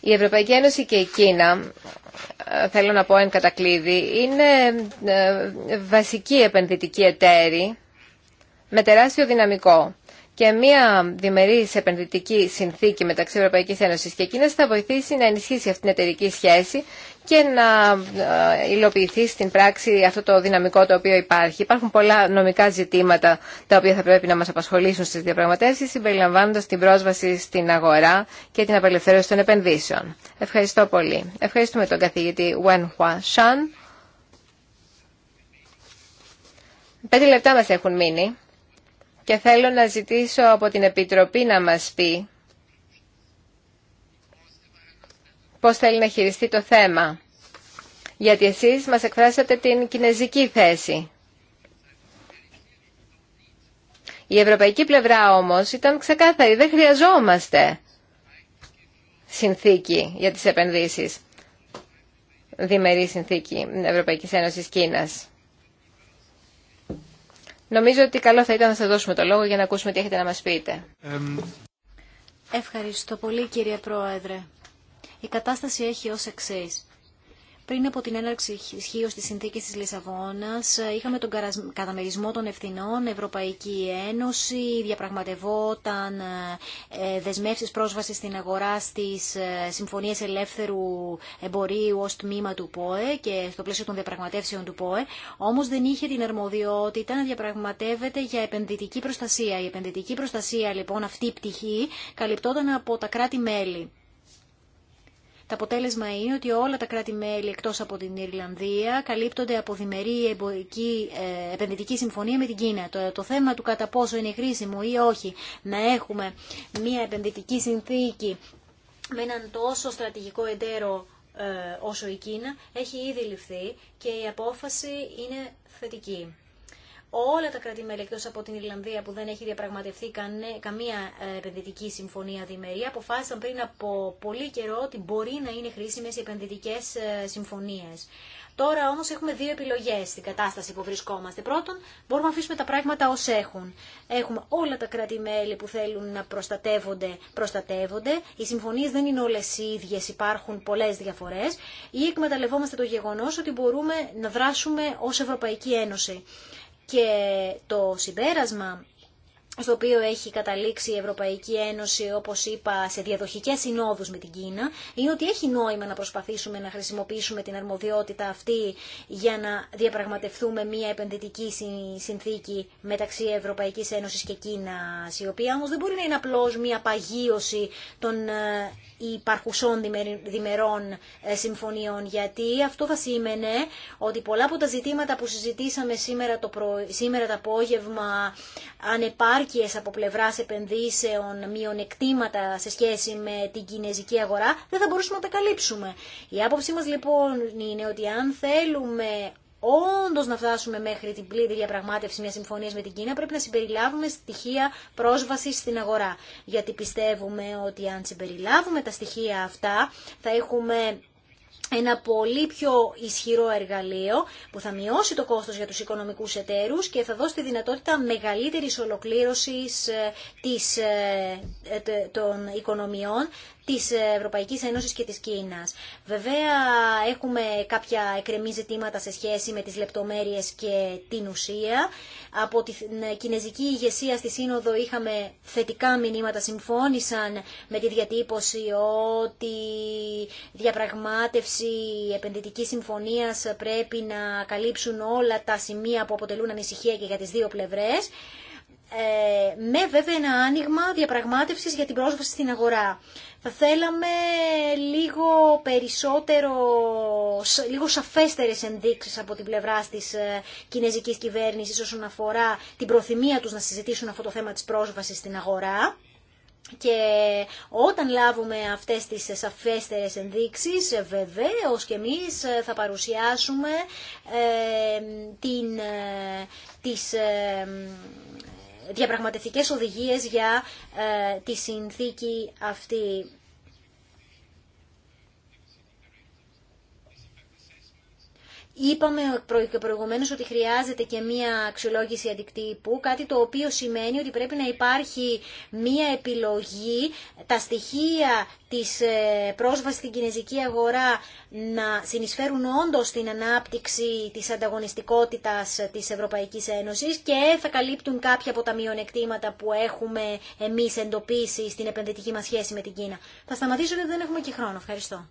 Η Ευρωπαϊκή Ένωση και η Κίνα, θέλω να πω εν κατακλείδη, είναι ε, βασική επενδυτική εταίροι με τεράστιο δυναμικό. Και μια διμερής επενδυτική συνθήκη μεταξύ Ευρωπαϊκής Ένωσης και Κίνας θα βοηθήσει να ενισχύσει αυτήν την εταιρική σχέση και να ε, υλοποιηθεί στην πράξη αυτό το δυναμικό το οποίο υπάρχει. Υπάρχουν πολλά νομικά ζητήματα τα οποία θα πρέπει να μας απασχολήσουν στις διαπραγματεύσεις συμπεριλαμβάνοντας την πρόσβαση στην αγορά και την απελευθέρωση των επενδύσεων. Ευχαριστώ πολύ. Ευχαριστούμε τον καθηγητή Wen Hua Shan. Πέντε λεπτά μας έχουν μείνει και θέλω να ζητήσω από την Επιτροπή να μας πει πώς θέλει να χειριστεί το θέμα. Γιατί εσείς μας εκφράσατε την κινέζικη θέση. Η ευρωπαϊκή πλευρά όμως ήταν ξεκάθαρη. Δεν χρειαζόμαστε συνθήκη για τις επενδύσεις. Διμερή συνθήκη Ευρωπαϊκής Ένωσης Κίνας. Νομίζω ότι καλό θα ήταν να σας δώσουμε το λόγο για να ακούσουμε τι έχετε να μας πείτε. Ευχαριστώ πολύ κύριε Πρόεδρε. Η κατάσταση έχει ως εξή. Πριν από την έναρξη ισχύω τη συνθήκη τη Λισαβόνα, είχαμε τον καταμερισμό των ευθυνών. Ευρωπαϊκή Ένωση διαπραγματευόταν ε, δεσμεύσει πρόσβαση στην αγορά στι ε, συμφωνίε ελεύθερου εμπορίου ω τμήμα του ΠΟΕ και στο πλαίσιο των διαπραγματεύσεων του ΠΟΕ. Όμω δεν είχε την αρμοδιότητα να διαπραγματεύεται για επενδυτική προστασία. Η επενδυτική προστασία, λοιπόν, αυτή η πτυχή καλυπτόταν από τα κράτη-μέλη. Το αποτέλεσμα είναι ότι όλα τα κράτη-μέλη εκτός από την Ιρλανδία καλύπτονται από διμερή εμπορική, ε, επενδυτική συμφωνία με την Κίνα. Το, το θέμα του κατά πόσο είναι χρήσιμο ή όχι να έχουμε μια επενδυτική συνθήκη με έναν τόσο στρατηγικό εταίρο ε, όσο η Κίνα έχει στρατηγικο ε οσο η ληφθεί και η απόφαση είναι θετική όλα τα κράτη-μέλη από την Ιρλανδία που δεν έχει διαπραγματευτεί καμία ε, επενδυτική συμφωνία διμερή αποφάσισαν πριν από πολύ καιρό ότι μπορεί να είναι χρήσιμε οι επενδυτικέ ε, συμφωνίε. Τώρα όμω έχουμε δύο επιλογέ στην κατάσταση που βρισκόμαστε. Πρώτον, μπορούμε να αφήσουμε τα πράγματα ω έχουν. Έχουμε όλα τα κράτη-μέλη που θέλουν να προστατεύονται, προστατεύονται. Οι συμφωνίε δεν είναι όλε οι ίδιες, υπάρχουν πολλέ διαφορέ. Ή εκμεταλλευόμαστε το γεγονό ότι μπορούμε να δράσουμε ω Ευρωπαϊκή Ένωση. Και το συμπέρασμα στο οποίο έχει καταλήξει η Ευρωπαϊκή Ένωση, όπως είπα, σε διαδοχικές συνόδους με την Κίνα, είναι ότι έχει νόημα να προσπαθήσουμε να χρησιμοποιήσουμε την αρμοδιότητα αυτή για να διαπραγματευτούμε μια επενδυτική συνθήκη μεταξύ Ευρωπαϊκής Ένωσης και Κίνας, η οποία όμως δεν μπορεί να είναι απλώς μια παγίωση των ε, υπαρχουσών διμερών ε, συμφωνιών, γιατί αυτό θα σήμαινε ότι πολλά από τα ζητήματα που συζητήσαμε σήμερα το, σήμερα το απόγευμα διάρκειες από πλευρά επενδύσεων, μειονεκτήματα σε σχέση με την κινέζικη αγορά, δεν θα μπορούσαμε να τα καλύψουμε. Η άποψή μας λοιπόν είναι ότι αν θέλουμε όντω να φτάσουμε μέχρι την πλήρη διαπραγμάτευση μια συμφωνία με την Κίνα, πρέπει να συμπεριλάβουμε στοιχεία πρόσβαση στην αγορά. Γιατί πιστεύουμε ότι αν συμπεριλάβουμε τα στοιχεία αυτά, θα έχουμε ένα πολύ πιο ισχυρό εργαλείο που θα μειώσει το κόστος για τους οικονομικούς εταίρους και θα δώσει τη δυνατότητα μεγαλύτερης ολοκλήρωσης ε, της, ε, ε, των οικονομιών Τη Ευρωπαϊκή Ένωση και της Κίνα. Βέβαια έχουμε κάποια εκρεμή ζητήματα σε σχέση με τις λεπτομέρειες και την ουσία. Από την κινέζικη ηγεσία στη Σύνοδο είχαμε θετικά μηνύματα, συμφώνησαν με τη διατύπωση ότι διαπραγμάτευση επενδυτική συμφωνίας πρέπει να καλύψουν όλα τα σημεία που αποτελούν ανησυχία και για τι δύο πλευρέ. Ε, με βέβαια ένα άνοιγμα διαπραγμάτευσης για την πρόσβαση στην αγορά. Θα θέλαμε λίγο περισσότερο, λίγο σαφέστερες ενδείξεις από την πλευρά της ε, κινέζικης κυβέρνησης όσον αφορά την προθυμία τους να συζητήσουν αυτό το θέμα της πρόσβασης στην αγορά. Και όταν λάβουμε αυτές τις ε, σαφέστερες ενδείξεις, βέβαια και εμείς θα παρουσιάσουμε την, τις, διαπραγματευτικές οδηγίες για ε, τη συνθήκη αυτή. Είπαμε προηγουμένως ότι χρειάζεται και μία αξιολόγηση αντικτύπου, κάτι το οποίο σημαίνει ότι πρέπει να υπάρχει μία επιλογή, τα στοιχεία της ε, πρόσβασης στην κινέζικη αγορά να συνεισφέρουν όντως στην ανάπτυξη της ανταγωνιστικότητας της Ευρωπαϊκής Ένωσης και θα καλύπτουν κάποια από τα μειονεκτήματα που έχουμε εμείς εντοπίσει στην επενδυτική μας σχέση με την Κίνα. Θα σταματήσω γιατί δεν έχουμε και χρόνο. Ευχαριστώ.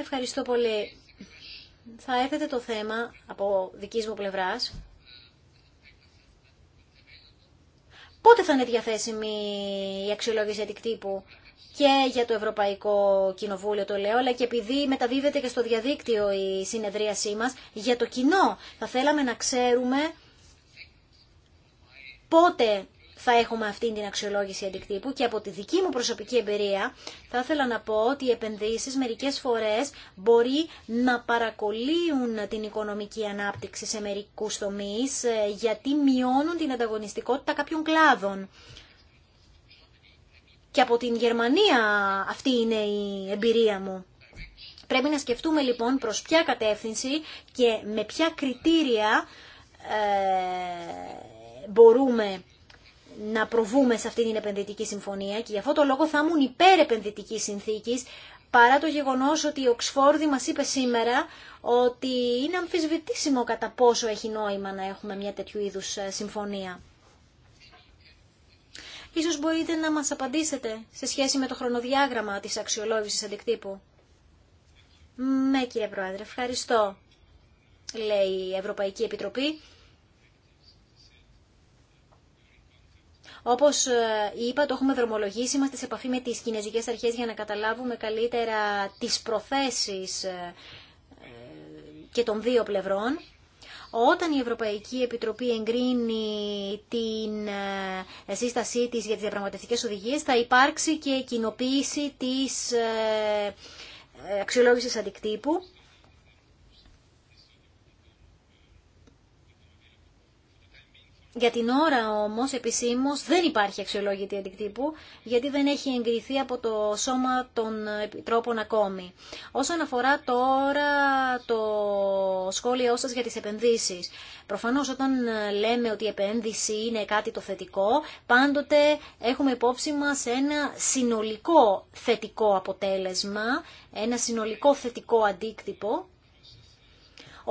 Ευχαριστώ πολύ. Θα έρθετε το θέμα από δικής μου πλευράς. Πότε θα είναι διαθέσιμη η αξιολόγηση αντικτύπου και για το Ευρωπαϊκό Κοινοβούλιο το λέω, αλλά και επειδή μεταδίδεται και στο διαδίκτυο η συνεδρίασή μας, για το κοινό θα θέλαμε να ξέρουμε πότε θα έχουμε αυτή την αξιολόγηση αντικτύπου και από τη δική μου προσωπική εμπειρία θα ήθελα να πω ότι οι επενδύσεις μερικές φορές μπορεί να παρακολύουν την οικονομική ανάπτυξη σε μερικούς τομείς ε, γιατί μειώνουν την ανταγωνιστικότητα κάποιων κλάδων. Και από την Γερμανία αυτή είναι η εμπειρία μου. Πρέπει να σκεφτούμε λοιπόν προς ποια κατεύθυνση και με ποια κριτήρια ε, μπορούμε να προβούμε σε αυτή την επενδυτική συμφωνία και γι' αυτό το λόγο θα ήμουν υπέρ επενδυτική συνθήκης παρά το γεγονός ότι η Οξφόρδη μας είπε σήμερα ότι είναι αμφισβητήσιμο κατά πόσο έχει νόημα να έχουμε μια τέτοιου είδους ε, συμφωνία. Ίσως μπορείτε να μας απαντήσετε σε σχέση με το χρονοδιάγραμμα της αξιολόγησης αντικτύπου. Ναι, κύριε Πρόεδρε, ευχαριστώ, λέει η Ευρωπαϊκή Επιτροπή. Όπω ε, είπα, το έχουμε δρομολογήσει, είμαστε σε επαφή με τι κινεζικέ αρχέ για να καταλάβουμε καλύτερα τι προθέσει ε, και των δύο πλευρών. Όταν η Ευρωπαϊκή Επιτροπή εγκρίνει την ε, σύστασή της για τις διαπραγματευτικές οδηγίες, θα υπάρξει και κοινοποίηση της αξιολόγησης αντικτύπου Για την ώρα όμως επισήμως δεν υπάρχει αξιολόγητη αντικτύπου γιατί δεν έχει εγκριθεί από το σώμα των επιτρόπων ακόμη. Όσον αφορά τώρα το σχόλιο σας για τις επενδύσεις. Προφανώς όταν λέμε ότι η επένδυση είναι κάτι το θετικό, πάντοτε έχουμε υπόψη μας ένα συνολικό θετικό αποτέλεσμα, ένα συνολικό θετικό αντίκτυπο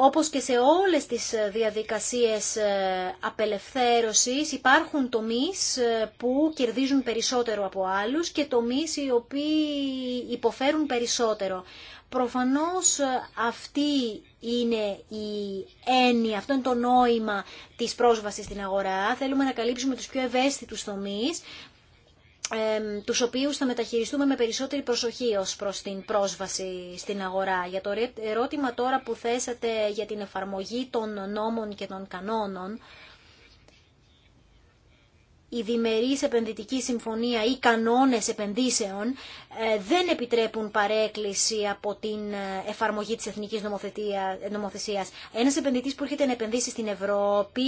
όπως και σε όλες τις ε, διαδικασίες ε, απελευθέρωσης υπάρχουν τομείς ε, που κερδίζουν περισσότερο από άλλους και τομείς οι οποίοι υποφέρουν περισσότερο. Προφανώς αυτή είναι η έννοια, αυτό είναι το νόημα της πρόσβασης στην αγορά. Θέλουμε να καλύψουμε τους πιο ευαίσθητους τομείς τους οποίους θα μεταχειριστούμε με περισσότερη προσοχή ως προς την πρόσβαση στην αγορά. Για το ερώτημα τώρα που θέσατε για την εφαρμογή των νόμων και των κανόνων, η διμερής επενδυτική συμφωνία ή κανόνες επενδύσεων ε, δεν επιτρέπουν παρέκκληση από την ε, εφαρμογή της εθνικής νομοθεσίας. Ένας επενδυτής που έρχεται να επενδύσει στην Ευρώπη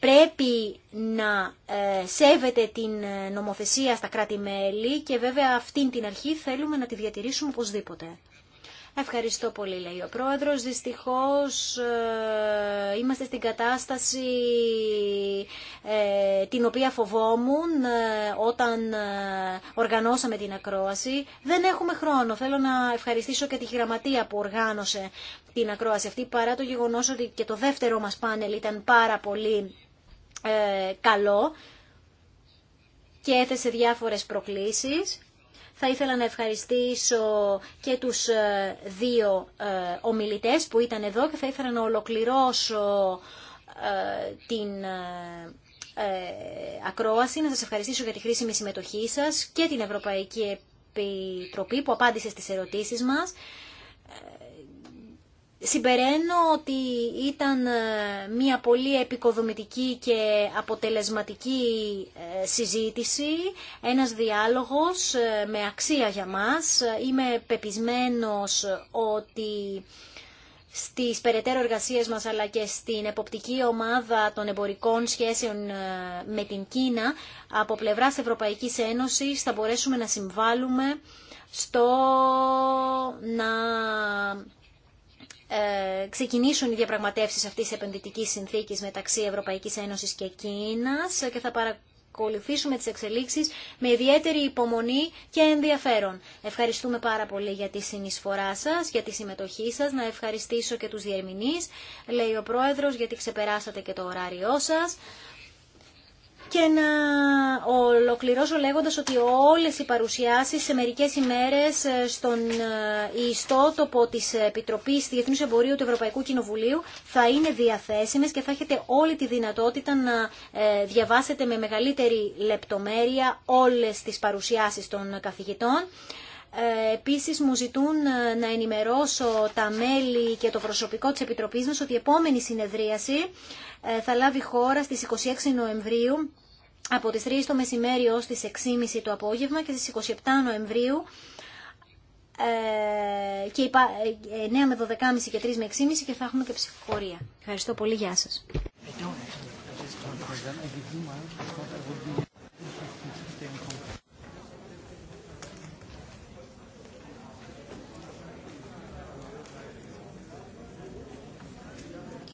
πρέπει να ε, σέβεται την ε, νομοθεσία στα κράτη-μέλη και βέβαια αυτήν την αρχή θέλουμε να τη διατηρήσουμε οπωσδήποτε. Ευχαριστώ πολύ, λέει ο πρόεδρος. Δυστυχώς ε, είμαστε στην κατάσταση την οποία φοβόμουν όταν οργανώσαμε την ακρόαση. Δεν έχουμε χρόνο. Θέλω να ευχαριστήσω και τη γραμματεία που οργάνωσε την ακρόαση αυτή, παρά το γεγονός ότι και το δεύτερο μας πάνελ ήταν πάρα πολύ ε, καλό και έθεσε διάφορες προκλήσεις. Θα ήθελα να ευχαριστήσω και τους ε, δύο ε, ομιλητές που ήταν εδώ και θα ήθελα να ολοκληρώσω την ακρόαση, να σας ευχαριστήσω για τη χρήσιμη συμμετοχή σας και την Ευρωπαϊκή Επιτροπή που απάντησε στις ερωτήσεις μας. Συμπεραίνω ότι ήταν ε, μια πολύ επικοδομητική και αποτελεσματική ε, συζήτηση, ένας διάλογος ε, με αξία για μας. Είμαι πεπισμένος ότι στις περαιτέρω εργασίες μας αλλά και στην εποπτική ομάδα των εμπορικών σχέσεων με την Κίνα από πλευράς Ευρωπαϊκής Ένωσης θα μπορέσουμε να συμβάλλουμε στο να ε, ξεκινήσουν οι διαπραγματεύσει αυτή τη επενδυτική συνθήκη μεταξύ Ευρωπαϊκής Ένωση και Κίνας και θα παρακολουθήσουμε τις εξελίξεις με ιδιαίτερη υπομονή και ενδιαφέρον. Ευχαριστούμε πάρα πολύ για τη συνεισφορά σα, για τη συμμετοχή σας, να ευχαριστήσω και τους διερμηνείς, λέει ο Πρόεδρος, γιατί ξεπεράσατε και το ωράριό σα. Και να ολοκληρώσω λέγοντας ότι όλες οι παρουσιάσεις σε μερικές ημέρες ε, στον ε, ιστότοπο της Επιτροπής Διεθνούς Εμπορίου του Ευρωπαϊκού Κοινοβουλίου θα είναι διαθέσιμες και θα έχετε όλη τη δυνατότητα να ε, διαβάσετε με μεγαλύτερη λεπτομέρεια όλες τις παρουσιάσεις των καθηγητών. Επίσης μου ζητούν να ενημερώσω τα μέλη και το προσωπικό της Επιτροπής μας ότι η επόμενη συνεδρίαση ε, θα λάβει χώρα στις 26 Νοεμβρίου από τις 3 το μεσημέρι ως τις 6.30 το απόγευμα και στις 27 Νοεμβρίου ε, και 9 ε, με 12.30 και 3 με 6.30 και θα έχουμε και ψηφοφορία. Ευχαριστώ πολύ. Γεια σας.